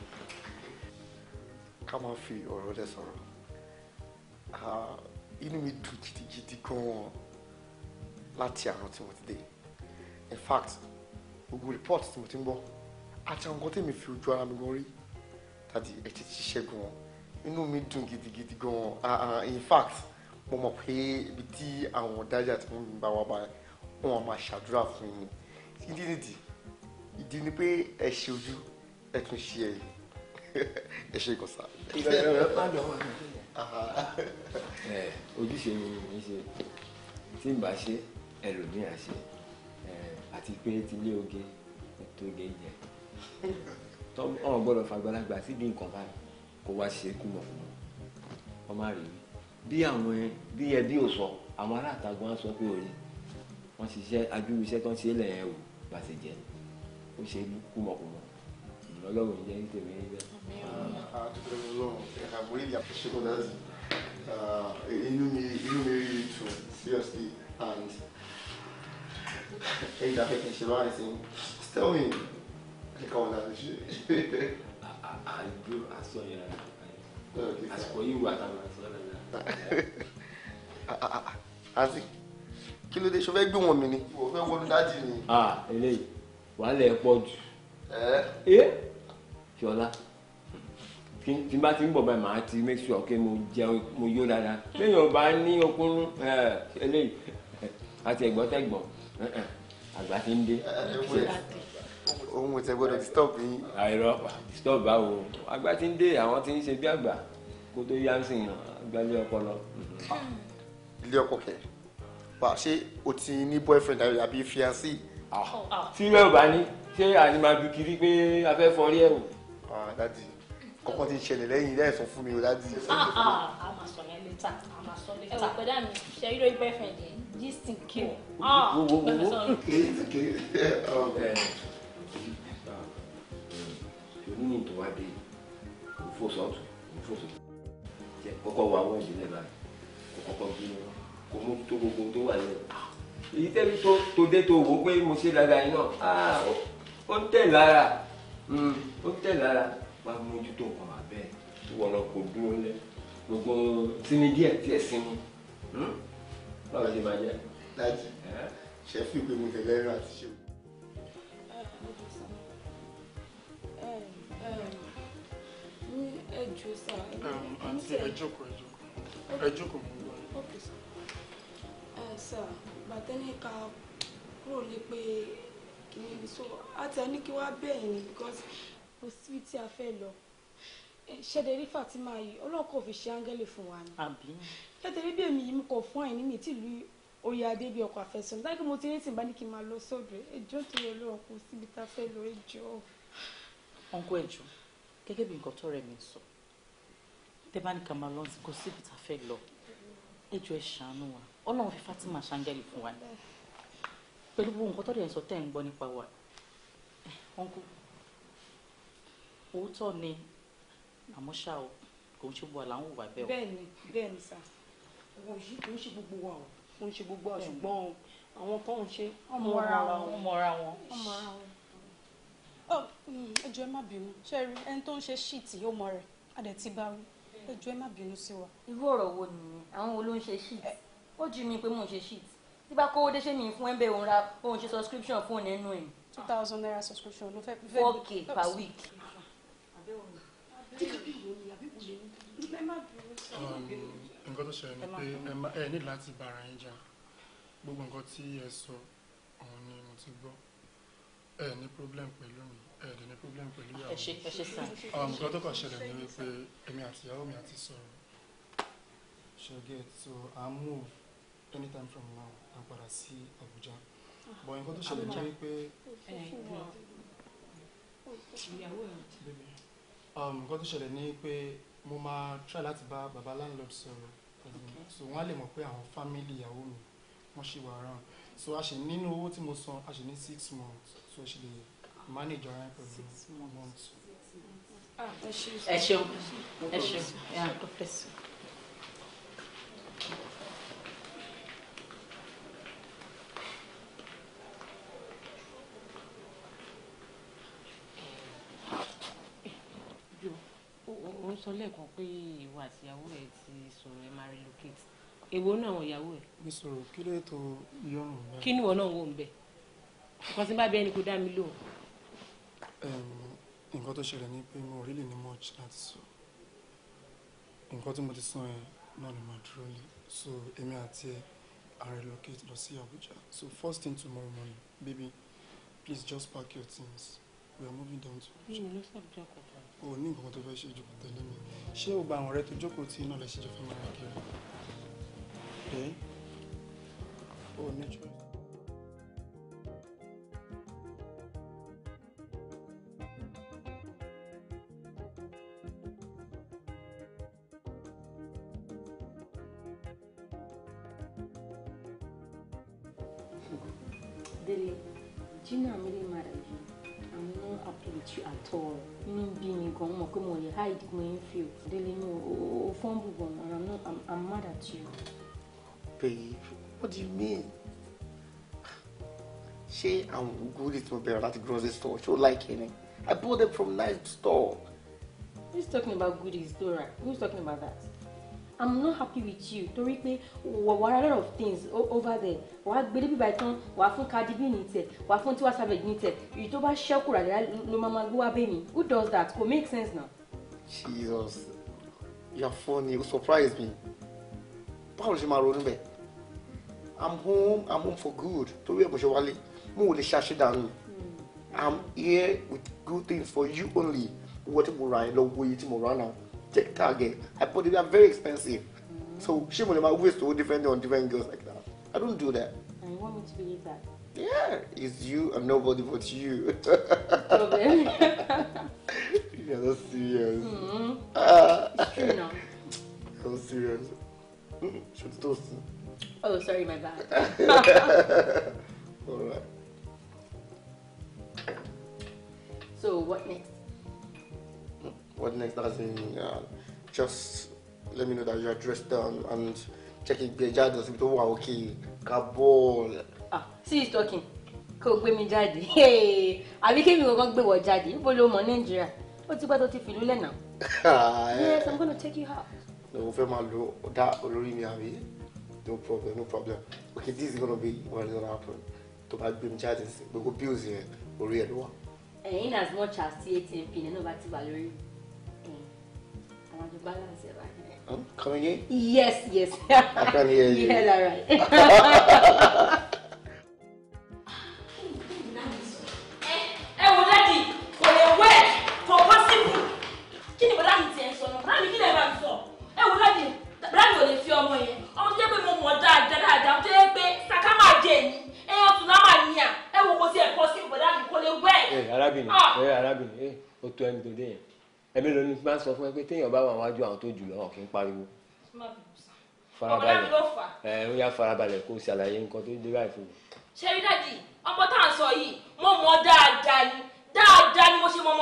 ká máa fi ọ̀rọ̀ rẹ sọ̀rọ̀ inú mi dùn gidigidi gan-an láti àná tí mo ti dé in fact gbogbo report tí mo ti ń gbọ́ àti àwọn nǹkan tèmi fi ojú ara mi gan rí tàbí ẹ ti ṣiṣẹ́ gan-an inú mi dùn gidigidi gan in fact mo mọ̀ pé ibi tí àwọn ọ̀dájà tí wọ́n bá wà báyìí wọ́n máa ṣàdúrà fún mi ìdí nìdí ìdí ni pé ẹ ṣe ojú ẹ tún ṣe ẹ̀yìn. ẹ ṣe kò sá. Eh, ojúṣe mi ni mo ń ṣe tí n bá ṣe ẹlòmíì á ṣe eh, àti pé tilé oge ètò oge jẹ ọ gbọ́dọ̀ fàgbàlagbà síbi nǹkan báyìí kó wá ṣe kú mọ fún mi wọn má rí bí àwọn bí ẹbí ò sọ àwọn aláàtàgbọn á sọ pé òye wọn ṣiṣẹ́ ajúwe iṣẹ́ tó ń ṣe lẹ́yìn ẹwù bàṣẹ jẹ ó ṣe kú mọ fún mi ìrọlọrun jẹ ní tèmi níbẹ̀ a dúpẹ́ lọ́wọ́ i'm really appreciative that inú mi inú mi rí i too seriously and ẹ̀yin dàbẹ̀ kì í ṣe báyìí sí tell me kíkọ́ wọn láti ṣe. àgbò aṣọ yẹn àsìkò yìí wà táwọn aṣọ yẹn náà. àǹtí kí ló dé ṣo fẹ́ gbé wọn mi ni. o fẹ́ wọnú dájú ni. eléyìí wàhálà ẹ pọ̀ jù. ẹ. ṣọlá tí n bá ti ń bọ̀ báyìí màá ti make sure pé mo jẹun mo yó dáadáa téèyàn bá ní okun eh, eléyìí àti ẹ̀gbọ́n tẹ̀gbọ́n àgbà ti ń dé. ohun ìtẹ̀ gbọ́dọ̀ disturb yín. àìrọ̀ disturb báwo àgbà ti ń dé àwọn ti ń ṣe bí àgbà kó tó yá sí yàn àgbàlẹ̀ ọpọlọ. ilé ọkọ kẹ wà ṣé o ti ní boyfriend àbí fiancé. Ah, tí rẹ̀ ò bá ní ṣé àní máa bí kiri pé a fẹ́ fọ ẹ̀ wò. Ah, dadi kọ̀ọ̀kan ti ṣẹlẹ̀ lẹ́yìn ilé ẹ̀sùn fún mi ò oh, dájú. Ah, ah, ah, a máa sọ yẹn létà a máa sọ létà. ẹ̀wọ̀n pẹ̀lú àmì ṣe irú ibẹ̀ fẹ̀ yẹn gist n kí o. wo wo wo onímọ̀ tó wá dé ìfòsọ̀tún ìfòsọ̀tún jẹ́ kọ́kọ́ wọ àwọn ìdílé báyìí kò kọ́kọ́ bí wọn kò mú tó gbogbo tó wà lẹ́yìn. èyí tẹ́lẹ̀ tó dé tó wò ó pé mo ṣe dáadáa yìí náà ó ń tẹ̀ lára hmm, ó ń tẹ̀ lára wá mójútó nǹkan àbẹ́ ìwọ náà kò dúró lẹ gbogbo sínú díẹ̀ díẹ̀ sínú hmm? báwo ṣe máa jẹ. dájú ṣe fi pé mo tẹ̀lé ẹ̀rọ àti ṣe. ẹjọ́ sá àǹtí ẹ jókòó ẹ jókòó ẹ jókòó mo ń gbọ́. ẹ sá bàtẹ́ni ká kúrò lé pé kì í so àti ẹni kí wá bẹ́ẹ̀ ni because kò síbi tí a fẹ́ lọ ṣẹ̀dẹ̀ rí Fatima yìí ọlọ́run kò fi ṣe áńgẹ́lì fún wa ni. àbí. ṣẹ̀dẹ̀ rí bí èmi yìí kò fún àìní mi tìlú oyè adé bíi ọkọ̀ àfẹ́sọ̀nù dájú mo ti ní tìǹbà ní kí n máa lọ sódò ẹjọ́ tó yẹ ọlọ́run kò síbi tá a fẹ́ lọ ẹjọ́. ọ̀nkú ẹ̀jọ̀ gẹ́gẹ́ bí nǹkan tọ́rẹ̀ mi sọ tẹ́ ní ká máa kò síbi tá a fẹ́ lọ ẹjọ́ ẹ ṣàánú wa ọlọ́run fi Fatima ṣáńgẹ́lì fún wa ni pẹ̀lú gbogbo nǹkan tọ́rẹ̀ ẹ̀ sọ òótọ́ ni àmọ́ ṣá o kò ń ṣe gbogbo àlà ń wùwà bẹ́ẹ̀ o. bẹ́ẹ̀ni bẹ́ẹ̀ni sà kò ń ṣe gbogbo wa o kò ń ṣe gbogbo wa ṣùgbọ́n àwọn kan ń ṣe ọmọra wọn ọmọra wọn. Mm, ẹjọ́ ẹ má bínú ṣẹ́rí ẹni tó ń ṣe ṣíìtì ó mọ rẹ̀ adẹ̀ ti bá wí ẹjọ́ ẹ má bínú sí wa. irú ọ̀rọ̀ wo nìyẹn àwọn wo ló ń ṣe ṣíìtì ó jù mí pé mò ń ṣe ṣíìtì tí bá kówó dé mi fún ẹ òun ra òun ṣe subscription fóònù ẹnu ẹ̀. two thousand naira subscription ló fẹ́. four k per week nǹkan tó ṣẹlẹ̀ ni pé ẹ ní láti bára yín jà gbogbo nǹkan tí ẹ sọ òun ni mo ti gbọ́ ẹ ní problem pẹ̀lú mi ẹ dẹ̀ ní problem pẹ̀lú ìyàwó mi nǹkan tó kàn ṣẹlẹ̀ ni wípé èmi àti ìyàwó mi àti sọ̀rọ̀ ṣe get so I move anytime from now à ń padà sí Abuja but nǹkan tó ṣẹlẹ̀ ni wípé. Um, nǹkan tó ṣẹlẹ̀ ni pé mo máa try láti bá baba landlord sọ̀rọ̀ um, so wọ́n á lè mọ̀ pé àwọn family ìyàwó mi wọ́n ṣì wà around so a ṣì nínú owó tí mo san a ṣì ní six months so a ṣì lè manage ara ẹ̀ pẹ̀lú one month. Ah, ẹ ṣeun ẹ ṣeun ẹ ṣeun God bless you. sọ lẹ́ẹ̀kan pé ìwọ àti ìyàwó rẹ̀ ti sọ̀rọ̀ ẹ̀ máa relocate èwo náà àwọn ìyàwó ẹ̀. mi sọ̀rọ̀ kí ló ètò ìyọrùn rẹ. kí ni ìwọ náà wò ń bẹ nǹkan tí bá bẹ ẹni kò dá mi lóhùn. nǹkan tó ṣẹlẹ̀ ni pé mo rí lè ní much láti sọ nǹkan tí mo ti sàn ẹ náà ni màá dúró lé so èmi àti ẹ I relocate lọ sí Abuja so first thing tomorrow morning baby please just pack your things we are moving down to Abuja. mi ò lọ sí Abuja kọ́ o ní nǹkan tó fẹ́ ṣe jù tẹ̀lé mi ṣé o gba àwọn ọ̀rẹ́ tó jókòó tí iná lẹ jọ fẹ́ máa rà kiri o ní choice. lórí tí mo bẹ̀rẹ̀ láti grocery store She ṣó like any. I bought them from nice store. who's talking about goodies Dora who's talking about that I'm not happy with you torí We wà a lot of things over there We á baby by báyìí We wà á fún Cardi B ní tẹ wà á fún Tiwa Savage ní tẹ èyí tó No, mama, go ló máa who does that It makes sense now. Jesus you're funny you surprise me báwo ló ṣe máa ronú bẹ́ẹ̀ I'm home I'm home for good torí ẹ̀ mo ṣe wálé. I'm here with good things for you only. What Murai, Lord Wait Morana, Take target. I put it, they are very expensive. So she will my waist will depend on different girls like that. I don't do that. And you want me to believe that? Yeah, it's you and nobody but you. Problem. are not serious. Mm. Uh, it's true now. I'm serious. should toast. Oh, sorry, my bad. All right. So what next? What next? That's in uh, just let me know that you are dressed down and checking it be jáde síbi tó wà kabol. ah see he's talking kò gbé mi jadi. Hey, kí mi kankan gbé wọ jáde níbo ló mọ Nigeria. ó ti pẹ́ tó ti fìlú lẹ́nà. yes i'm gonna take you out. no o fẹ́ máa lo ọ̀dà olórí mi àbí no problem no problem okay this is gonna be what is gonna happen tó bá gbé mi jáde sí gbogbo bills yẹn orí ẹ̀ ló wà in as much as tí atm pin náà bá hmm. àwọn àjọ balance ẹ̀ báyìí. Hmm, Coming in? Yes, yes. I can hear you. Yeah, all right. Eh, eh, eh, ọmọ lámà ni à ẹ wo kò sí ẹ̀kọ́ sí ìbọ̀dá mi kò lè wẹ̀. ẹ eh, arábìnrin ẹ ah. eh, arábìnrin ẹ eh, o tó ẹni tó dé yẹn ẹmí ló ní bá sọ fún ẹ pé téèyàn bá wà wájú àwọn tó jù lọ kì pariwo. farabalẹ̀ ẹ ń yá farabalẹ̀ kó ṣàlàyé nǹkan tó dé báyìí fún mi. ṣe rí dájì ọmọ tá à ń sọ yìí mo mọ dáadáa ni dáadáa ni mo ṣe mọ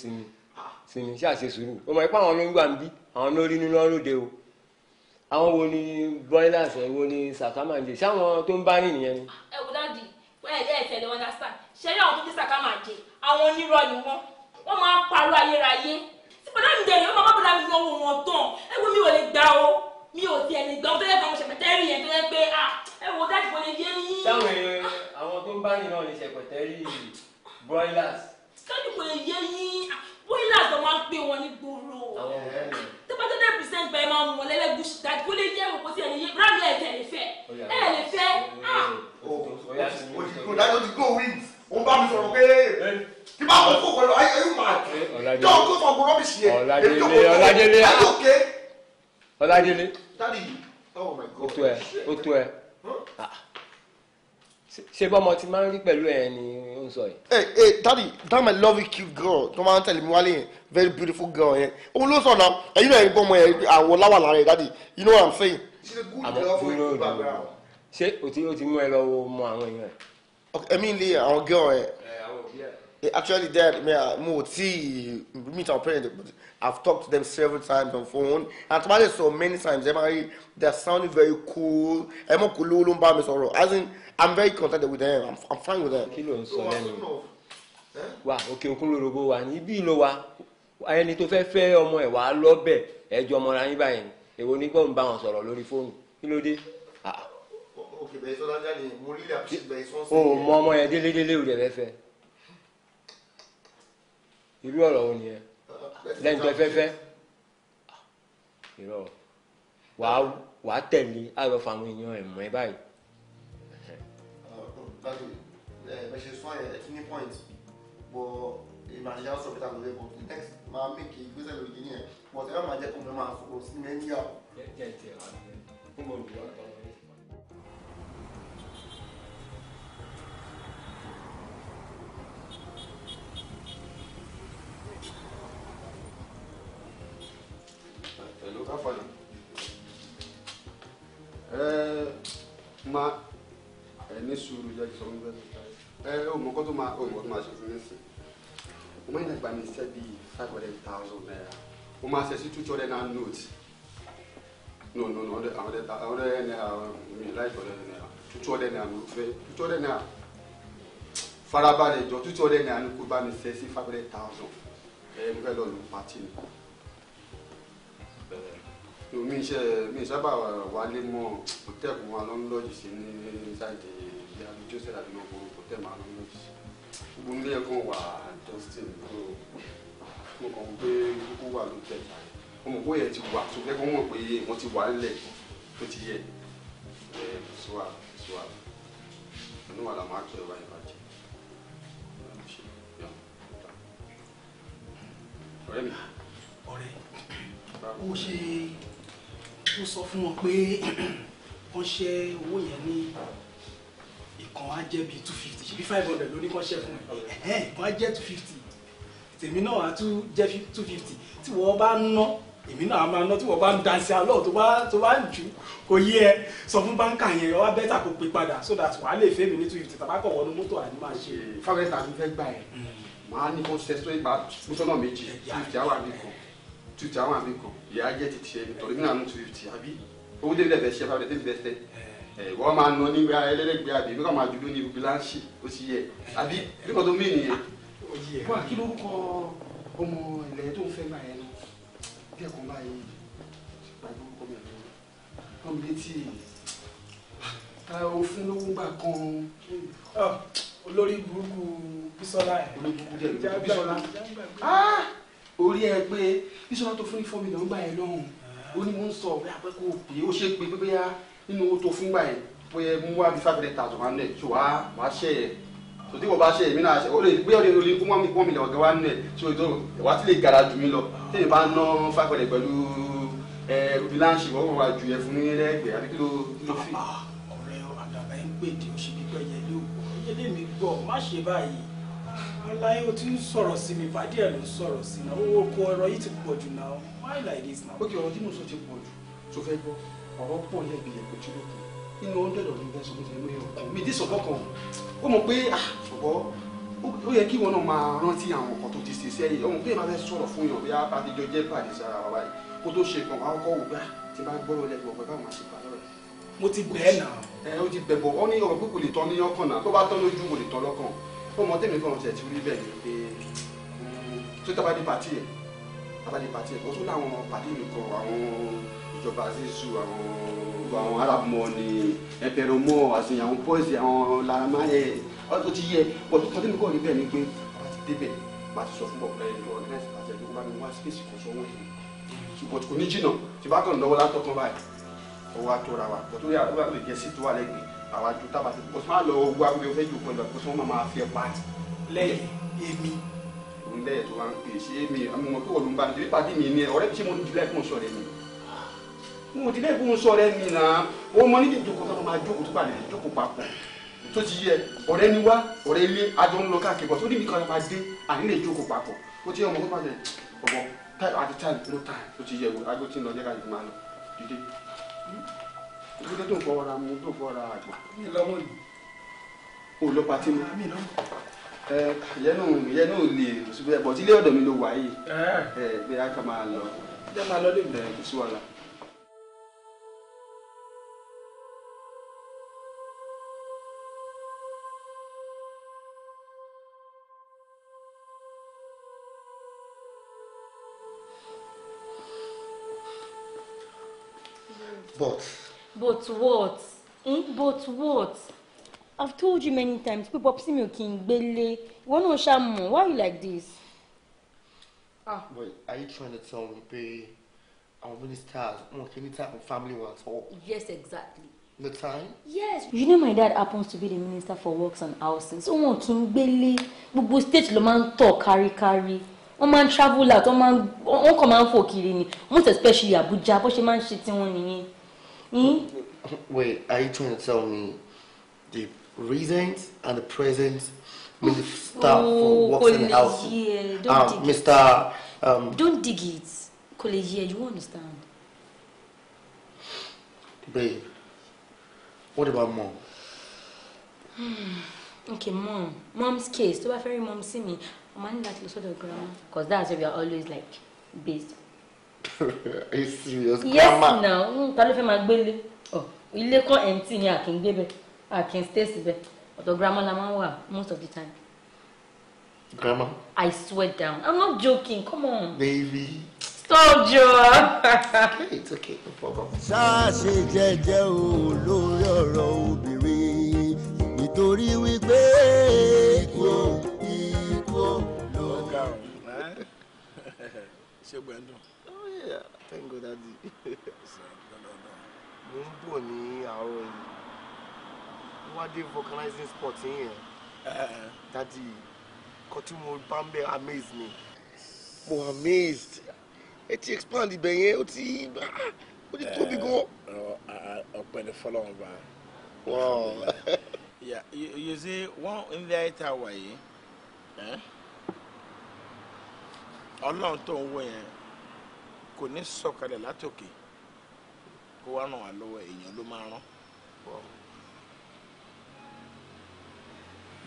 sinmi sinmi ṣáà ṣe sùúrù o mọ̀ ipá àwọn ló ń gbà ń bí àwọn ló rí nínú ọlọ́dẹ o àwọn wo ni broilers ẹ wo ni sàkámà ń jẹ ṣáwọn tó ń bá rìn nìyẹn ni. ẹ wò dáàdi ẹ ẹ tẹ̀lé wọn náà sàn ṣe rí àwọn tó ti sàkámà jẹ àwọn onírọ́ ni wọn wọn máa ń parọ́ ayérayé tí bọ́dá mi dẹ̀yìn wọn máa bá bọ́dá mi náwó wọn tán ẹ wo mi ò lè gbà o mi ò tiẹ̀ lè gbà o fẹ́ẹ́ bá wọn ṣẹ̀pẹ̀tẹ́rì yẹn tó yẹ pé ẹ wò dáàdi wọn lè yé yín. táwọn èèyàn àwọn tó ń bá rìn náà ní ṣẹ̀pẹ̀tẹ́rì broilers sani kò yẹ yé yín ah, boilers ló máa ń pè wọn ní gbòòrò tẹ́pẹ́tẹ́ ten percent gba ẹ máa mú wọn lẹ́lẹ́gùsì dájú kó lè yẹ wọn kó sì ẹ̀yẹ rámi ẹ̀jẹ̀ lè fẹ́ ẹ̀ lè fẹ́. o dájú ti go wings o bá mi sọ̀rọ̀ pé tí bá wọn fòkàn lọ ayé yóò máa jẹ́ jọ́ kó fọ ọgbọ́n rọ́bìsì yẹn èmi tó kọ́ ọ̀làdélé ọ̀làdélé ọ̀làdélé ó tó ẹ ó tó ẹ ah. ṣé bọ́mọ ti máa ń rí pẹ̀lú ẹ ni ń sọ yìí. ẹ ẹ dadi that my lovely cute girl tó máa ń tẹ̀lé mi wálé yẹn very beautiful girl yẹn òun ló sọ̀nà ẹ̀yin náà gbọ́ ọmọ yẹn àwọ̀ láwà lára yẹn dadi you know what i'm saying. ṣé o ti o ti mú ẹ lọ wo mọ àwọn èèyàn ẹ. ẹ̀mí ni àwọn girl yẹn actually dad me mo ti meet our parents but i've talked to them several times on phone and tomale so many times ẹ máa they are sounding very cool as in i'm very contented with them i'm, I'm fine with them. kí ló wa òkè òkun wa ní ibi ìlò wa ẹni tó fẹ́ fẹ́ ọmọ ẹ̀ wá lọ́bẹ̀ ẹjọ́ ọmọ ra yín báyìí èwo ní gbọ́n bá wọn sọ̀rọ̀ lórí fóònù kí ló dé. òkè bẹ̀rẹ̀ sọ́dájà ni mo rí ilé àpèsè bẹ̀rẹ̀ sọ́nsẹ̀. o mọ ọmọ yẹn délédélé ò dẹ̀ fẹ́ fẹ́ irú ọ̀rọ̀ wo nìyẹn lẹ́yìn tó fẹ́fẹ́ irọ́ wàá wàá tẹ̀lé àrọ̀ fáwọn èèyàn ẹ̀ mọ́ ẹ báyìí. báyìí ẹ bẹ ṣe sọ ẹ kíní point bọ ìmàṣẹ́yà sọ pé tàbí ẹ̀kọ́ kí text máa mèkì ìgbésẹ̀ lórí yìí nìyẹn bọ̀ tẹ́lẹ̀ máa jẹ́ kó máa sọ̀rọ̀ sí mi ẹ o mọ kó tó máa o mọ tó máa ṣe fún yín sí mo máa ń dàgbà mi ṣẹ́ bíi five hundred thousand naira mo máa ṣe sí two hundred naira note no no no hundred hundred hundred naira mi láì hundred naira two hundred naira note fẹ́ two hundred naira farabalẹ̀ jọ two hundred naira ni kó bá mi ṣe sí five hundred thousand ẹ mo fẹ́ lọ lu pati ni mi ṣe mi sábà wálé mọ òtẹ́ẹ̀kù wa lọ́nlọ́ọ̀jì sí ní ṣáìdì ìyá joseph àdúgbò dẹ̀ máa ń lò sí gbogbo ilé ẹ̀kọ́ wà justin kúrò mo kàn ń gbé kókó wà ló tẹ̀ ọmọ bóyá ti wà tó fẹ́ kó mọ̀ pé wọ́n ti wà nílẹ̀ tó ti yẹ ẹ̀ ṣùwà ṣùwà ẹnu wà làwọn àtọ̀ ẹ̀wà ìbàjẹ́ ọ̀rẹ́ mi. ọ̀rẹ́ ó ṣe ó sọ fún wọn pé wọ́n ṣe owó yẹn ní kan á jẹ́ bíi two fifty ṣe bí five hundred lóní kan ṣẹ́ fún ẹ kan á jẹ́ two fifty tèmi náà á tún jẹ́ two fifty tí wọ́n bá ń ná èmi náà máa ná tí wọ́n bá ń dansi alọ́ tó bá tó bá ń jù kò yí ẹ sọ fún báńkà yẹn wá bẹ́tà kó pe padà so that wàá lè fẹ́ mi ní two fifty tàbá kọ̀ wọnú mọ́tò àní máa ṣe. fáwẹ́tà ló fẹ́ gbà ẹ̀ hmm. máa ní kó ṣe sórí ìgbà mọ́tọ́nà méjì two fifty hour mi kan two fifty hour mi kan ìyá jẹ́ ti tiẹ̀ nítorí mi náà ní two fifty àbí owó dé ilé ẹ̀fẹ́ ṣe fáwẹ́tà dé ilé ẹ̀fẹ́ Eh, wọ́n máa nọ nígbà ẹlẹ́dẹ̀gbẹ́ àbí bí wọ́n máa dúró ní bíláǹsì ó sì yẹ àbí bí kò tó mí nìyẹn. wà á kí lórúkọ ọmọ ilẹ̀ tó ń fẹ́ gbà yẹn nù bí ẹ̀kọ́ bá yẹ gbàgbé orúkọ mi àná wọ́n mi létí ta òfin ló ń gbà kan. Ah, olórí burúkú Bísọ́lá ẹ̀. olórí burúkú jẹ́ ìlú Bísọ́lá ah! orí ẹ pé Bísọ́lá tó fún ní fọ́ọ̀mù ìdánwò gbà yẹn lọ́hùn-ún ah. ó ní mò ń sọ ọ̀bẹ àpẹ́kọ̀ọ́ pé ó ṣe pé pé bóyá nínú owó tó fún gbà yẹn bóyá mú wá bí five hundred thousand one hundred ṣùgbọ́n wàá ṣe yẹn tòtí wọ́n bá ṣe èmi náà ṣe ó lè gbé ọ̀rẹ́ olè kó mọ́ mi kó mi lè ọ̀gá wa nù ẹ̀ tí o tó ẹ̀wá tí lè gara jù mí lọ tèmi bá ná five hundred pẹ̀lú ẹ òbí láǹṣì wọ́n wà ju ẹ fún mi lẹ́gbẹ̀ẹ́ àbí kí ló fi. Ah, ọ̀rẹ́ àdàbà ń pè tí o ṣe bí pẹ́yẹ ló gbọ́ ẹ̀yẹ lè mi gbọ́ má ṣe báyìí o ti ń sọ̀rọ̀ sí mi ìbàdí ẹ̀ ló sọ̀rọ̀ sí náà owó oko ọ̀rọ̀ yìí ti pọ̀ jù náà why like this now. ó kì ọ̀rọ̀ tí mo sọ ti pọ̀ jù tó fẹ́ ọ̀rọ̀ pọ̀ lẹ́bi ẹ̀kọ́ tí ló kù inú ọ̀ndẹ̀dọ̀ ló ń bẹ́ sọ́kùn tẹ̀lé ọkọ̀ mi dí sọ́kọ̀ kan ó mọ̀ pé ah, ṣùgbọ́n ó yẹ kí wọn náà máa rántí àwọn ọkọ̀ tó ti ṣe sẹ́yìn ọmọ pé máa fẹ́ sọ̀rọ̀ fún yàn bí adijọ́ jẹ́ pàdé sára wa báyìí kó tó ṣe kàn wọ́n kọ́ ògbà tí bá gbọ́rọ̀ lẹ́gbẹ̀ẹ́ ọ̀pẹ báwọn àti bàbá rẹ̀. mo ti bẹ́ẹ̀ náà. ẹ ó ti bẹ̀bọ̀ ó ní ọ̀rọ̀ pé kò lè tán ní ọkàn náà tó bá tán lójú kò lè tán lọ́kàn ọmọ tẹ̀mí kan tẹ̀ ti rí bẹ́ẹ̀ ni pé tó tábàdí pàtì ẹ̀ tábàdí pàtì ẹ̀ kó tó láwọn pàtì mi àwọn ìjọba zizu àwọn àwọn arab money ẹpẹrọmọ àṣeyàn àwọn pọ́ìsì àwọn laramáyẹ ọtún ti yẹ ọtún tọ́jú mi kọ́ níbẹ̀ ni pé bá ti débẹ̀ bá ti sọ fún bọ̀pẹ́ ẹni ọ̀rẹ́sì àti ẹni wá mi wá sípèsì kò sówó yìí ṣùgbọ́n kò ní jìnnà tí bá kàn lọ́wọ́ látọ̀ kan báyìí ọwọ́ àtọ́ra wa bọ́tú yà ó bá lè jẹ́ sí tó wà lẹ́gbẹ̀ẹ́ àwọn àjò tábà ti kò sí máa lọ wá wí o fẹ́ jù pẹ̀lú àkóso wọn máa fi ẹ̀ pa mo ti lẹ́gbọ̀n sọ ọ̀rẹ́ mi náà ó mọ nídìí ìjókòó tó máa jókòó tó pàdé jókòó papọ̀ tó ti yẹ ọ̀rẹ́ ni wá ọ̀rẹ́ ilé ajọ ń lọ káàkiri bọ̀ tó níbi kan máa dé àní lè jókòó papọ̀ ó ti yẹ ọmọ tó máa jẹ ọ̀bọ̀ táì àti táì ló táì ó ti yẹ wo ajọ tí ń lọ jẹ́ka ìgbìmọ̀ àlọ́ dídé dídé tó ń fọwọ́ mu tó ń àgbà. mi lọ́mọ yìí. o lọ pati mi. mi lọ́mọ. ẹ náà lè bọ̀ sílé ọ̀dọ̀ mi ló wà bí a kà máa lọ. jẹ́ máa lọ lè bẹ̀rẹ̀ kó But. But what? Hmm? But what? I've told you many times pé popsi mi ò kí n gbélé. Ìwọ náà ṣàmù. you like this? Ah. Wait, are you trying to tell me pé our ministers wọn kì í ní family wants all? Yes, exactly. The time? Yes. You know my dad happens to be the minister for works and housing. So wọn kì í gbélé. Gbogbo state ló man talk carry carry. wọ́n man, travel out wọ́n man, máa ń fò kiri ni most especially Abuja bó ṣe máa ń ṣe tiwọn Hmm? Wait, are you trying to tell me the reasons and the presence with the staff oh, who works in the house? Yeah, don't um, dig Mr. It. Um, don't dig it. Collegiate, you understand? Babe, what about mom? okay, mom. Mom's case. So I very mom see me. I'm not like to sort of grandma. Because that's where we are always like based Are you serious? Yes, now. Mm, ta ló fẹ́ máa gbélé? Oh, ilé kọ́ ẹ̀ǹtì ni àkín gbé I àkín stay síbẹ̀. Ọ̀dọ̀ grandma la máa most of the time. Grandma? I sweat down. I'm not joking. Come on. Baby. Soldier. okay, it's okay. No problem. Ṣáàṣì jẹ́jẹ́ o lórí ọ̀rọ̀ obìnrin nítorí wípé ikú ikú lọ́gàrún. Ṣé gbẹ̀ndùn? Yeah, thank God daddy. Mo ń bọ̀ ní àárọ̀ yìí. Mo wá dé vulcanizing spot yẹn. Uh-huh. Daddy, nǹkan tí mo bá amaze me. Mo amazed. Ẹ ti expand ibẹ̀ yẹn, ó ti ó ti tóbi uh, gan. Uh, uh, ọpẹ́ ni fọlọ́run bá. wow yeah wọ́n ń lé ayé tá a wà yìí. Ọlọ́run tó ń wọ yẹn kò ní sọ̀kalẹ̀ látòkè kó wá ràn wá lọ́wọ́ èèyàn ló máa rán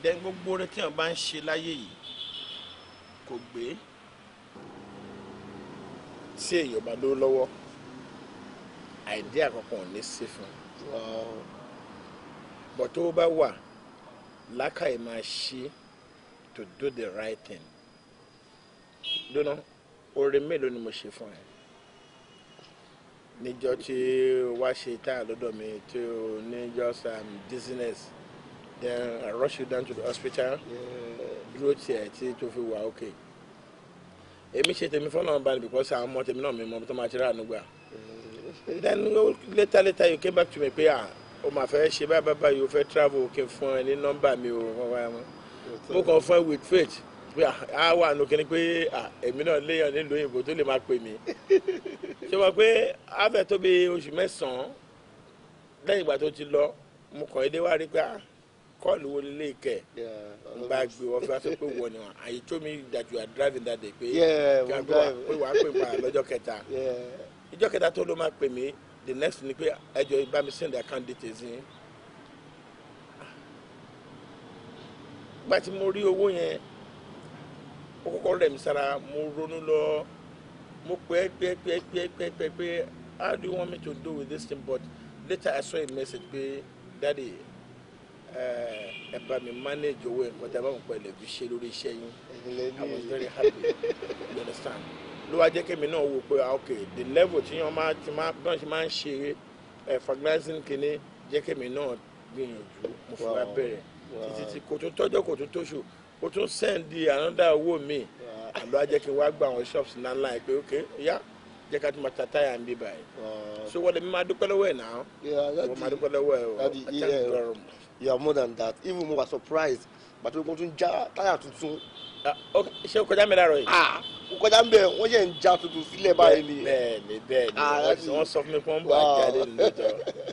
dẹ́n gbogbo rẹ tí wọ́n bá ń ṣe láyé yìí kò gbé tí èèyàn bá lówó lọ́wọ́ àìdí àkọ́kọ́ ò ní sí fún un bọ̀ tó bá wà lákàyè máa ṣe to do the right thing dúnà oore mélòó ni mo ṣe fún ẹ níjọ́ tí o wá ṣe táyà lọ́dọ̀ mi tí o ní just um, dizziness then I rush you down to the hospital uh, dúró tiẹ̀ tí tó fi wà ókè èmi ṣe tèmi fọlọ́ ọba ni because àwọn ọmọ tèmi náà mi mọ tó máa ti rà nígbà then later later you came back to me pé ah o máa fẹ́ ṣe báyìí báyìí o fẹ́ travel kí n fún ẹ ní nọ́mbà mi o mo kàn fún ẹ with faith pé a ah, wà nù kí ni pé èmi náà léèyàn nílùú òyìnbó tó lè máa pè mí ṣé wọ́n pé a fẹ́ tó bí oṣù mẹ́sàn-án lẹ́yìn ìgbà tó ti lọ mo kàn édé wá rí pé ah, kọ́ọ̀lù wo lè kẹ̀ n bá gbé wọ́n fi wá sọ pé wọ̀ ni wọn àyè tó mi dàjú à driving that day pé kí a gbé wà á pè pa lọ́jọ́ kẹta ìjọ́ kẹta tó ló máa pè mí the next ni pé ẹjọ́ ibà mi send account details yín. Ah. gbàtí mo rí owó yẹn ó kọ́kọ́ rẹ̀ mí sára mo ronú lọ mo pẹ́ pẹ́ pẹ́ pẹ́ pẹ́ pẹ́ pé how do you want me to do with this thing but later I saw a message pé dáàdi eh, ẹ bá mi manage owó ẹ̀kọ́ tí a bá mọ̀ pẹ̀lú ẹ̀bí ṣe lórí iṣẹ́ yín I was very happy you understand ló wá jẹ́ kémi náà wò pé ah, ok the level tí wọ́n máa ti máa bí wọ́n ṣe máa ń ṣe ẹ eh, fragrance kìíní jẹ́ kémi náà gbìyànjú mo fura bẹ̀rẹ̀ títí tí kò tún tọ́jọ́ kò tún tóṣù ó tún sẹ́ǹdì ànádà owó mi àlọ́ ajẹ́ kí n wá gba àwọn shops ńláńlá yẹn pé ok yá jẹ́ ká tún máa ta táyà ń bí báyìí so wọ́n lè mi máa dúpẹ́ lọ́wọ́ ẹ̀ náà wọ́n máa dúpẹ́ lọ́wọ́ ẹ̀ o àtàkùn rọrùn. you are more than that even more surprised pàtó wọn tún já táyà tuntun. Ah, ṣé o kọjá mi láàárọ̀ yìí. Ah, o kọjá ń bẹ wọn yẹ ń já tuntun sílẹ̀ báyìí ni. bẹ́ẹ̀ni bẹ́ẹ̀ni ah, wọn sọ fún mi pé wọn nìjọ.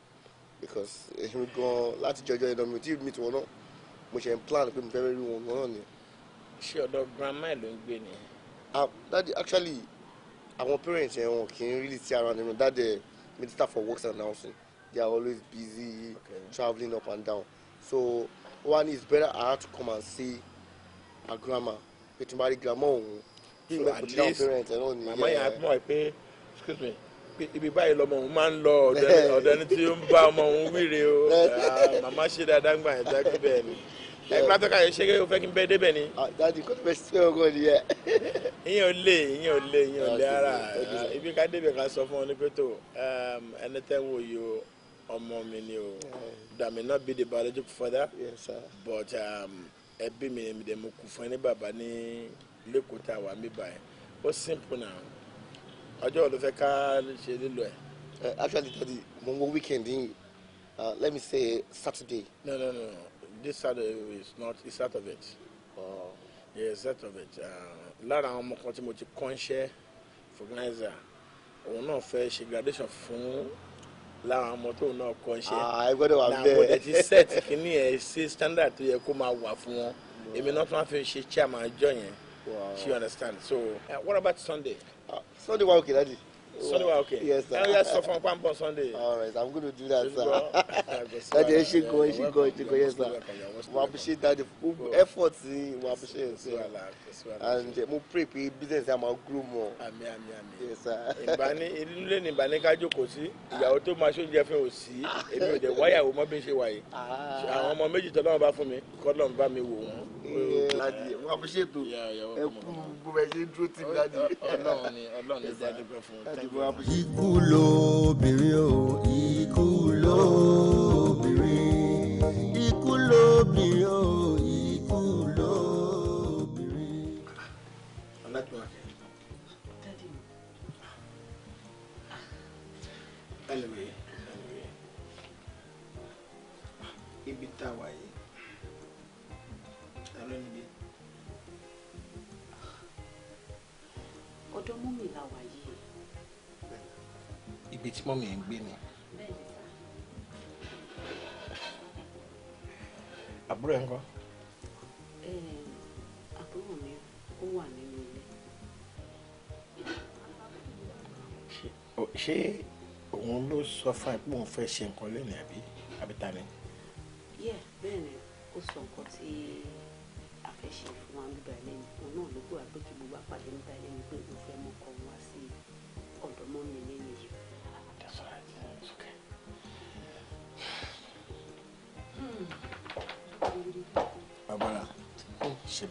because èmi gan láti jọjọ ẹ̀dọ̀ mi ò tí ì meet wọn náà mo ṣe ń plan pé mo fẹ́ rí wọn náà ni. ṣé ọ̀dọ̀ grandma ẹ̀ ló ń gbé ni. ah dadi actually àwọn parents yẹn wọn kì í really see around them dadi minister for works and housing they are always busy okay. travelling up and down so one is better I had to come and see her grandma pé tí n bá rí grandma òun. so at least mama yẹn á mọ̀ pé excuse me ibi báyìí lọmọ òun máa ń lọ ọ̀dọ̀ ẹni tí ó ń bá ọmọ òun wíre o ah, màmá ṣe dáadáa gbà ẹ̀ dákú bẹ́ẹ̀ ni ẹ gba tọ́ka yẹn ṣé o fẹ́ kí n bẹ́ débẹ̀ ni. Ah, dadi kò tẹ sí ọgọ nìyẹn. ìyẹn ò lè ìyẹn ò lè ìyẹn ò lè ara ah, ibi ká débẹ̀ ká sọ fún ọ ní pẹ́tò um, ẹni tẹ́ wo yìí ọmọ mi ni o that may not be the biological father yes, sir. but um, ẹbí mi ni mo kù fún ẹ ní bàbá ní lẹ́kọ̀ọ́ tá a wà mí báyìí ó simple now ọjọ́ ló ká ṣe lílo ẹ̀. Uh, actually tọ́dí mo ń wo weekend yìí uh, let me say saturday. no no no this saturday is not it's out of it. Oh. yes out of it. lára àwọn ọmọ kan tí mo ti kọ́ ń ṣe organizer òun náà fẹ́ ṣe graduation fún láwọn ọmọ tóun náà kọ́ ń ṣe. Ah, ẹ gbọ́dọ̀ wà bẹ́ẹ̀. làwọn ọdẹ ti set kínní ẹ̀ sí standard tó yẹ kó máa wà fún wọn èmi náà tún wá fi ṣe chairman àjọ yẹn. Wow. She understands. So, uh, what about Sunday? Uh, Sunday, well, okay, daddy. Sunday wa okay. Yes, sir. And yes, so from Pampo Sunday. All right, I'm going to do that, sir. That is she go, she go, she go. Yes, sir. We appreciate that the effort, we appreciate it. And we eh, pray pé business am grow more. Àmín, àmín, àmín. Yes, sir. Ìbáni ìlú lé ní ìbáni ká jókòó sí. Ìyàwó tó máa ṣó jẹ fún òsì. Èmi ò dẹ̀ wáyà wo mọ́ bí n ṣe wáyé. Ah. Àwọn ọmọ méjì tọ́lọ́run bá fún mi, kọ́lọ́run bá mi wò wọ́n. Mo appreciate o. Ẹ kú gbogbo ẹ ṣe ń dúró tì mí láti. ni Ọlọ́run ni ikú lóbìnrin o ikú lóbìnrin ikú lóbìnrin o. agbègbè tí mọ́mí ẹ̀ ń gbé ni. àbúrò ẹ̀ ń kọ́. àbúrò mi ó wà nínú ilé. ṣé òun ló sọ fún ẹ pé òun fẹ́ ṣe nǹkan lónìí àbí àbí ni. bẹ́ẹ̀ ni ó sọ nǹkan tí a fẹ́ ṣe fún wa ṣe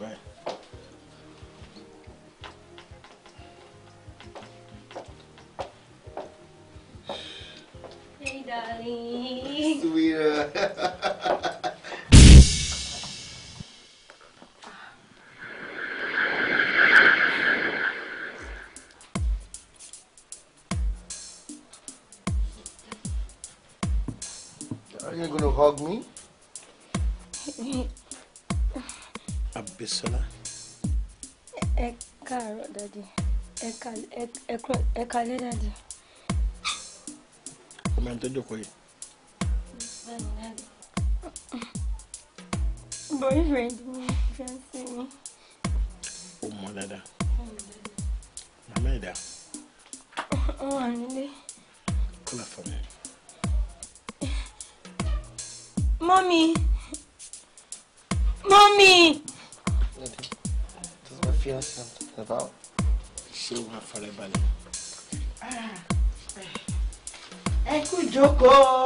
Hey, darling. Sweetheart. Are you going to hug me? Bisola. Ẹ káàárọ̀ dádì. Ẹ kálẹ́ dádì. Ọmọ ẹni tó Eu yìí. Bẹ́ẹ̀ni dádì. Boyfriend mi é? sí mi. Ó mọ dáadáa. Màmá ẹ̀dá. Ó wà nílé. farabalẹ̀. Ah, eh, eh, ẹ kú ìjókòó.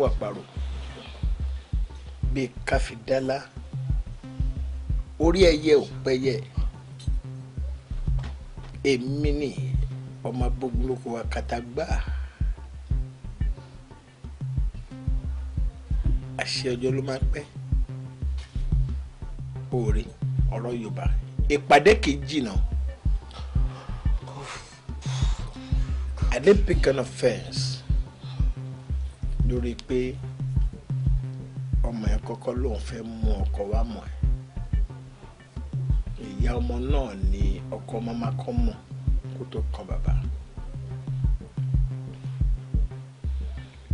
wà pàrọ̀ bí káfíńdálá orí ẹyẹ ò pẹyẹ èmi ni ọmọ abogunloko akatagbá àṣẹ ọjọ́ ló máa pẹ́ oore ọ̀rọ̀ yorùbá ìpàdé kì í jìnnà I didn't pick an offense lórí pé ọmọ ẹ kọ́kọ́ lòun fẹ́ mú ọkọ wá mọ̀ ẹ́ ìyá ọmọ náà ni ọkọ màmá kọ́ mọ̀ kó tó kan bàbá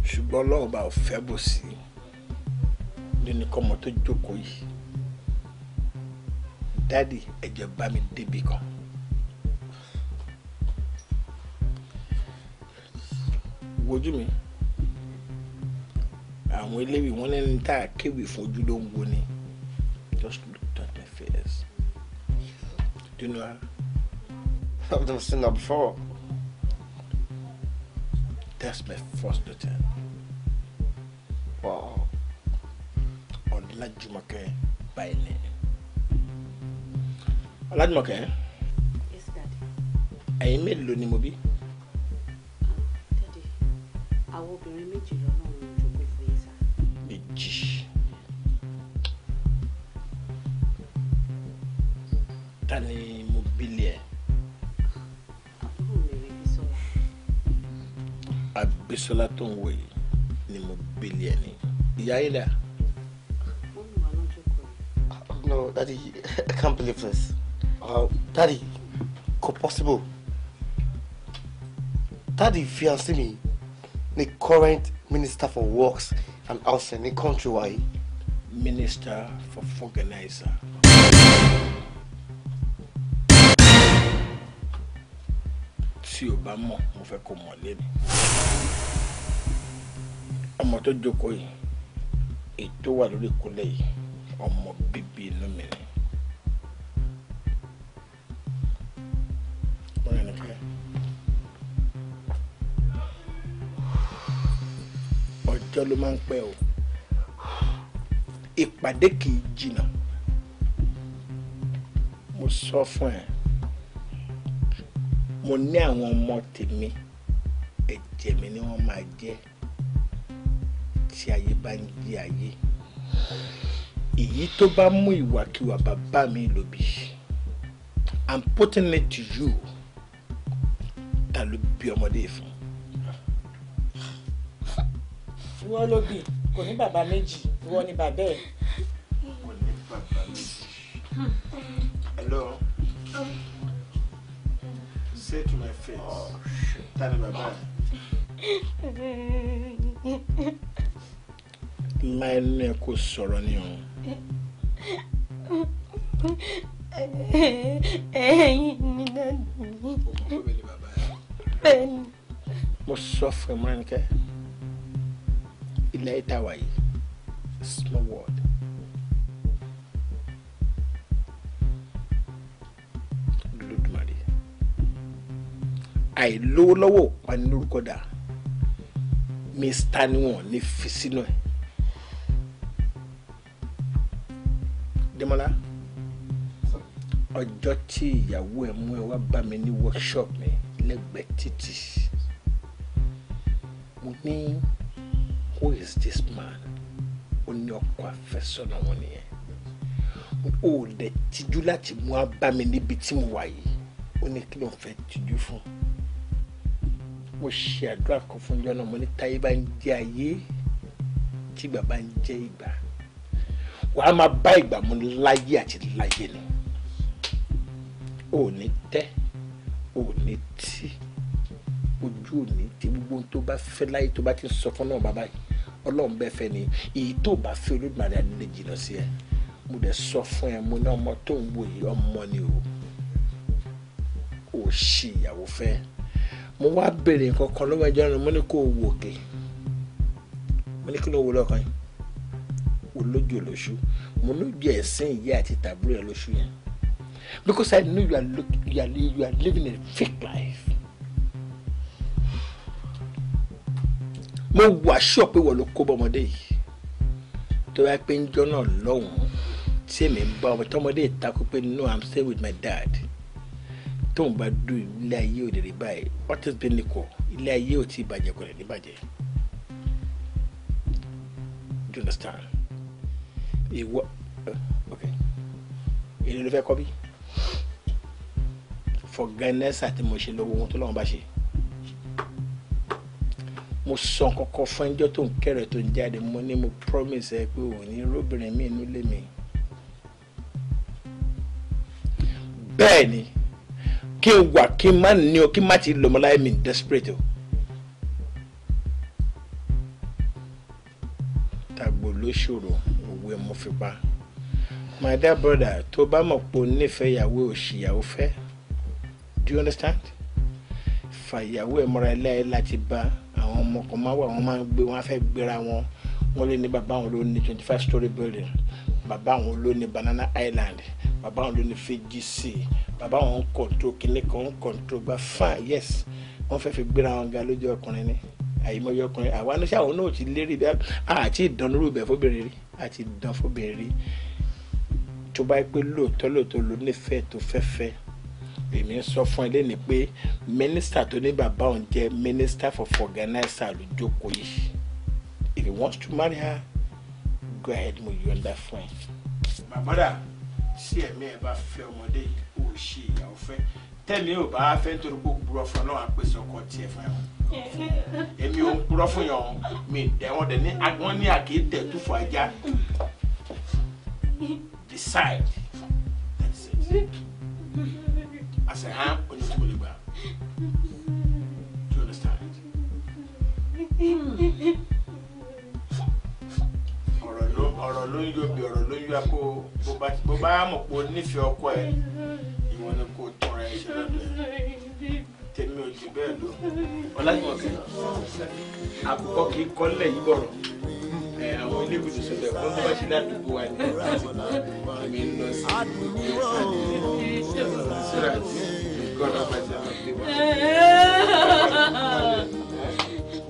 ṣùgbọ́n ọlọ́run bá fẹ́ bò sí nínú kọ́mọ tó jókòó yìí dáàdì ẹ̀jẹ̀ bá mi débi kan. wojú mi àwọn eléwì wọn lẹ́ni tá a kéwì fún ojú ló ń wo ni just look at their face do you know her. I've never seen her before. That's my first daughter. Wow. Ọlájùmọ̀kẹ́ by name. Ọlájùmọ̀kẹ́. Yes, Daddy. Ẹ̀yin mélòó ni mo bí? Ah, Daddy, àwọn obìnrin méjì lọ́nà méjì. ta ni mo bílẹ̀ ẹ̀. Abisola tó ń ni mo ni ìyá yìí No, Daddy, I can't believe this. Uh, Daddy, kò possible. Daddy, fiancé me, the current minister for works and also ní countrywide minister for organizer. tí o bá mọ̀ mo fẹ́ kó mọ̀ lẹ́nu. ọmọ tó jókòó yìí èyí tó wà lórí ìkúlẹ̀ yìí ọmọ bíbí inú mi ni. àtijọ́ ló máa ń pẹ́ o ìpàdé kì í jìnnà mo sọ fún ẹ mo ní àwọn ọmọ tèmi ẹ̀jẹ̀ mi ni wọ́n máa jẹ́ tí ayé bá ń jí ayé èyí tó bá mú ìwàkiwà bàbá mi lòbí i'm putting it to you ta ló bí ọmọdé fún. ìwọ ló bì kò ní bàbá méjì ìwọ ni bàbá ẹ. kò ní bàbá méjì. say to my face oh, ta ni bàbá ẹ. láìlẹ́ kò sọ̀rọ̀ ni o ẹ̀yin ni dáàbò mi. mo sọ fún ẹ mọ́ni kẹ́ ilẹ̀ ẹ̀ta wà yìí small world. Olódùmarè àìlówó lọ́wọ́ ìpanilórúkọ dà mista ni wọn ní fi Demola ọjọ́ tí ìyàwó ẹ̀ mú ẹ wá bá mi ní workshop mi lẹ́gbẹ̀ẹ́ títì mo ní. Nee who is this man oní ọkọ àfẹ́sọ́nà wọn nìyẹn ó dẹ̀ tijú láti mú abá mi níbi tí mo wà yìí ó ní kí ló ń fẹ́ tijú fún mo ṣe àdúrà kan fún ìjọ náà mo ní táyé bá ń jẹ ayé tí bàbá ń jẹ ìgbà wàá máa bá ìgbà mu láyé àti láyé ni ò ní tẹ́ ò ní tì ojú ò ní tì gbogbo ohun tó bá fẹ́ láyé tó bá ti sọ fún náà bàbá yìí ọlọ́run bẹ́ẹ̀ fẹ́ ni èyí tó bá fẹ́ olódùmarè àdúlé jìnnà sí ẹ mo dẹ̀ sọ fún ẹ mo ní ọmọ tó ń wò yìí ọmọ ni o ò ṣì ìyàwó fẹ́ mo wá béèrè nǹkan kan lọ́wọ́ ẹjọ́ rẹ mo ní kó o wò òkè mo ní kí ló wò lọ́kàn yìí olójú olóṣù mo ní ojú ẹ̀sìn ìyá àti tàbúrò ẹ̀ lóṣù yẹn because I know you are, look, you are, you are living a fake life. mo wà sọ pé wọ́n ló kó bọ́mọdé yìí tó bá pé ń jọ́ náà lọ́hùn-ún tí èmi ń bá ọmọ tọmọdé ìtakú pé no i'm staying with my dad tóun bá du ilé ayé ò lè rí báyìí what has been nìkọ ilé ayé ò tí ì bàjẹ́ kò lè ní bàjẹ́ do you understand ìwọ okay èyí ló fẹ́ kọ́ bí for Ganesha àti mo ṣe lọ́wọ́ ohun tó lọ́wọ́ bá ṣe mo sọ kankan fún ẹjọ́ tó ń kẹrẹ tó ń jáde mo ní mo promise ẹ pé òun ní róbìnrin mi inú lé mi. bẹ́ẹ̀ ni kí n wà kí n má ní o kí n má ti lọ́mọ láyé mi desperate o. tàgbò ló ṣòro òwe mo fi pa my dear brother tó bá mọ̀ pé o nífẹ̀ẹ́ ìyàwó òṣìyàwó fẹ́ do you understand fàyàwó ẹ̀ mọ́ra ẹ̀ láyé láti bá a àwọn ọmọ kan máa wà wọ́n máa ń gbé wọ́n á fẹ́ gbéra wọn wọ́n lé ní bàbá àwọn ló ní twenty five story building bàbá àwọn ló ní banana island bàbá àwọn ló ní fiji sea bàbá àwọn ń control kíní kan ń control gba fine yes wọ́n fẹ́ fi gbéra wọn ga lójú ọkùnrin ni àyìnbọyọ ọkùnrin àwa ní sáwọn náà ti lérí bí àti ìdánurú ibẹ̀ fóbìnrin rí àti ìdán fóbìnrin rí tó bá yẹ pé lóòótọ́ lóòótọ́ ló nífẹ̀ẹ́ tó fẹ́fẹ́ èmi ń sọ fún ẹ lẹ́ni pé mínísítà tó ní bàbá òun jẹ́ mínísítà for organizer ló jókòó yìí if he wants to marry her go ahead mo yọ ọ́ndà fún ẹ. bàbáda sí ẹ̀mí ẹ̀ bá fẹ́ ọmọdé ò ṣe ìyàwó fẹ́ tẹ́mi ò bá fẹ́ nítorí gbogbo ọ̀fọ̀ náà àpèsè ọkọ tiẹ̀ fún ẹ èmi ò ń purọ́ fún yàn mi dẹ̀wọ́n dẹ̀ ní agbọ́n ní àkéétẹ̀ tó fọ ajá decide that's it. I said, huh? When you do Do you understand it? ọ̀rọ̀ ló ọ̀rọ̀ ló ń yóbi ọ̀rọ̀ ló ń yóbi àpò bó bá mọ̀ pé o nífẹ̀ẹ́ ọkọ ẹ̀ ìwọ ni kò tọrọ ẹ̀ ṣe lọ́dọ̀ ẹ̀ tèmi ò jù bẹ́ẹ̀ lọ ọlájúmọ̀kẹ́ àkùkọ kì í kọ́lẹ̀ yìí bọ̀rọ̀ àwọn ilé ìbùdó sọ̀tẹ̀ fún tó bá ṣe ládùúgbò wa ní èmi ń lọ sí ìṣẹ́ra tí gọ́dọ̀ bá jẹ́ àwọn ìgbé wa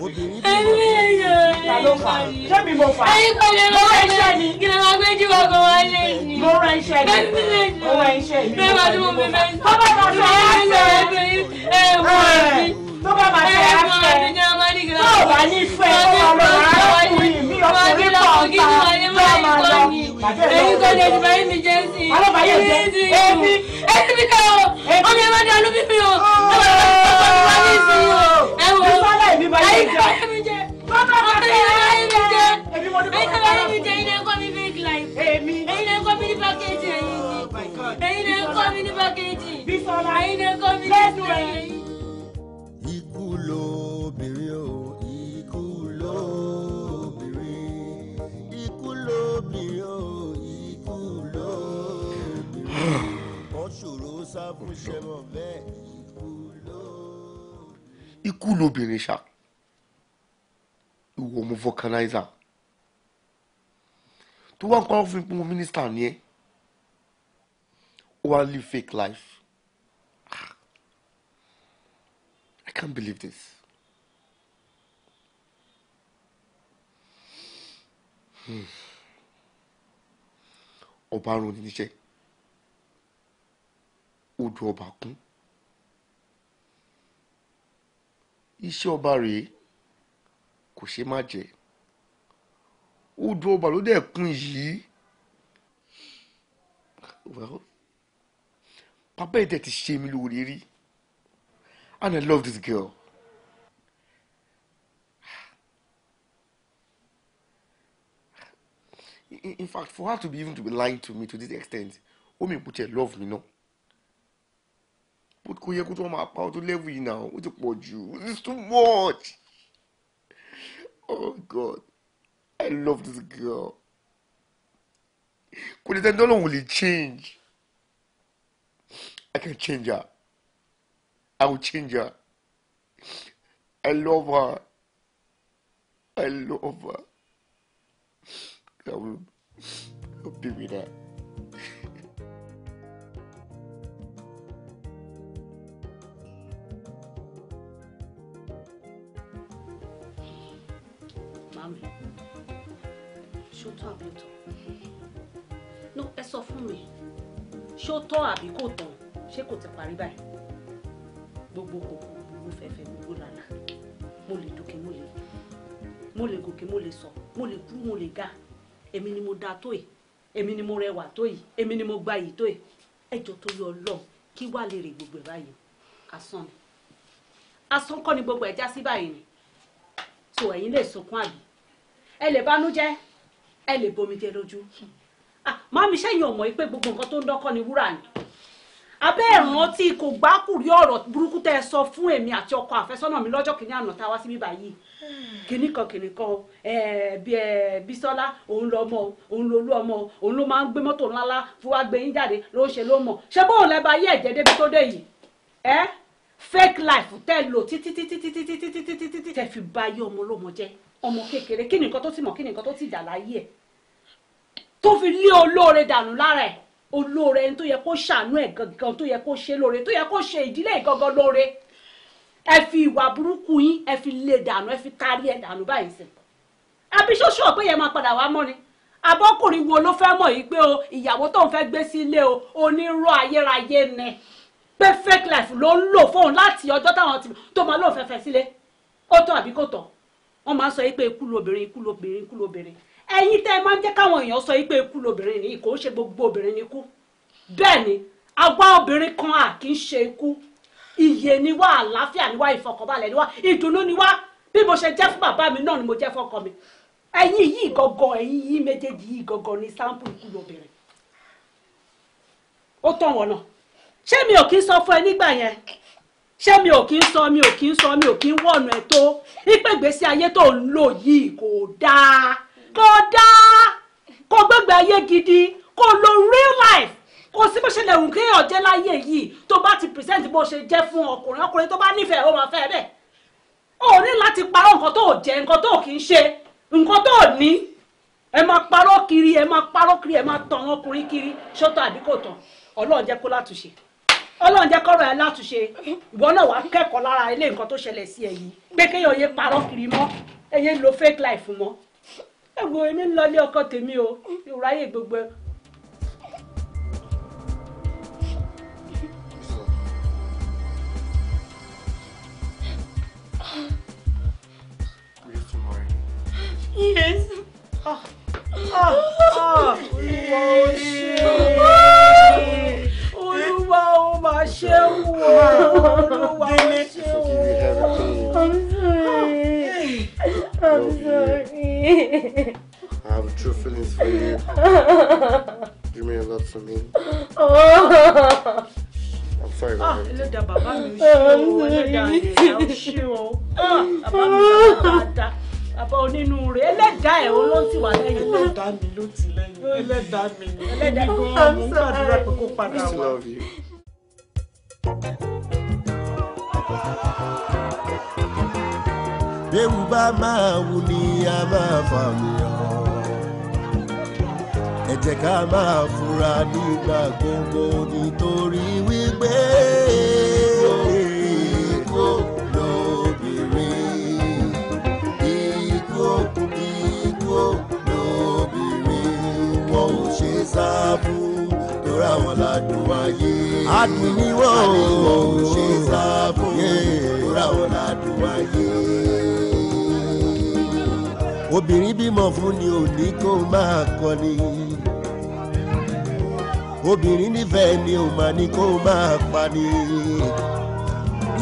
obìnrin bí wọn. ta ló fà á sẹ́mi mo fà á. ẹyin pẹ̀lú ẹ̀rọ iṣẹ́ mi. kí ló máa gbé jí wọkọ̀ wá lé yìí. mo rán iṣẹ́ mi. bẹ́ẹ̀ sílẹ̀ mo rán iṣẹ́ mi. bẹ́ẹ̀ bá dúró mi bẹ́ẹ̀. bàbá bá sọ wá sẹ́yìn. ẹ wọ́n mi tó bá máa fẹ́ àfẹ́ tó bá ní fẹ́ ó máa lọ arákùnrin mi ọkùnrin kọ̀ọ̀kan tó máa lọ. èyí kò lè dùn báyìí mi jẹ́ sí i. alábàáyé jẹ́ èmi. èmi mi kẹ́ o ọmọ ẹ má dé alú bíbí o ọmọ oh. ẹ má dé ọkọ mi wá ní ìsìn o. ẹ wo èyí kò báyìí mi jẹ́ ọmọ ẹ báyìí mi jẹ́ èyí kò báyìí mi jẹ́ ilé ẹ̀kọ́ mi big life èyí lè kọ́ mi ní package ẹ̀yìn ni èyí lè kọ́ mi ní package èyí lè kọ́ mi ní package lóbìnrin o ikú lóbìnrin ikú lóbìnrin o ikú lóbìnrin ọ̀ṣọ́rọ̀ sá fún ṣẹ́wọ̀n bẹ́ẹ̀ ikú lóbìnrin. ikú lóbìnrin ṣá ìwọ ọmọ vulcanizer tó wá ń kọ́ fún ipò mínísítà ni ẹ́ ó wá live fake life. can't believe this. Hmm. Ọba arun oníṣẹ́ odò ọba kún iṣẹ́ ọba rèé kò ṣe má jẹ́ odò ọba ló dẹ̀ kún yìí bàbá ẹ̀ ti ṣe mí lóore rí and I love this girl. In fact, for her to be even to be lying to me to this extent, Omi mi kò love me no. But kò yẹ kó tó wọn máa pa ọ tó level yìí náà, ó ti pọ̀ this is too much. Oh God, I love this girl. Kò lè tẹ́ ní Ọlọ́run lè change. I can change her. I will change her. I love her. I love her. I will help you with that. Mami, ṣó tọ́ àbí No, ẹ sọ fún mi, ṣó tọ́ àbí kò tọ́? Ṣé kò ti parí báyìí? gbogbo kòkó gbogbo fẹ̀fẹ̀ gbogbo lànà mo lè dókè mo lè mo lè gòkè mo lè sọ mo lè kú mo lè ga èmi ni mo da tó yìí èmi ni mo rẹwà tó yìí èmi ni mo gba yìí tó yìí ẹjọ tó yọ Ọlọ́run kí wàá lè rè gbogbo ẹ báyìí asán ni asán kọ́ ni gbogbo ẹ̀ já sí báyìí ni so ẹ̀yin lè sunkún àbí ẹ lè bánú jẹ́ ẹ lè bomi jẹ lójú ah màmí sẹ́yìn ọmọ yìí pé gbogbo nǹkan tó ń dọ́kọ́ ni wúrà ni abẹ́ ìrántí kò gbákùrí ọ̀rọ̀ burúkú tẹ́ ẹ sọ fún èmi àti ọkọ àfẹ́sọ́nà mi lọ́jọ́ kìíní àná tá a wá síbí báyìí kìíní kan kìíní kan Bísọ́lá òun lọ ọmọ òun ló lú ọmọ òun ló máa ń gbé mọ́tò ńláńlá fún wa gbé yín jáde ló ń ṣe ló mọ̀ ṣé bóun lẹ́ bá yé ẹ̀jẹ̀ débi tó dé yìí ẹ́ fake life tẹ́ lò títí títí títí títí títí títí tẹ́ fi ba ayé ọmọ lọ́mọ jẹ́ ọmọ kékeré kí ni nǹkan tó ti mọ̀ kí ni nǹkan tó ti dà láyé ẹ̀ tó fi lé olóore dànù lára ẹ̀ olóore ẹni tó yẹ kó ṣàánú ẹ̀ gangan tó yẹ kó ṣe lóore tó yẹ kó ṣe ìdílé gangan lóore ẹ fi ìwà burúkú yín ẹ fi lè e dànù ẹ fi kárí ẹ dànù báyìí sí. àbí ṣóṣó ọ̀pẹ yẹn máa padà wá mọ́ ni abọ́kùnrin wo ló fẹ́ mọ̀ yìí pé o ìyàwó tó ń fẹ́ gbé sílé o onírọ́ ayérayé ni pé fake life ló ń lò fóun láti ọjọ́ táwọn ti tó máa lóun fẹ́fẹ́ sílé ó tọ́ àbí kò tọ́ wọ́n máa ń sọ yìí pé ikú lobìnrin ikú lobìnrin ikú lobìnrin ẹ̀yin tẹ́ ẹ máa ń jẹ́ káwọn èèyàn sọ yìí pé ikú lobìnrin ní kò ń ṣe gbogbo obìnrin ní kú bẹ́ẹ̀ ni àwa obìnrin kan à kì í ṣe ikú ìyè ni wá àlàáfíà ni wá ìfọkànbalẹ̀ ni wá ìdùnnú ni wá bí mo ṣe jẹ́ fún bàbá mi náà ni mo jẹ́ fọ́kọ mi ẹ̀yin yìí gọgọ ẹ̀yin yìí méjèèjì yìí gọgọ ni sáǹpù ikú lobìnrin ó tàn wọ́n náà ṣé mi ò kí ń sọ fún ẹ nígbà yẹn ṣé mi ò kí ń sọ mi ò kí ń sọ mi ò kí ń wọ̀nà ẹ tó ìpègbèsè ayé tó ń lò yìí kò dáa kó dáa kó gbégbé ayé gidi kó lo real life kò sí bó ṣe lè wù kéèyàn jẹ́ láyé yìí tó bá ti present bó ṣe jẹ́ fún ọkùnrin ọkùnrin tó bá nífẹ̀ẹ́ ó máa fẹ́ bẹ́ẹ̀ ó ní láti parọ́ nǹkan tó jẹ́ nǹkan tó kì í ṣe nǹkan tó ní ẹ máa parọ́ kiri ẹ máa parọ́ kiri ẹ máa tàn ọkùnrin kiri ṣọ́tọ̀ àbí kò tàn ọlọ́run jẹ́ kó látúnṣe ọlọ́run jẹ́ kọ́rọ̀ ẹ látúnṣe ìwọ náà wàá kẹ́kọ̀ọ́ lára ilé nǹkan tó ṣẹlẹ̀ sí ẹ yìí pé kéèyàn yé parọ́ kiri mọ́ ẹ yé lo fake life mọ́ ẹ̀wọ̀n èmi ń lọlé ọkọ tèmi o ìráyè gbogbo ẹ̀. Yes. Oh. Oh. Oh. Olúwa ó ṣe. Olúwa ó máa ṣe wò. Olúwa ó ṣe wò. I'm sorry. I'm sorry. I have true feelings for you. You mean a lot to me. I'm sorry, Ah, ẹlẹ́dàá bàbá mi ṣe o, ẹlẹ́dàá ìyá ṣe o. Ah, bàbá mi ṣe dáadáa. Bàbá onínúure, ẹlẹ́dàá ẹ̀ ló ti wà lẹ́yìn. Ẹlẹ́dàá mi ló ti lẹ́yìn. Ẹlẹ́dàá mi ni. Ẹlẹ́dàá gan-an mo ń gbàdúrà pé kó padà wá. I still love you bẹ́rù bá máa wù ní a máa fà mí hàn. ẹ jẹ́ ká máa fura nígbà gbogbo nítorí wípé ikú lóbìnrin ikú ikú lóbìnrin wọn ò ṣe sá fún lóra wọn ládùn ayé adùn ni wọn ò ṣe sá fún lóra wọn ládùn ayé obìnrin bímọ fún ni ò ní kó máa kọni obìnrin nífẹ̀ẹ́ ni ò máa ní kó máa pani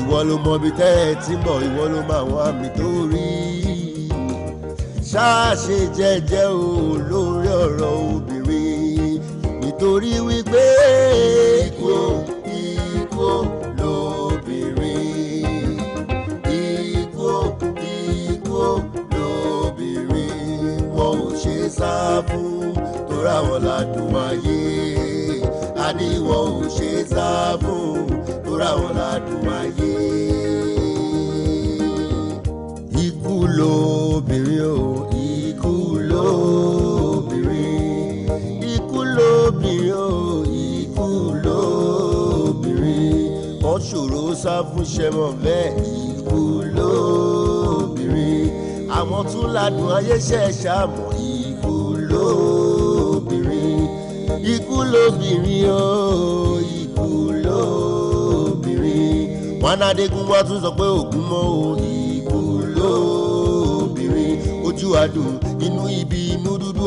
ìwọ ló mọ ibi tẹ́ ẹ ti mọ̀ ìwọ ló mọ àwọn àmì tó rí ṣáàṣe jẹ́jẹ́ o lórí ọ̀rọ̀ obìnrin nítorí wípé ikú ikú. sá fún tóra wọn ládùn ayé àníwọ̀ ò ṣe sá fún tóra wọn ládùn ayé. ikú lóbìnrin o ikú lóbìnrin ikú lóbìnrin o ikú lóbìnrin wọ́n ṣòro sá fún ṣẹ́mọ̀ bẹ́ẹ̀ ikú lóbìnrin àwọn tún ládùn ayé ṣẹ̀ṣẹ̀ àmọ́ ikú lóbìnrin o ikú lóbìnrin wọn adégún wá tún sọ pé ògún mọ́ o ikú lóbìnrin ojú adùn inú ibi inú dúdú o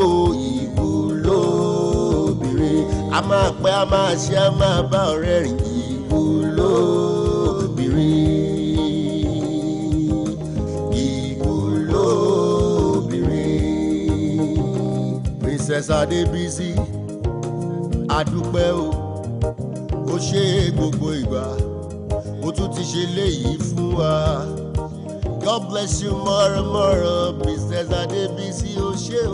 ikú lóbìnrin a máa pẹ́ a máa ṣe a máa bá ọ̀rẹ́ rìn ikú lóbìnrin. Princess Adebisi adúpẹ́ o ó ṣe gbogbo ìgbà ó tún ti ṣe léyìí fún wa. God bless you more and more, Mr. Adebisi Oshé.